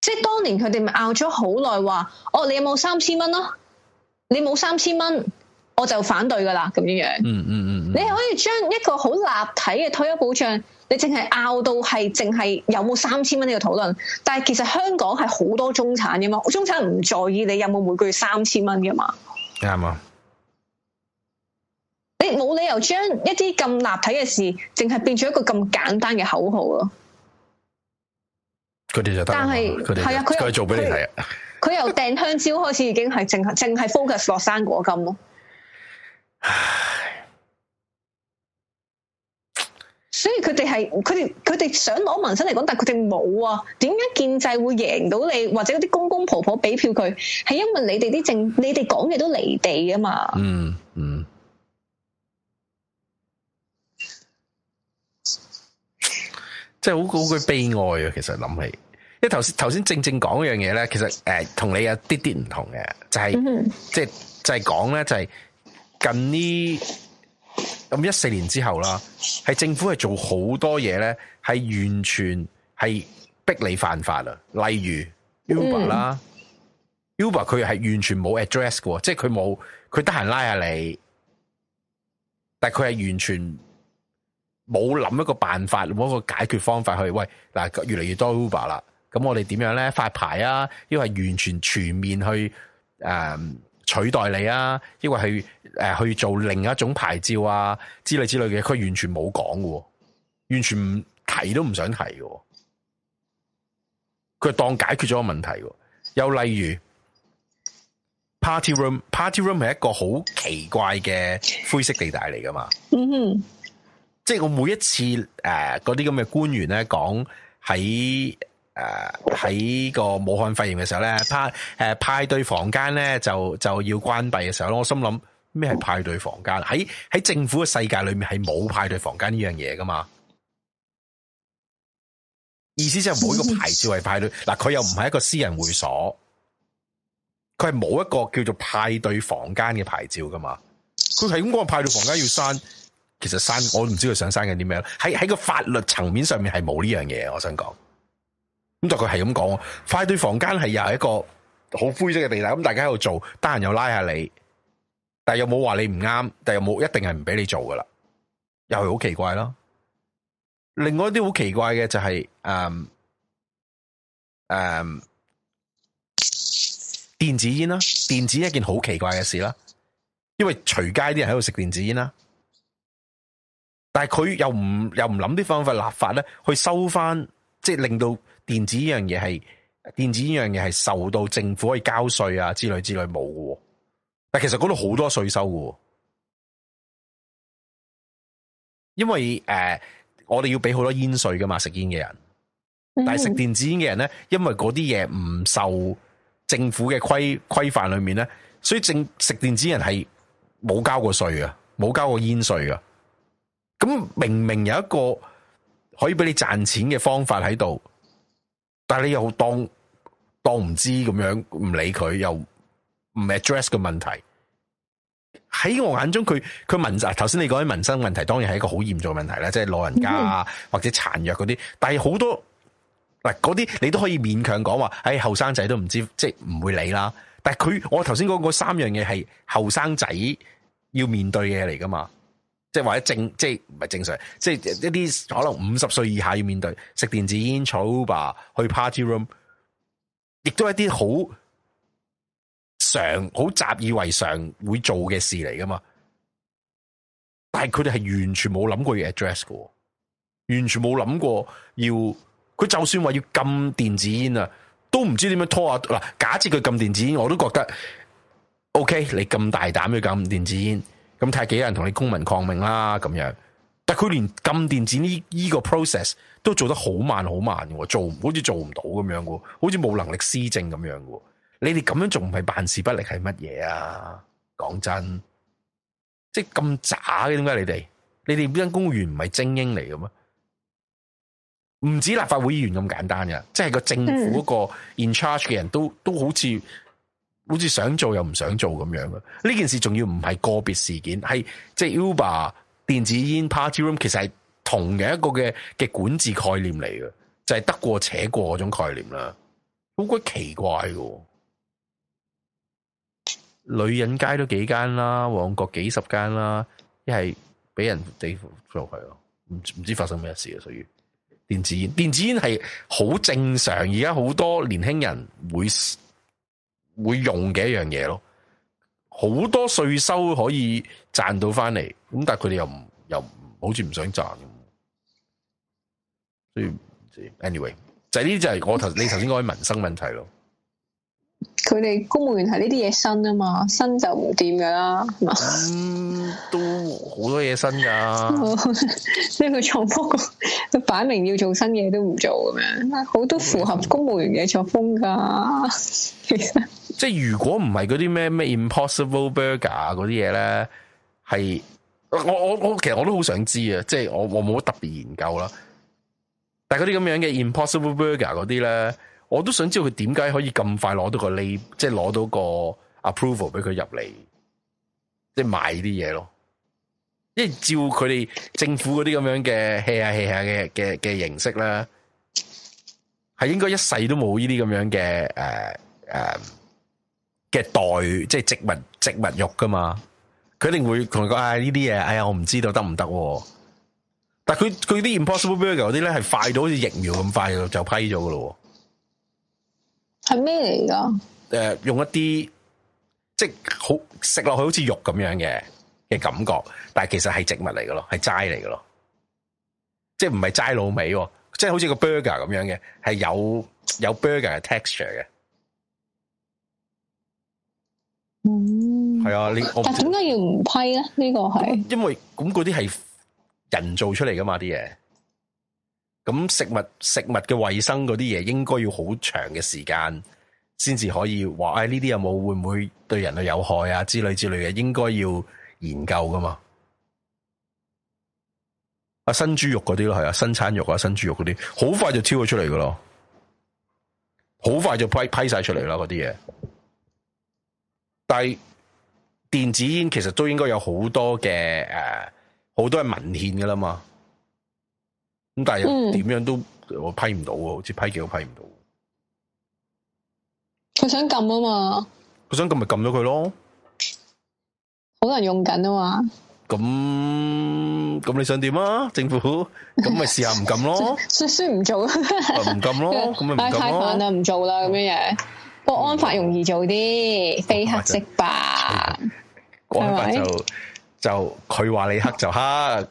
即係當年佢哋咪拗咗好耐話，哦，你有冇三千蚊囉？你冇三千蚊。我就反對噶啦，咁樣樣。嗯嗯嗯。你係可以將一個好立體嘅退休保障，你淨係拗到係淨係有冇三千蚊呢個討論？但係其實香港係好多中產嘅嘛，中產唔在意你有冇每個月三千蚊嘅嘛。啱啊！是是有是是你冇理 由將一啲咁立體嘅事，淨係變咗一個咁簡單嘅口號咯。佢哋就但係佢係啊佢佢做俾你睇啊！佢由掟香蕉開始已經係淨係淨係 focus 落生果金咯。唉，所以佢哋係佢哋佢哋想攞民生嚟講，但係佢哋冇啊。點解建制會贏到你，或者嗰啲公公婆婆俾票佢？係因為你哋啲政，你哋講嘅都離地啊嘛。嗯嗯，即係好好嘅悲哀啊！其實諗起，因為頭先頭先正正講一樣嘢咧，其實誒同、呃、你有啲啲唔同嘅，就係即係就係講咧就係、是。就是近呢咁一四年之後啦，係政府係做好多嘢咧，係完全係逼你犯法啦。例如 Uber 啦，嗯，Uber 佢係完全冇 address 嘅，即係佢冇佢得閒拉下你，但係佢係完全冇諗一個辦法，冇一個解決方法去喂嗱，越嚟越多 Uber 啦，咁我哋點樣咧？發牌啊？要係完全全面去誒？嗯取代你啊。因為去誒、呃、去做另一種牌照啊之類之類嘅，佢完全冇講嘅，完全唔提都唔想提嘅，佢當解決咗個問題。又例如 party room，party room 係 room 一個好奇怪嘅灰色地帶嚟噶嘛。嗯哼，即係我每一次誒嗰啲咁嘅官員咧講喺。誒、啊，喺個武漢肺炎嘅時候咧，派誒、啊、派對房間咧就就要關閉嘅時候咯。我心諗咩係派對房間？喺喺政府嘅世界裏面係冇派對房間呢樣嘢噶嘛？意思即係冇一個牌照係派對嗱，佢、啊、又唔係一個私人會所，佢係冇一個叫做派對房間嘅牌照噶嘛？佢係咁講，派對房間要閂，其實閂我唔知佢想閂緊啲咩。喺喺個法律層面上面係冇呢樣嘢，我想講。咁就佢係咁講，快對房間係又係一個好灰色嘅地帶，咁大家喺度做，得閒又拉下你，但係又冇話你唔啱，但係又冇一定係唔俾你做噶啦，又係好奇怪咯。另外一啲好奇怪嘅就係誒誒電子煙啦，電子係一件好奇怪嘅事啦，因為隨街啲人喺度食電子煙啦，但係佢又唔又唔諗啲方法立法咧，去收翻即係令到。電子呢樣嘢係，電子呢樣嘢係受到政府可以交稅啊之類之類冇喎，但其實嗰度好多稅收喎，因為誒、呃、我哋要俾好多煙稅噶嘛，食煙嘅人，但係食電子煙嘅人咧，因為嗰啲嘢唔受政府嘅規規範裏面咧，所以政食電子煙人係冇交過稅嘅，冇交過煙稅嘅。咁明明有一個可以俾你賺錢嘅方法喺度。但係你又當當唔知咁樣，唔理佢，又唔 address 個問題。喺我眼中，佢佢民頭先你講啲民生問題，當然係一個好嚴重嘅問題啦，即係老人家或者殘弱嗰啲。但係好多嗱，嗰啲你都可以勉強講話，誒後生仔都唔知，即係唔會理啦。但係佢，我頭先講嗰三樣嘢係後生仔要面對嘅嘢嚟噶嘛。即係或者正，即係唔係正常，即係一啲可能五十歲以下要面對食電子煙、草吧、去 party room，亦都係一啲好常、好習以為常會做嘅事嚟噶嘛。但係佢哋係完全冇諗過要 address 嘅，完全冇諗過要。佢就算話要禁電子煙啊都唔知點樣拖下嗱。假設佢禁電子煙，我都覺得 OK。你咁大膽去禁電子煙？咁太幾人同你公民抗命啦，咁樣，但佢連禁電子呢呢個 process 都做得好慢好慢，做好似做唔到咁樣，好似冇能力施政咁樣喎。你哋咁樣仲唔係辦事不力係乜嘢啊？講真，即係咁渣嘅，點解你哋？你哋本身公務員唔係精英嚟嘅嘛？唔止立法會議員咁簡單嘅，即係個政府嗰個 in charge 嘅人都都好似。好似想做又唔想做咁樣嘅，呢件事仲要唔係個別事件，係即係 Uber、電子煙、party room，其實係同樣一個嘅嘅管治概念嚟嘅，就係得過且過嗰種概念啦。好鬼奇怪喎，女人街都幾間啦，旺角幾十間啦，一係俾人地做係咯，唔唔知發生咩事啊？屬於電子煙，電子煙係好正常，而家好多年輕人會。會用嘅一樣嘢咯，好多稅收可以賺到翻嚟，咁但係佢哋又唔又唔好似唔想賺，所以 anyway 就呢啲就係我頭、okay. 你頭先講嘅民生問題咯。佢哋公務員係呢啲嘢新啊嘛，新就唔掂噶啦。咁、 嗯、都。好多嘢新噶、啊，呢個作風，佢擺明要做新嘢都唔做咁樣，好多符合公務員嘅作風噶、啊。其實即，即係如果唔係嗰啲咩咩 Impossible Burger 嗰啲嘢咧，係我我我其實我都好想知啊，即、就、係、是、我我冇乜特別研究啦。但係嗰啲咁樣嘅 Impossible Burger 嗰啲咧，我都想知道佢點解可以咁快攞到個 label 即係攞到個 approval 俾佢入嚟，即係買啲嘢咯。即係照佢哋政府嗰啲咁樣嘅 hea 下 hea 下嘅嘅嘅形式啦，係應該一世都冇呢啲咁樣嘅誒誒嘅代，即係植物植物肉噶嘛？佢定會同你講啊呢啲嘢，哎呀我唔知道得唔得？但係佢佢啲 Impossible Burger 嗰啲咧係快到好似疫苗咁快就批咗噶咯？係咩嚟噶？誒，用一啲即係好食落去好似肉咁樣嘅。嘅感覺，但係其實係植物嚟嘅咯，係齋嚟嘅咯，即係唔係齋老味，即係好似個 burger 咁樣嘅，係有有 burger 嘅 texture 嘅。嗯，係啊，你，但係點解要唔批咧？呢個係因為咁嗰啲係人做出嚟噶嘛啲嘢，咁食物食物嘅衛生嗰啲嘢應該要好長嘅時間先至可以話，哎呢啲有冇會唔會對人類有害啊之類之類嘅，應該要。研究噶嘛？啊，新豬肉嗰啲咯，係啊，新餐肉啊，新豬肉嗰啲，好快就挑咗出嚟噶咯，好快就批批晒出嚟啦，嗰啲嘢。但係電子煙其實都應該有好多嘅，誒、啊嗯，好多係文獻噶啦嘛。咁但係點樣都我批唔到，好似批幾都批唔到。佢想撳啊嘛！佢想撳咪撳咗佢咯。好多人用緊啊嘛，咁咁你想點啊？政府咁咪試下唔禁咯， 說說唔做，唔禁咯，咁咪唔禁咯，太煩啦，唔 做啦，咁樣嘢。國安法容易做啲、嗯，非黑即白，國安法就是是就佢話你黑就黑，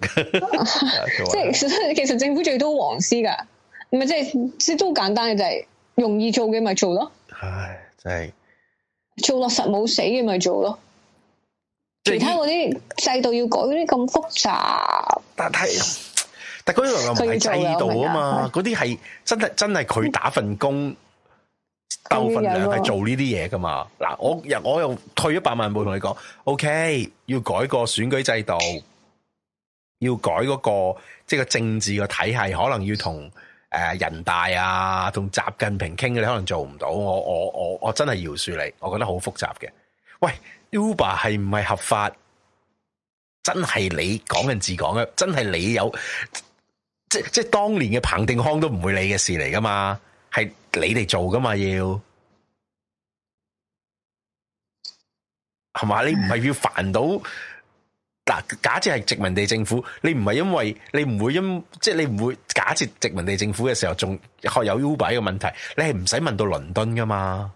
即 係 就是、 其實政府最多黃絲噶，唔係即係都好簡單嘅、就是，就係容易做嘅咪做咯，唉，真、就、係、是、做落實冇死嘅咪做咯。其他嗰啲制度要改啲咁複雜，但係但嗰啲又唔係制度啊嘛，嗰啲係真係真係佢打份工斗份糧係做呢啲嘢噶嘛。嗱，我又我又退咗百萬步同你講，OK，要改個選舉制度，要改嗰個即係個政治個體系，可能要同誒人大啊同習近平傾嘅，你可能做唔到。我我我我真係饒恕你，我覺得好複雜嘅。喂。Uber 係唔係合法？真係你講人自講嘅，真係你有，即即當年嘅彭定康都唔會理嘅事嚟噶嘛？係你哋做噶嘛？要係嘛？你唔係要煩到嗱？假設係殖民地政府，你唔係因為你唔會因，即你唔會假設殖民地政府嘅時候仲有 Uber 呢個問題，你係唔使問到倫敦噶嘛？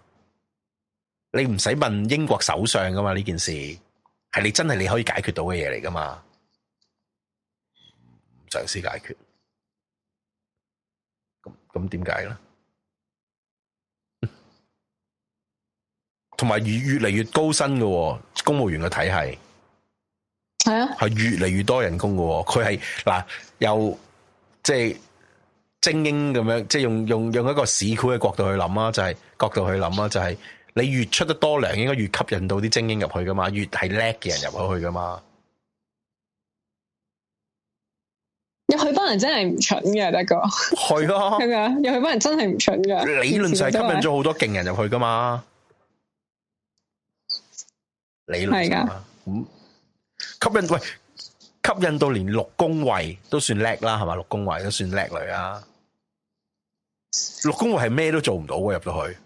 你唔使問英國首相噶嘛？呢件事係你真係你可以解決到嘅嘢嚟噶嘛？唔嘗試，試解決，咁咁點解咧？同埋越越嚟越高薪嘅公務員嘅體系係啊，係越嚟越多人工㗎。佢係嗱又即係精英咁樣，即係用用用一個市區嘅角度去諗啊，就係、是、角度去諗啊，就係、是。你越出得多糧，應該越吸引到啲精英入去噶嘛，越係叻嘅人入去去噶嘛。入去班人真係唔蠢嘅，得個係咯，入去班人真係唔蠢嘅。理論上係吸引咗好多勁人入去噶嘛。的理論係啊，咁吸引喂，吸引到連六公位都算叻啦，係嘛？六公位都算叻女啊。六公位係咩都做唔到嘅，入到去。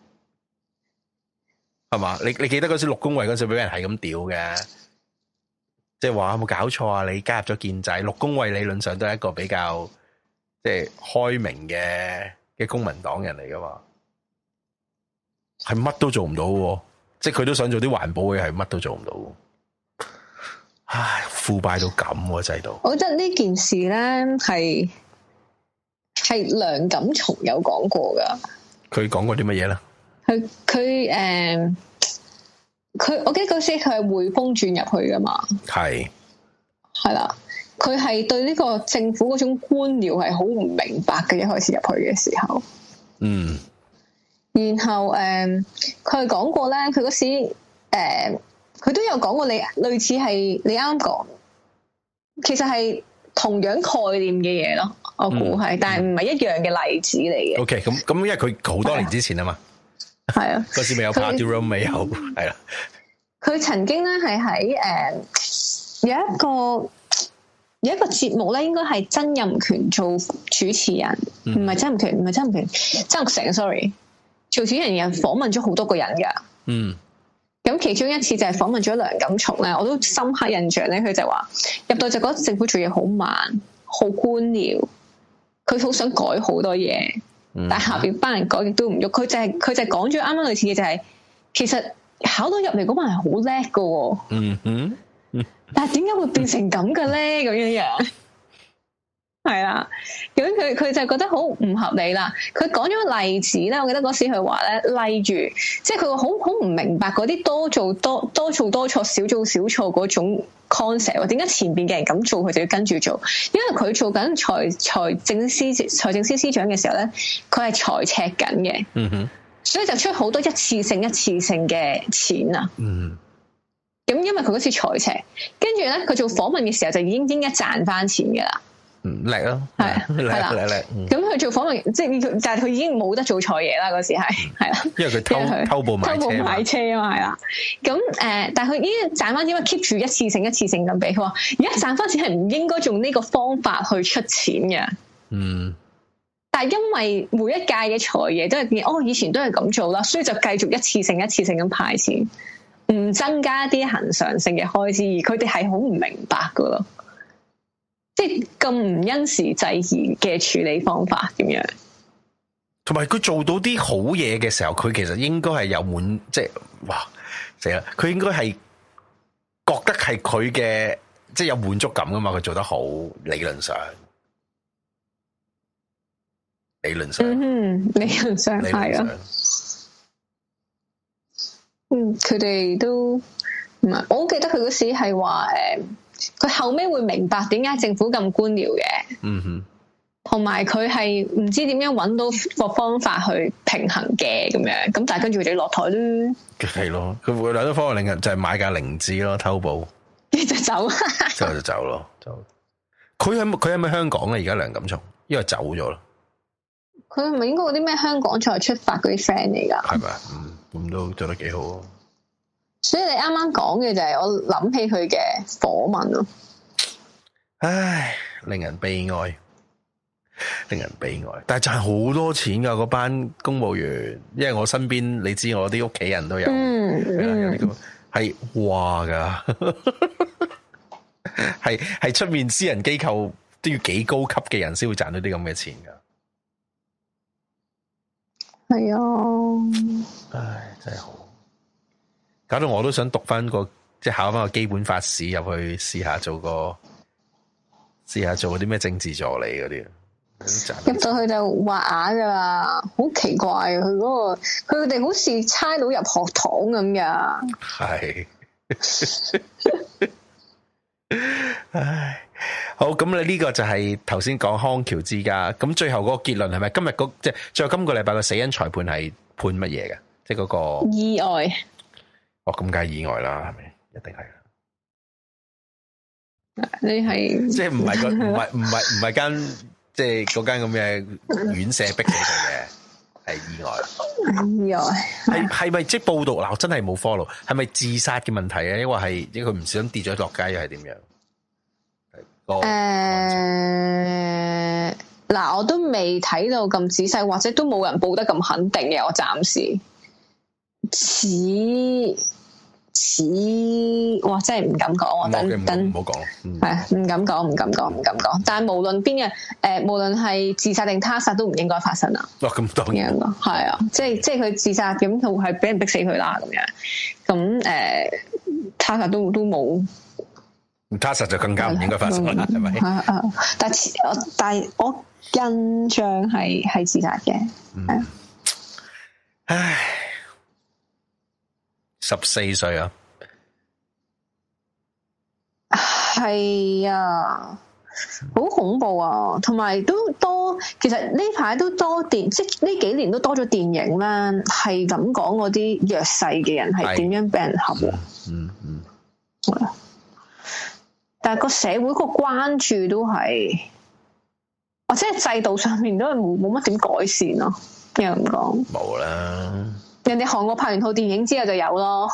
係嘛？你你記得嗰時六公位嗰時俾人係咁屌嘅，即係話有冇搞錯啊？你加入咗建制，六公位理論上都係一個比較即係開明嘅嘅公民黨人嚟噶嘛？係乜都做唔到，即係佢都想做啲環保嘅，係乜都做唔到的。唉，腐敗到咁啊，制度，我覺得呢件事咧係係梁錦松有講過噶，佢講過啲乜嘢咧？佢佢誒，佢、嗯、我記得嗰時佢係匯豐轉入去噶嘛？係係啦，佢係對呢個政府嗰種官僚係好唔明白嘅，一開始入去嘅時候。嗯。然後誒，佢、嗯、講過咧，佢嗰時誒，佢、嗯、都有講過你類似係你啱講，其實係同樣概念嘅嘢咯，我估係、嗯嗯，但係唔係一樣嘅例子嚟嘅。O K，咁咁因為佢好多年之前啊嘛。Okay. 係啊，嗰時未有 party room 未有，係啦。佢曾經咧係喺誒有一個有一個節目咧，應該係曾蔭權做主持人，唔係曾蔭權，唔係曾蔭權，曾鈺成 sorry，做主持人又訪問咗好多個人噶。嗯。咁其中一次就係訪問咗梁錦松咧，我都深刻印象咧，佢就話入到就覺得政府做嘢好慢，好官僚，佢好想改好多嘢。但下邊班人講亦都唔喐，佢就係、是、佢就係講咗啱啱類似嘅就係、是，其實考到入嚟嗰班人好叻噶，嗯嗯，但係點解會變成咁嘅咧？咁樣樣。係啦，咁佢佢就覺得好唔合理啦。佢講咗個例子咧，我記得嗰時佢話咧，例如，即係佢好好唔明白嗰啲多做多多做多錯，少做少錯嗰種 concept。點解前邊嘅人咁做，佢就要跟住做？因為佢做緊財財政司財政司司長嘅時候咧，佢係財赤緊嘅，所以就出好多一次性一次性嘅錢啊。咁因為佢嗰次財赤，跟住咧佢做訪問嘅時候就已經應該賺翻錢嘅啦。唔叻咯，係係啦，叻叻。咁佢做訪問，即係但係佢已經冇得做財爺啦。嗰時係係啦，因為佢偷為他偷步買車啊，係啦。咁誒、呃，但係佢已呢賺翻錢，keep 住一次性一次性咁俾。佢話而家賺翻錢係唔應該用呢個方法去出錢嘅。嗯，但係因為每一屆嘅財爺都係哦，以前都係咁做啦，所以就繼續一次性一次性咁派錢，唔增加一啲恒常性嘅開支，而佢哋係好唔明白噶咯。即係咁唔因時制宜嘅處理方法點樣？同埋佢做到啲好嘢嘅時候，佢其實應該係有滿，即係哇死啦！佢應該係覺得係佢嘅，即係有滿足感噶嘛？佢做得好，理論上，理論上，嗯，理論上，理論上係啊。嗯，佢哋都唔係，我好記得佢嗰時係話，誒。佢後尾會明白點解政府咁官僚嘅，嗯哼，同埋佢係唔知點樣搵到個方法去平衡嘅咁樣，咁但係跟住佢哋落台啦，係咯，佢換兩種方法，另人就係買架凌志咯，偷步，跟住就走，之後就走咯，就佢喺佢咪香港咧？而家梁錦松，因為走咗咯，佢唔係應該嗰啲咩香港才出發嗰啲 friend 嚟噶，係咪啊？咁、嗯嗯、都做得幾好。所以你啱啱講嘅就係我諗起佢嘅訪問咯，唉，令人悲哀，令人悲哀。但係賺好多錢噶嗰班公務員，因為我身邊你知我啲屋企人都有，嗯，係、嗯這個、哇噶，係係出面私人機構都要幾高級嘅人先會賺到啲咁嘅錢噶，係啊，唉，真係好。搞到我都想讀翻個，即係考翻個基本法試入去試下做個，試下做啲咩政治助理嗰啲。入到去就畫眼噶啦，好奇怪！佢嗰、嗰個，佢哋好似差佬入學堂咁噶。係， 唉，好咁，你呢個就係頭先講康橋之家。咁最後嗰個結論係咪今日即係最後今個禮拜嘅死因裁判係判乜嘢㗎？即係、那、嗰個意外。哦，咁梗係意外啦，係咪？一定係。你係即係唔係個唔係唔係唔係間即係嗰間咁嘅院舍逼死佢嘅，係、 就係、意外啦。意外係係咪即係報道嗱？我真係冇 follow，係咪自殺嘅問題咧？因為係因係佢唔想跌咗落街，又係點樣？誒，嗱、呃呃，我都未睇到咁仔細，或者都冇人報得咁肯定嘅。我暫時似。似哇，真係唔敢講，等等，唔好講，係唔敢講，唔、嗯、敢講，唔、嗯、敢講。但係無論邊嘅，誒、呃，無論係自殺定他殺都唔應該發生啊。哦，咁多人咯，係啊，即係即係佢自殺咁，就係俾人逼死佢啦咁樣。咁誒、呃，他殺都都冇、嗯，他殺就更加唔應該發生啦，係、嗯、咪？但係我，但我印象係係自殺嘅，係、嗯。唉。十四歲啊，係啊，好恐怖啊！同埋都多，其實呢排都多電，即呢幾年都多咗電影啦，係咁講，嗰啲弱勢嘅人係點樣俾人合的？嗯嗯。嗯係啊、但係個社會個關注都係，或者係制度上面都係冇冇乜點改善咯、啊？又咁講冇啦。人哋韓國拍完套電影之後就有咯，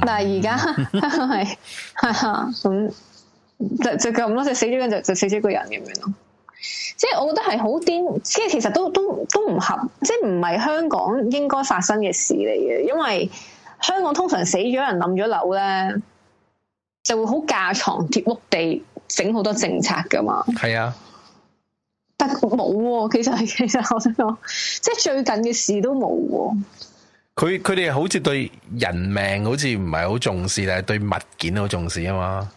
但現在， 但係而家係哈哈，咁就就咁咯就死咗就就死咗個人咁樣咯，即係我覺得係好癲，即係其實都都都唔合，即係唔係香港應該發生嘅事嚟嘅，因為香港通常死咗人冧咗樓咧，就會好架床貼屋地整好多政策噶嘛。係啊，但冇喎，其實係其實我想講，即係最近嘅事都冇喎、啊。佢佢哋好似對人命好似唔係好重視，但係對物件好重視啊嘛。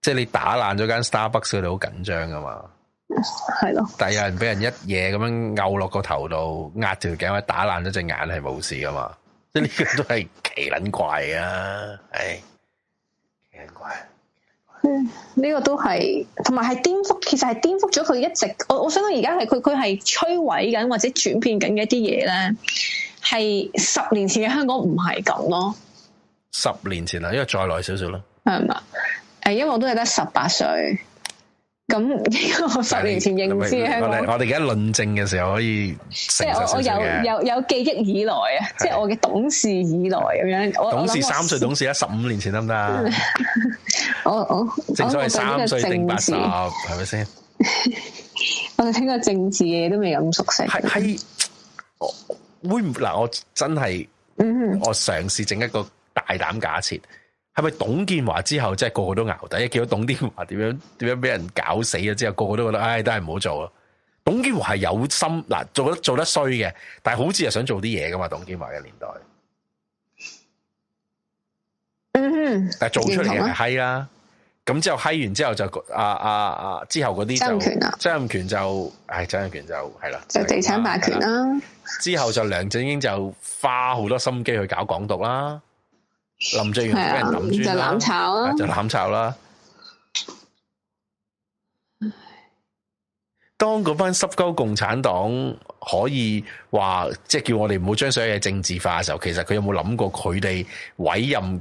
即係你打爛咗間 Starbucks，佢哋好緊張噶嘛。係咯。但係有人俾人一夜咁樣拗落個頭度，壓條頸位，打爛咗隻眼係冇事噶嘛？即係呢個都係奇撚怪啊！唉、哎，奇撚怪。呢、嗯呢個都係，同埋係顛覆，其實係顛覆咗佢一直，我我想到現在是，到而家係佢佢係摧毀緊或者轉變緊嘅一啲嘢咧，係十年前嘅香港唔係咁咯。十年前啊，因為再耐少少啦，係嘛？誒，因為我都係得十八歲，咁呢十年前認知嘅香港，就是、我哋而家論證嘅時候可以，即係我有有有記憶以來啊，即係我嘅懂事以來咁樣。我懂事三歲，懂事啊，十五年前得唔得？ Oh, oh, 正 3, 我 80, 是是 正所謂三歲定八十，係咪先？我哋聽個政治嘢都未咁熟悉。係會唔嗱？我真係，我嘗試整一個大膽假設，係咪董建華之後，即係個個都淆底？見到董建華點樣點樣俾人搞死咗之後，個個都覺得，唉、哎，都係唔好做咯。董建華係有心嗱、呃，做得做得衰嘅，但係好似係想做啲嘢噶嘛？董建華嘅年代。嗯，但係做出嚟嘅係閪啦，咁之後閪完之後就啊啊啊之後嗰啲就，權啊，曾蔭權就，唉，曾蔭權就係啦，就地產霸權啦、啊，之後就梁振英就花好多心機去搞港獨啦，林鄭月娥俾人抌住，就攬炒啦、啊啊，就攬炒啦。唉，當嗰班濕鳩共產黨可以話，即係叫我哋唔好將所有嘢政治化嘅時候，其實佢有冇諗過佢哋委任？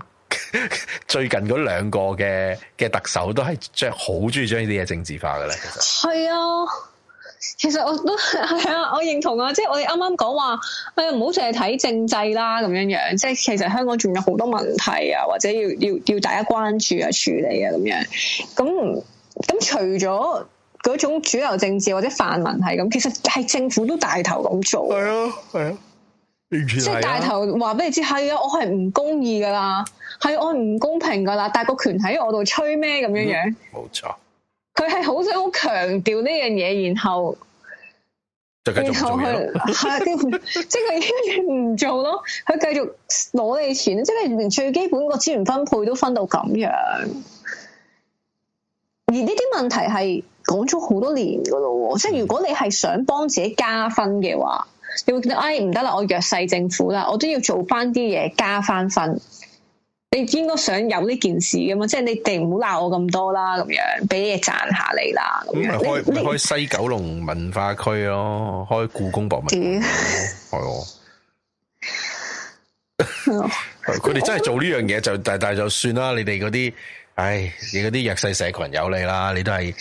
最近嗰兩個嘅嘅特首都係即係好中意將呢啲嘢政治化嘅咧，其實係啊，其實我都係啊，我認同啊，即係我哋啱啱講話，誒唔好淨係睇政制啦，咁樣樣，即係其實香港仲有好多問題啊，或者要要要大家關注啊、處理啊，咁樣，咁咁除咗嗰種主流政治或者泛民係咁，其實係政府都帶頭咁做，係啊，係啊，即係帶頭話俾你知，係啊，我係唔公義噶啦。係我唔公平噶啦，但係個權喺我度，吹咩咁樣樣？冇、嗯、錯，佢係好想好強調呢樣嘢，然後，然後係即係佢永遠唔做咯。佢 繼續攞你錢，即係連最基本個資源分配都分到咁樣。而呢啲問題係講咗好多年噶咯、嗯，即係如果你係想幫自己加分嘅話，你會見到哎唔得啦，我弱勢政府啦，我都要做翻啲嘢加翻分。你應該想有呢件事噶嘛？即係你哋唔好鬧我咁多啦，咁樣俾嘢讚下你啦。咁咪開開西九龍文化區咯，開故宮博物館。係佢哋真係做呢樣嘢就大大就算啦。你哋嗰啲，唉，你嗰啲弱勢社群有你啦，你都係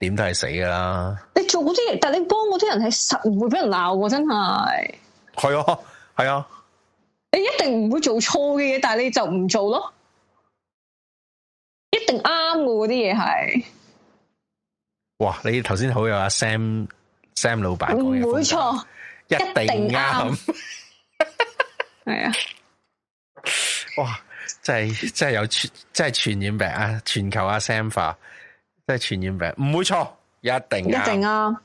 點都係死噶啦。你做嗰啲，但你幫嗰啲人係實唔會俾人鬧噶，真係。係啊、哦，係啊、哦。你一定唔會做錯嘅嘢，但係你就唔做咯。一定啱嘅，嗰啲嘢係。哇！你頭先好有阿 Sam Sam 老闆講嘅，唔會錯，一定啱。係 啊！哇！真係真係有傳，真係傳染病啊！全球阿 Sam 化，真係傳染病，唔會錯，一定一定啱，啊，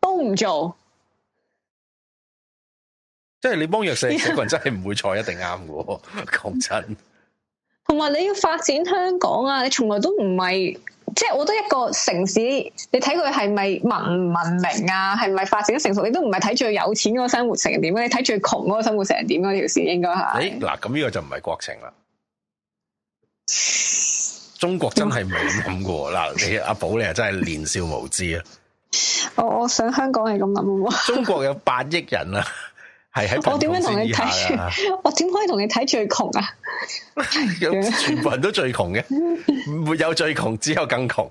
都唔做。即係你幫弱勢社群真係唔會錯， 一定啱嘅。講真，同埋你要發展香港啊！你從來都唔係，即係我覺得一個城市，你睇佢係咪文唔文明啊，係咪發展成熟，你都唔係睇最有錢嗰個生活成點，你睇最窮嗰個生活成點啊。條線應該係咪？誒，嗱，咁呢個就唔係國情啦。中國真係冇諗嘅嗱，你阿寶你啊真係年少無知啊！ 我我想香港係咁諗啊！中國有八億人啊！ 我點樣同你睇？我點可以同你睇最窮啊？ 全部人都最窮嘅，沒有最窮，只有更窮，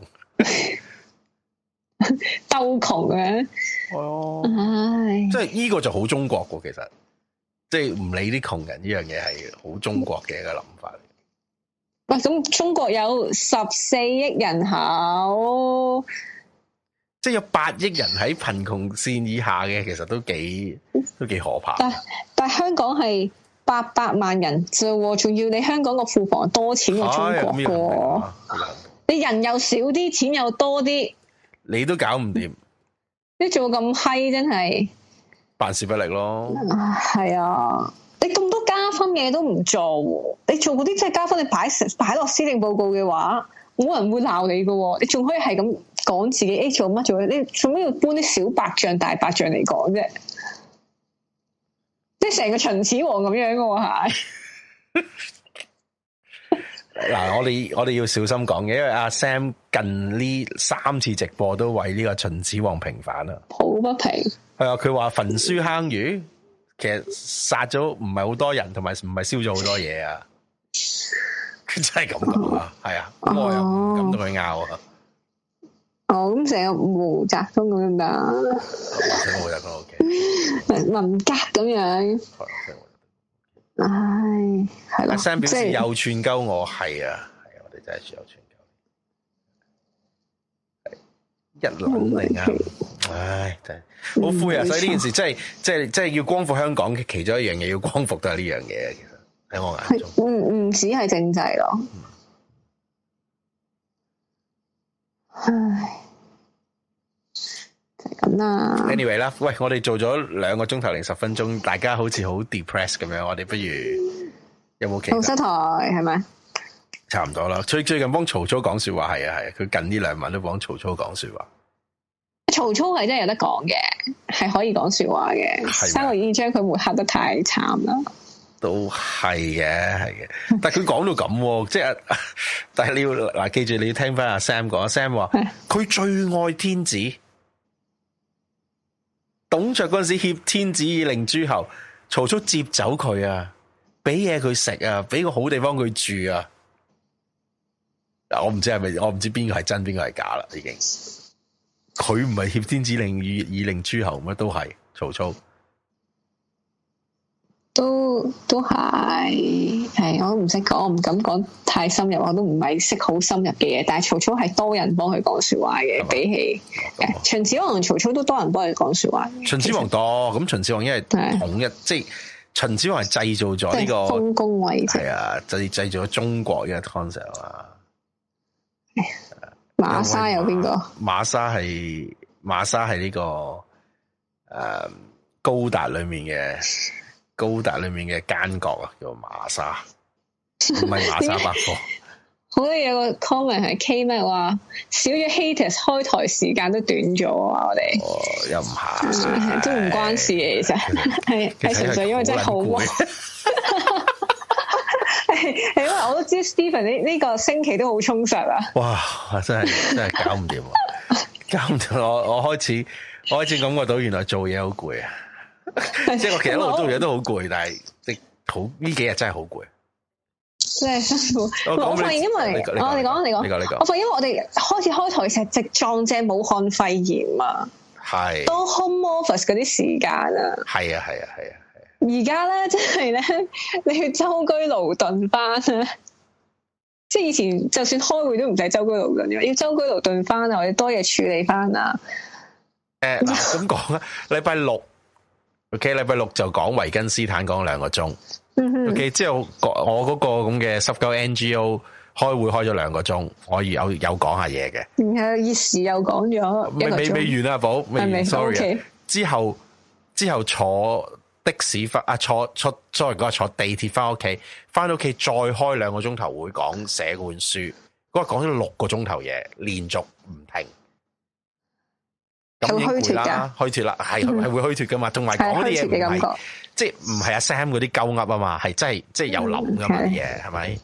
鬥窮嘅。哦，唉，即係呢個就好中國噶其實即係唔理啲窮人呢樣嘢係好中國嘅一個諗法嚟。喂，咁中國有十四億人口。即係有八億人喺貧窮線以下嘅，其實都幾都幾可怕。但但香港係八百萬人就，仲要你香港個庫房多錢中國的、哎啊、你人又少啲，錢又多啲，你都搞唔掂。你做咁閪真係辦事不力咯。係啊，你咁多加分嘅嘢都唔做，你做嗰啲即係加分，你擺擺落施政報告嘅話，冇人會鬧你噶。你仲可以係咁。講自己 H、欸、做乜做？你做咩要搬啲小白象大白象嚟講啫？即係成個秦始皇咁樣嘅喎吓。嗱， 我哋我哋要小心講嘅，因為阿 Sam 近呢三次直播都為呢個秦始皇平反啦，抱不平。係啊，佢話焚書坑儒，其實殺咗唔係好多人，同埋唔係燒咗好多嘢啊。佢真係咁講啊，係 啊，咁我又唔敢同佢拗啊。哦，咁成個毛澤東咁樣噶，成個毛澤東屋、 okay、 文革咁這樣，係、 哎，唉，係啦，阿 Sa 表示：「又串鳩我，係啊，係啊，啊，啊，啊，啊，啊，我哋真係串又串鳩，一籠嚟噶，唉、啊啊哎，真係好、啊、灰啊！所以呢件， 件、件事，真係，即係，即係要光復香港其中一樣嘢，要光復都係呢樣嘢，其實喺我眼中，唔唔止係政制咯。嗯。唉，就係咁啦。Anyway 啦，喂，我哋做咗兩個鐘頭零十分鐘，大家好似好 depress 咁樣，我哋不如有冇其他？紅色台係咪？差唔多啦。最最近幫曹操講說話係啊係，佢、啊、近呢兩晚都幫曹操講說話。曹操係真係有得講嘅，係可以講說話嘅。三國演義將佢抹黑得太慘啦。都係嘅，係嘅，但係佢講到咁， 即係，但係你要嗱，記住你要聽翻阿 Sam 講， 阿 Sam 話佢最愛天子，董卓嗰陣時挾天子以令諸侯，曹操接走佢啊，俾嘢佢食啊，俾個好地方佢住啊，嗱，我唔知係咪，我唔知邊個係真邊個係假啦，已經，佢唔係挾天子令以以令諸侯咩，都係曹操。都都係係，我都唔識講，唔敢講太深入，我都唔係識好深入嘅嘢。但係曹操係多人幫佢講說話嘅，比起秦始皇，曹操都多人幫佢講說話。秦始皇多，咁秦始皇因為統一，是即係秦始皇係製造咗呢、這個豐功偉績，係啊，製製造咗中國一個 concept 啊。馬沙有邊個？馬沙係馬沙係呢個誒高達裏面嘅。高達裏面嘅奸角啊，叫做馬莎，唔係馬莎百貨。好 啦，有個 comment 係 K 咩話，少咗 haters，開台時間都短咗啊！我哋哦，又唔行？都、嗯、唔關事嘅，其實係係純粹因為真係好忙。係因為我都知道 Steven 呢呢個星期都好充實啊！ 哇，真係真係搞唔掂， 搞唔掂！我我開始我開始感覺到原來做嘢好攰啊！ 即係我其實我做嘢都好攰，但係即好呢幾日真係好攰。真係辛苦。我講，我發現因為我發現因為我哋講，你講，我講，因為我哋開始開台成日直撞正武漢肺炎啊。係。都 home office 嗰啲時間啊。係啊係啊係啊。而家咧，真係咧，你要周居勞頓翻啊。 即係以前就算開會都唔使周居勞頓要周居勞頓翻啊，要我多嘢處理翻啊。誒、呃，咁講啊，禮 拜六。O K，禮拜六就講維根斯坦講兩個鐘。嗯、o、okay, K，之後我嗰個咁嘅十九 N G O 開會開咗兩個鐘，我有有講下嘢嘅。然後議事又講咗，未未未完啊，寶未完。O K、啊、之後之後坐的士翻啊，坐出 sorry 嗰日坐地鐵翻屋企，翻到屋企再開兩個鐘頭會講寫嗰本書，嗰日講咗六個鐘頭嘢，連續唔停。好虛脫啦，虛脫啦，係係、嗯、會虛脫噶嘛，同埋講啲嘢唔係，即係唔係阿 Sam 嗰啲鳩噏啊嘛，係真係即係有諗噶嘛啲嘢，係、嗯、咪？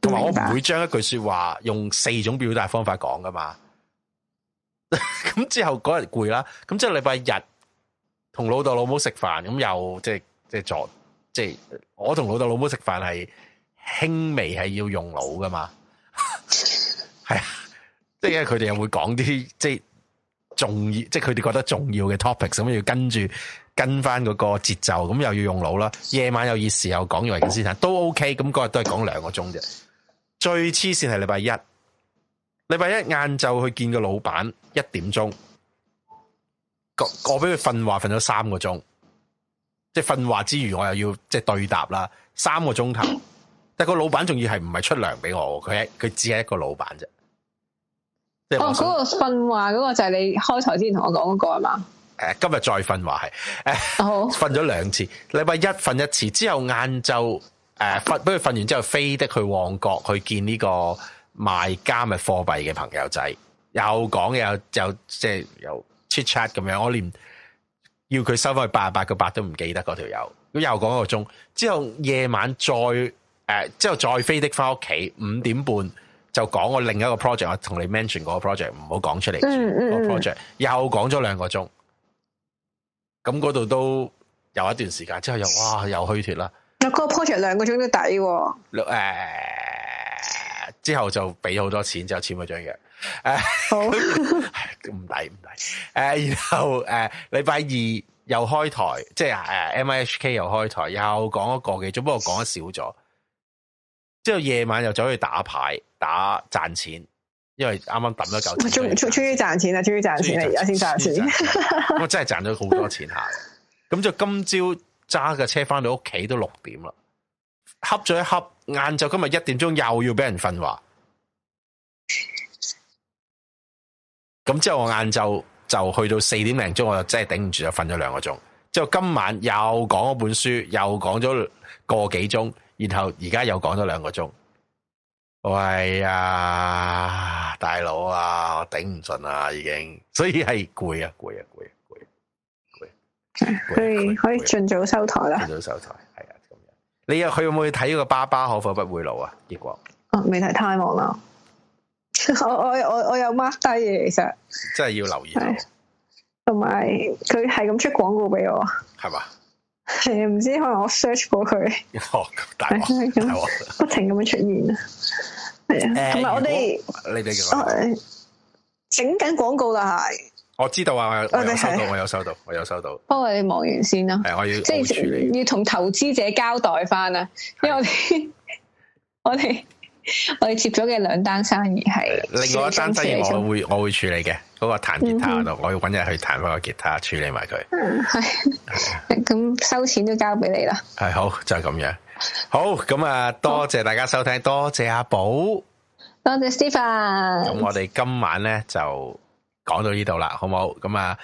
同埋我唔會將一句説話用四種表達方法講噶嘛。咁 之後嗰日攰啦，咁即係禮拜日同老豆老母食飯，咁又即係即係做，即係我同老豆老母食飯係輕微係要用腦噶嘛，係 啊， 即係佢哋又會講啲即係。重要即係佢哋覺得重要嘅 topic，咁要跟住跟翻嗰個節奏，咁又要用腦啦。夜晚有熱時候講完維根斯坦都 OK，咁嗰日都係講兩個鐘啫。最黐線係禮拜一，禮拜一晏晝去見個老闆，一點鐘，個我俾佢訓話訓咗三個鐘，即係訓話之餘，我又要即係對答啦，三個鐘頭。但個老闆仲要係唔係出糧俾我，佢係佢只係一個老闆啫。哦，嗰、那個訓話嗰個就係你開頭之前同我講嗰、那個係嘛？誒、嗯，今日再訓話係，誒，好、嗯，訓咗兩次，禮拜一瞓一次，之後晏晝誒不過瞓完之後飛的去旺角去見呢個賣加密貨幣嘅朋友仔，又講又又即係又 chat chat 咁樣，我連要佢收翻八十八個八都唔記得嗰條友，咁又講一個鐘，之後夜晚再誒、呃，之後再飛的翻屋企五點半。就講我另一個 project，我同你 mention 嗰個 project，唔好講出嚟。嗯、嗯、嗰個 project 又講咗兩個鐘，咁嗰度都有一段時間，之後又哇又虛脫啦。嗰、嗰個 project 兩個鐘都抵、啊。兩、呃、誒，之後就俾好多錢就簽咗張約。誒，好唔抵唔抵。誒， 然後誒，禮、呃、拜二又開台，即係誒 M I H K 又開台，又講一個幾鐘，不過講得少咗。之後夜晚又走去打牌打賺錢，因為啱啱抌咗九千。終於賺錢啊，終於賺錢而家先賺錢。我真係賺咗好多錢下，咁 就今朝揸架車翻到屋企都六點啦，瞌咗一瞌，晏晝今日一點鐘又要俾人訓話，咁 之後我晏晝就去到四點零鐘，我就真係頂唔住了，就瞓咗兩個鐘。之後今晚又講一本書，又講咗個幾鐘。然後而家又講咗兩個鐘，喂呀，大佬啊，我頂唔順啦，已經，所以係攰啊，攰啊，攰啊，攰，攰佢哋可以盡早收台啦，盡早收台，係啊，樣你又佢有冇去睇呢個爸爸可否不會老啊？結果哦，未、啊、睇太忙啦，我我我我有 mark 低嘅其實，真係要留意下，同埋佢係咁出廣告俾我，係嘛？係啊，唔知道可能我 search 過佢，大、哦、鑊不停咁樣出現啊，係啊，同、呃、埋我哋你俾我整緊廣告啦吓，我知道啊，我有收到，我有收到，我有收到，不過你忙完先啦，係我要即係、就是、要同投資者交代翻啊，因為我哋 我哋我哋接咗嘅兩單生意係，另外一單生意我會我會處理嘅。嗰、那個彈吉他嗰度、嗯，我要搵日去彈翻個吉他，處理埋佢。嗯，係。咁收錢都交俾你啦。係 好，就係、是、咁樣。好，咁啊，多謝大家收聽，多謝阿寶，多謝 Steven。咁我哋今晚咧就講到呢度啦，好唔好？咁、呃、啊，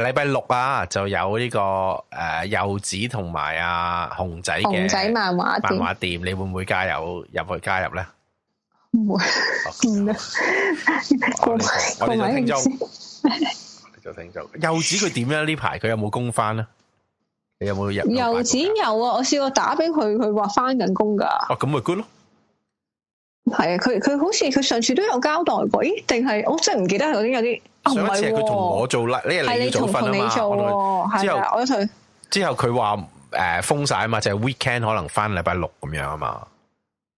誒，禮拜六啊就有呢、這個誒、呃，柚子同埋阿熊仔嘅熊仔漫畫漫畫店，你會唔會加油入去加入咧？唔會，唔、okay，啊、哦，我我哋就聽州， 就聽州。游子佢點樣？有有呢排佢有冇工翻咧？你有冇入？游子有啊，我試過打俾佢，佢話翻緊工噶。哦，咁咪 good 咯。係啊，佢佢好似佢上次都有交代過，咦？定係我真係唔記得嗰啲有啲。上次係佢同我做啦，哦、你，你同你做翻啊嘛。之後我同之後佢話誒封晒啊嘛，就係、是、weekend 可能翻禮拜六咁樣啊嘛，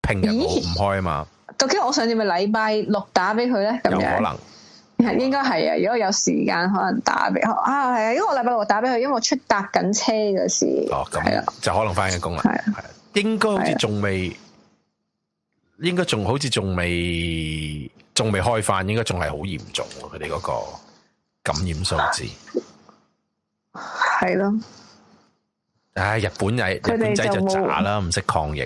平日冇唔開啊嘛。究竟我上次咪禮拜六打俾佢咧？咁可能，應該係啊。如果有時間，可能打俾佢啊。係啊，因為我禮拜六打俾佢，因為我出搭緊車嗰時。哦，咁係就可能翻緊工啦。係啊，應該好似仲未，應該仲好似仲未，仲未開翻。應該仲係好嚴重。佢哋嗰個感染數字係咯。唉、哎，日本仔，日本仔就渣啦，唔識抗疫，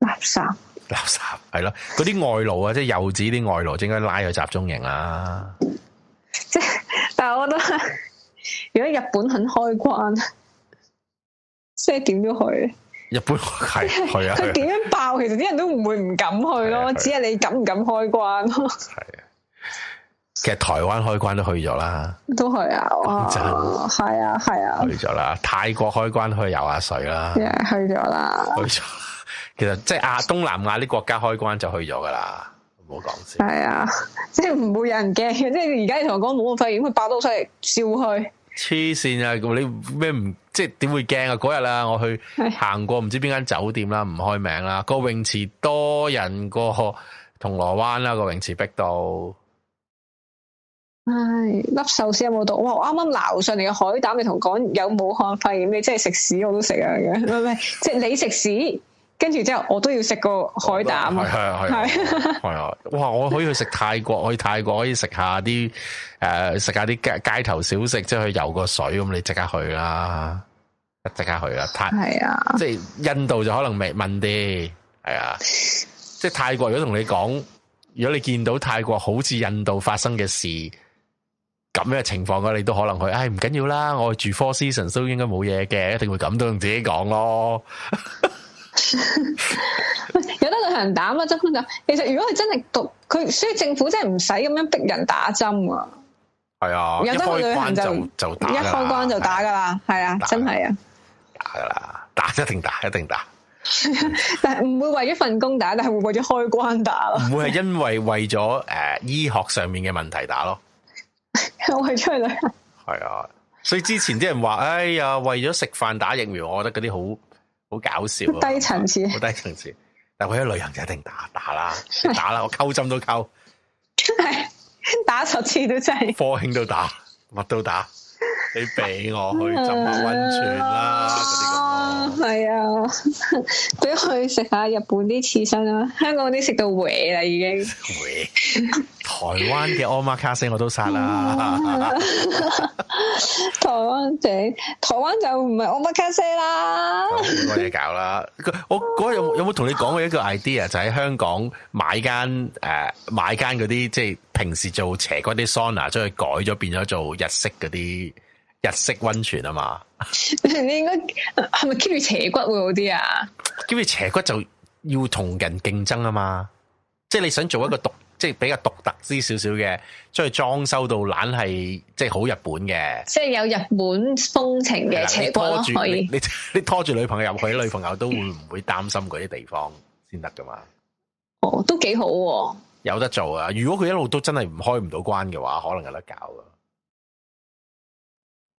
垃圾。垃圾係咯，嗰啲外勞啊，即係幼稚啲外勞，應該拉去集中營啊。即係，但係我覺得，如果日本肯開關，即係點都去。日本係去啊，佢點樣爆，其實啲人都唔會唔敢去咯。只係你敢唔敢開關咯。係啊，其實台灣開關都去咗啦，都去啊，真係，啊，係啊，去咗啦。泰國開關都去游下水啦，去咗啦。去咗其實即係亞東南亞啲國家開關就去咗噶啦，唔好講先。係啊，即係唔會有人驚嘅，即係而家你同我講武漢肺炎，佢爆到出嚟笑去黐線啊！你咩唔即係點會驚啊？嗰日啊，我去行過唔知邊間酒店啦，唔開名啦，個泳池多人過銅鑼灣啦，個泳池逼到。唉、哎，粒壽司有冇毒？哇！我啱啱撈上嚟嘅海膽，你同講有武漢肺炎，你真係食屎我都食啊！咁唔係，即係你食屎。跟住之後，我都要食個海膽。係啊係啊係啊！嗯、 哇，我可以去食泰國，我去泰國可以食下啲食、呃、下啲街，街頭小食，即係去游個水咁，你即刻去啦！即刻去啦！泰係啊，即係印度就可能未問啲係啊，啊。即係泰國如果同你講，如果你見到泰國好似印度發生嘅事咁嘅情況，嘅你都可能去。唉、哎，唔緊要啦，我住 Four Seasons 都應該冇嘢嘅，一定會咁都同自己講咯。 有得旅行打嘛？針就，其實如果佢真係讀，佢所以政府真係唔使咁樣逼人打針啊。係啊，有得去旅行就就打一開關就打噶啦，係啊，啊，啊，真係啊，打噶啦，打，打一定打，一定打。 但係唔會為咗份工打，但係會為咗開關打咯。唔 會係因為為咗誒、呃、醫學上面嘅問題打咯， 為咗旅行。係啊，所以之前啲人話，哎呀，為咗食飯打疫苗，我覺得嗰啲好。好搞笑，低層次，好低層次。但係我一旅行就一定打打啦，打啦，我溝針都溝，真係打十次都真制。科興都打，乜都打。 你俾我去浸下溫泉啦，嗰啲咁。啊，係啊，俾去食下日本啲刺身啊。香港啲食到搲啦已經。台灣嘅 a omakase 我都殺啦。台灣整，台灣就唔係 omakase 啦。唔 該你搞啦，我嗰日有冇同你講過一個 idea，就喺、是、香港買間誒，買間嗰啲即係平時做邪嗰啲 sauna，將佢改咗變咗做日式嗰啲。日式溫泉啊嘛，你你應該係咪 keep 住斜骨會好啲啊？keep 住斜骨就要同人競爭啊嘛，即係你想做一個獨，即係比較獨特啲少少嘅，即係裝修到懶係，即係好日本嘅，即係有日本風情嘅斜骨可以。你你拖住女朋友入去，女朋友都會唔會擔心嗰 啲地方先得噶嘛？哦，都幾好喎，有得做啊！如果佢一路都真係唔開唔到關嘅話，可能有得搞噶。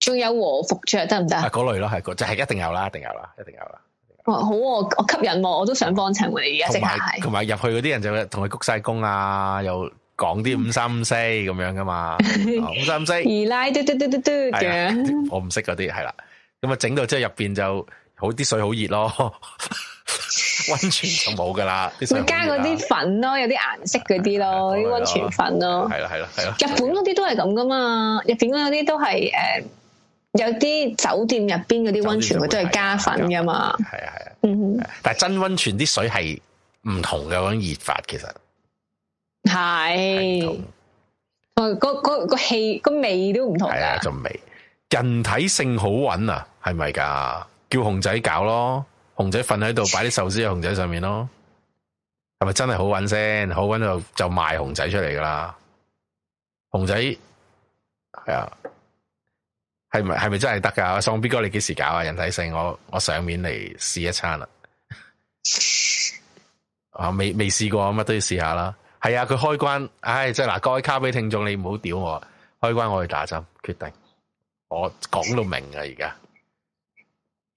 仲有和服着得唔得啊？嗰類咯，係就係、是、一定有啦，一定有啦，一定有啦。哦，好，啊，我吸引我，我都想幫襯你而家即係。同埋入去嗰啲人就同佢鞠晒躬啊，又講啲五三五四咁樣噶嘛，五三五四二奶嘟嘟嘟嘟嘟嘅。我唔識嗰啲係啦，咁啊整到即係入邊就好，啲水好熱咯，溫 泉就冇噶啦。會加嗰啲粉咯，有啲顏色嗰啲咯，啲 溫泉粉咯。係啦係啦係啦。日本嗰啲都係咁噶嘛，日本嗰啲都係誒。呃有啲酒店入邊嗰啲溫泉佢都係加粉噶嘛？係啊，係啊。嗯，但係真溫泉啲水係唔同嘅嗰種熱法，其實係哦，嗰嗰個氣個味都唔同的。係啊，就味，人體性好搵啊，係咪噶？叫熊仔搞咯，熊仔瞓喺度擺啲壽司喺熊仔上面咯，係咪真係好搵先？好搵就就賣熊仔出嚟噶啦，熊仔係啊。是係咪係咪真係得噶？喪逼哥你幾時搞啊？人體性我我上面嚟試一餐啦， 啊未未試過乜都要試下啦。係啊，佢開關，唉、哎，即係嗱，各位卡比聽眾，你唔好屌我，開關我去打針，決定，我講到明啊，而家。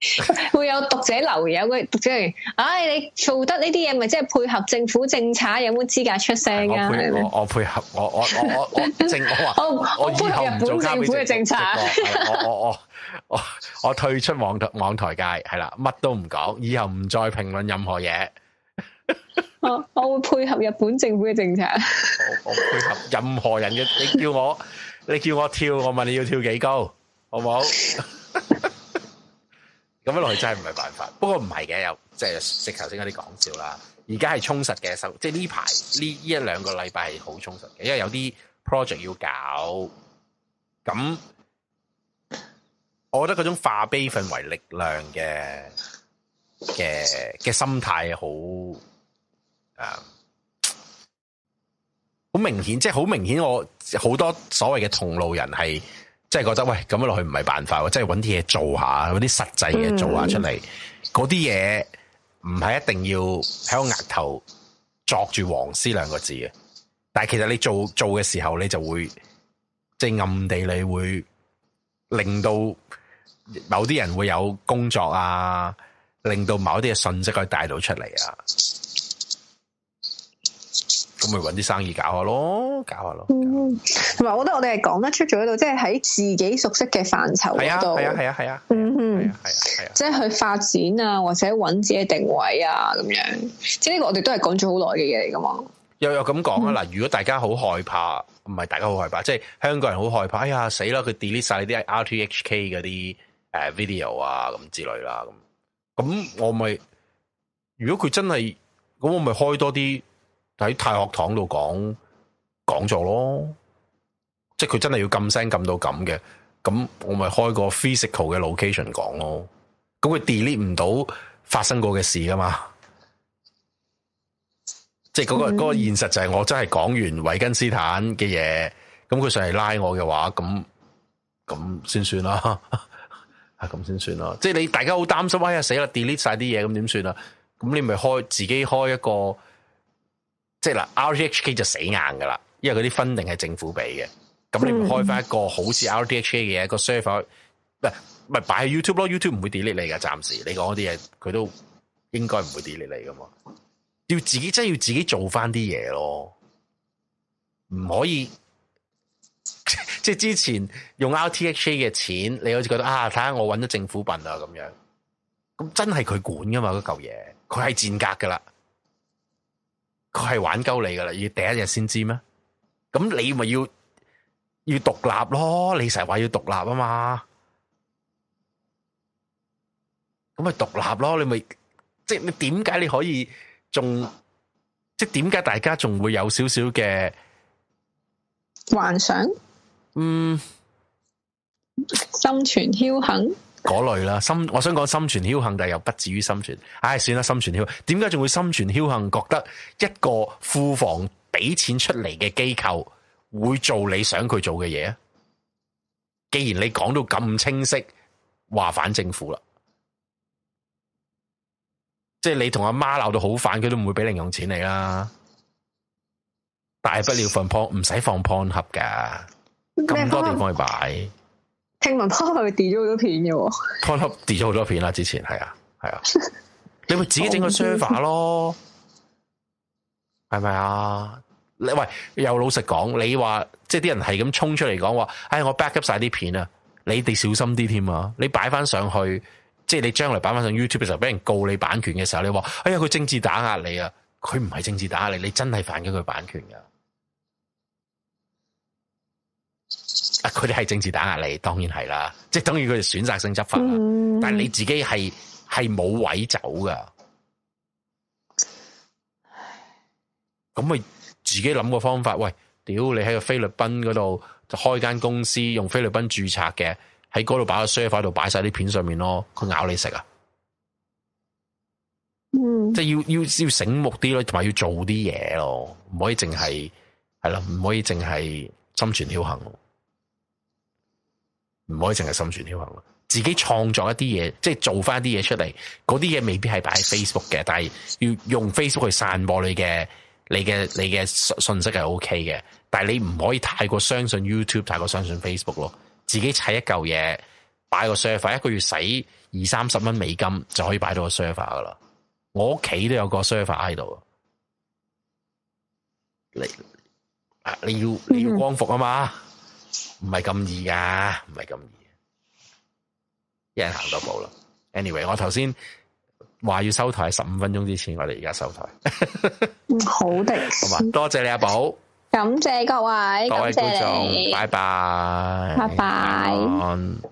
會有讀者留言，喂讀者，唉、哎，你做得呢啲嘢，咪即係配合政府政策，有冇資格出聲啊？我配我，我配合，我我我我政我啊，我以後唔做政府嘅政策。 我我我我我退出網台網台界，係啦，乜都唔講，以後唔再評論任何嘢。 我我會配合日本政府嘅政策。 我我配合任何人嘅，你叫我，你叫我跳，我問你要跳幾高，好唔好？ 咁落去真係唔係辦法，不過唔係嘅，又即係食頭先嗰啲講笑啦。而家係充實嘅收，即係呢排呢呢一兩個禮拜係好充實嘅，因為有啲 project 要搞。咁，我覺得嗰種化悲憤為力量嘅嘅嘅心態好啊，好明顯，即係好明顯我，我好多所謂嘅同路人係。即係覺得，喂，咁樣落去唔係辦法，即係揾啲嘢做下，揾啲實際嘢做下出嚟。嗰啲嘢唔係一定要喺個額頭作住黃絲兩個字，但係其實你做做嘅時候，你就會即係、就是、暗地你會令到某啲人會有工作啊，令到某啲嘅信息可以帶到出嚟啊。咁咪搵啲生意搞下咯，搞下咯。嗯，同埋我覺得我哋係講得出咗喺度，即係喺自己熟悉嘅範疇度。係啊，係啊，係啊，係啊，嗯哼，係啊，係啊，即係去發展啊，或者搵自己定位啊，咁樣。即係呢個我哋都係講咗好耐嘅嘢嚟噶嘛。又有咁講啊嗱，如果大家好害怕，唔係大家好害怕，即係香港人好害怕。哎呀死啦，佢 delete 晒啲 RTHK 嗰啲誒 video 啊咁之類啦咁。咁我咪，如果佢真係，咁我咪開多啲。喺太學堂度講講座咯，即係佢真係要咁聲咁到咁嘅，咁我咪開個 physical 嘅 location 講咯，咁佢 delete 唔到發生過嘅事噶嘛？嗯、即係、嗰、嗰個嗰、嗰個現實就係我真係講完維根斯坦嘅嘢，咁佢上嚟拉我嘅話，咁咁先算啦，係咁先算啦。即係你大家好擔心啊、哎，死啦 delete 晒啲嘢，咁點算啊？咁你咪開自己開一個。即係喇 RTHK 就死硬噶啦，因為嗰啲分定係政府俾嘅，咁你唔開翻一個好似 RTHK 嘅一個 server，唔係唔係擺喺 YouTube 咯，YouTube 唔會 delete 你㗎，暫時你講嗰啲嘢佢都應該唔會 delete 你噶嘛，要自己真係要自己做翻啲嘢咯，唔可以即係之前用 RTHK 嘅錢，你好似覺得啊，睇下我揾咗政府笨啊咁樣，咁真係佢管噶嘛嗰嚿嘢，佢係賤格噶啦。佢係玩鳩你噶啦，要第一日先知咩？咁你咪要要獨立咯，你成日話要獨立啊嘛？咁咪獨立咯，你咪即係你點解你可以仲即係點解大家仲會有少少嘅幻想？嗯，心存僥倖。嗰類啦，心我想講心存僥倖，但係又不至於心存。唉，算啦，心存僥倖。點解仲會心存僥倖？覺得一個庫房俾錢出嚟嘅機構會做你想佢做嘅嘢啊？既然你講到咁清晰，話反政府啦，即係你同阿媽鬧到好反，佢都唔會俾零用錢你啦。大不了放 pawn，唔使放 pawn 盒噶，咁多地方去擺。聽聞 Panup 跌咗好多片嘅喎，Panup 跌咗好多片啦，之前係啊係啊，你咪自己整個 server 咯，係咪啊？你喂又老實講，你話即係啲人係咁衝出嚟講話，哎我 backup 晒啲片啊，你哋小心啲添啊！你擺翻上去，即係你將來擺翻上 YouTube 嘅時候，俾人告你版權嘅時候，你話哎呀佢政治打壓你啊，佢唔係政治打壓你，你真係犯緊佢版權噶。啊！佢哋係政治打壓你，當然係啦，即係等於佢哋選擇性執法啦。Mm-hmm. 但係你自己係係冇位走噶，咁咪自己諗個方法。喂，屌你喺個菲律賓嗰度就開間公司，用菲律賓註冊嘅，喺嗰度擺個 surface 度擺晒啲片上面咯，佢咬你食啊！嗯、mm-hmm.，即係要要要醒目啲咯，同埋要做啲嘢咯，唔可以淨係係啦，唔可以淨係心存僥倖。唔可以淨係心存僥倖，自己創作一啲嘢，即係做翻啲嘢出嚟，嗰啲嘢未必係擺喺 Facebook 嘅，但係要用 Facebook 去散播你嘅、你嘅、你嘅信息係 OK 嘅，但係你唔可以太過相信 YouTube，太過相信 Facebook 咯。自己砌一嚿嘢，擺個 server，一個月使二三十蚊美金就可以擺到個 server 噶啦。我屋企都有個 server 喺度，你啊，你要你要光復啊嘛！嗯唔係咁易㗎，唔係咁易。一人行多步啦。Anyway，我頭先話要收台，十五分鐘之前，我哋而家收台。 好的，好，多謝你阿寶，感謝各位，各位觀眾謝謝，拜拜，拜拜。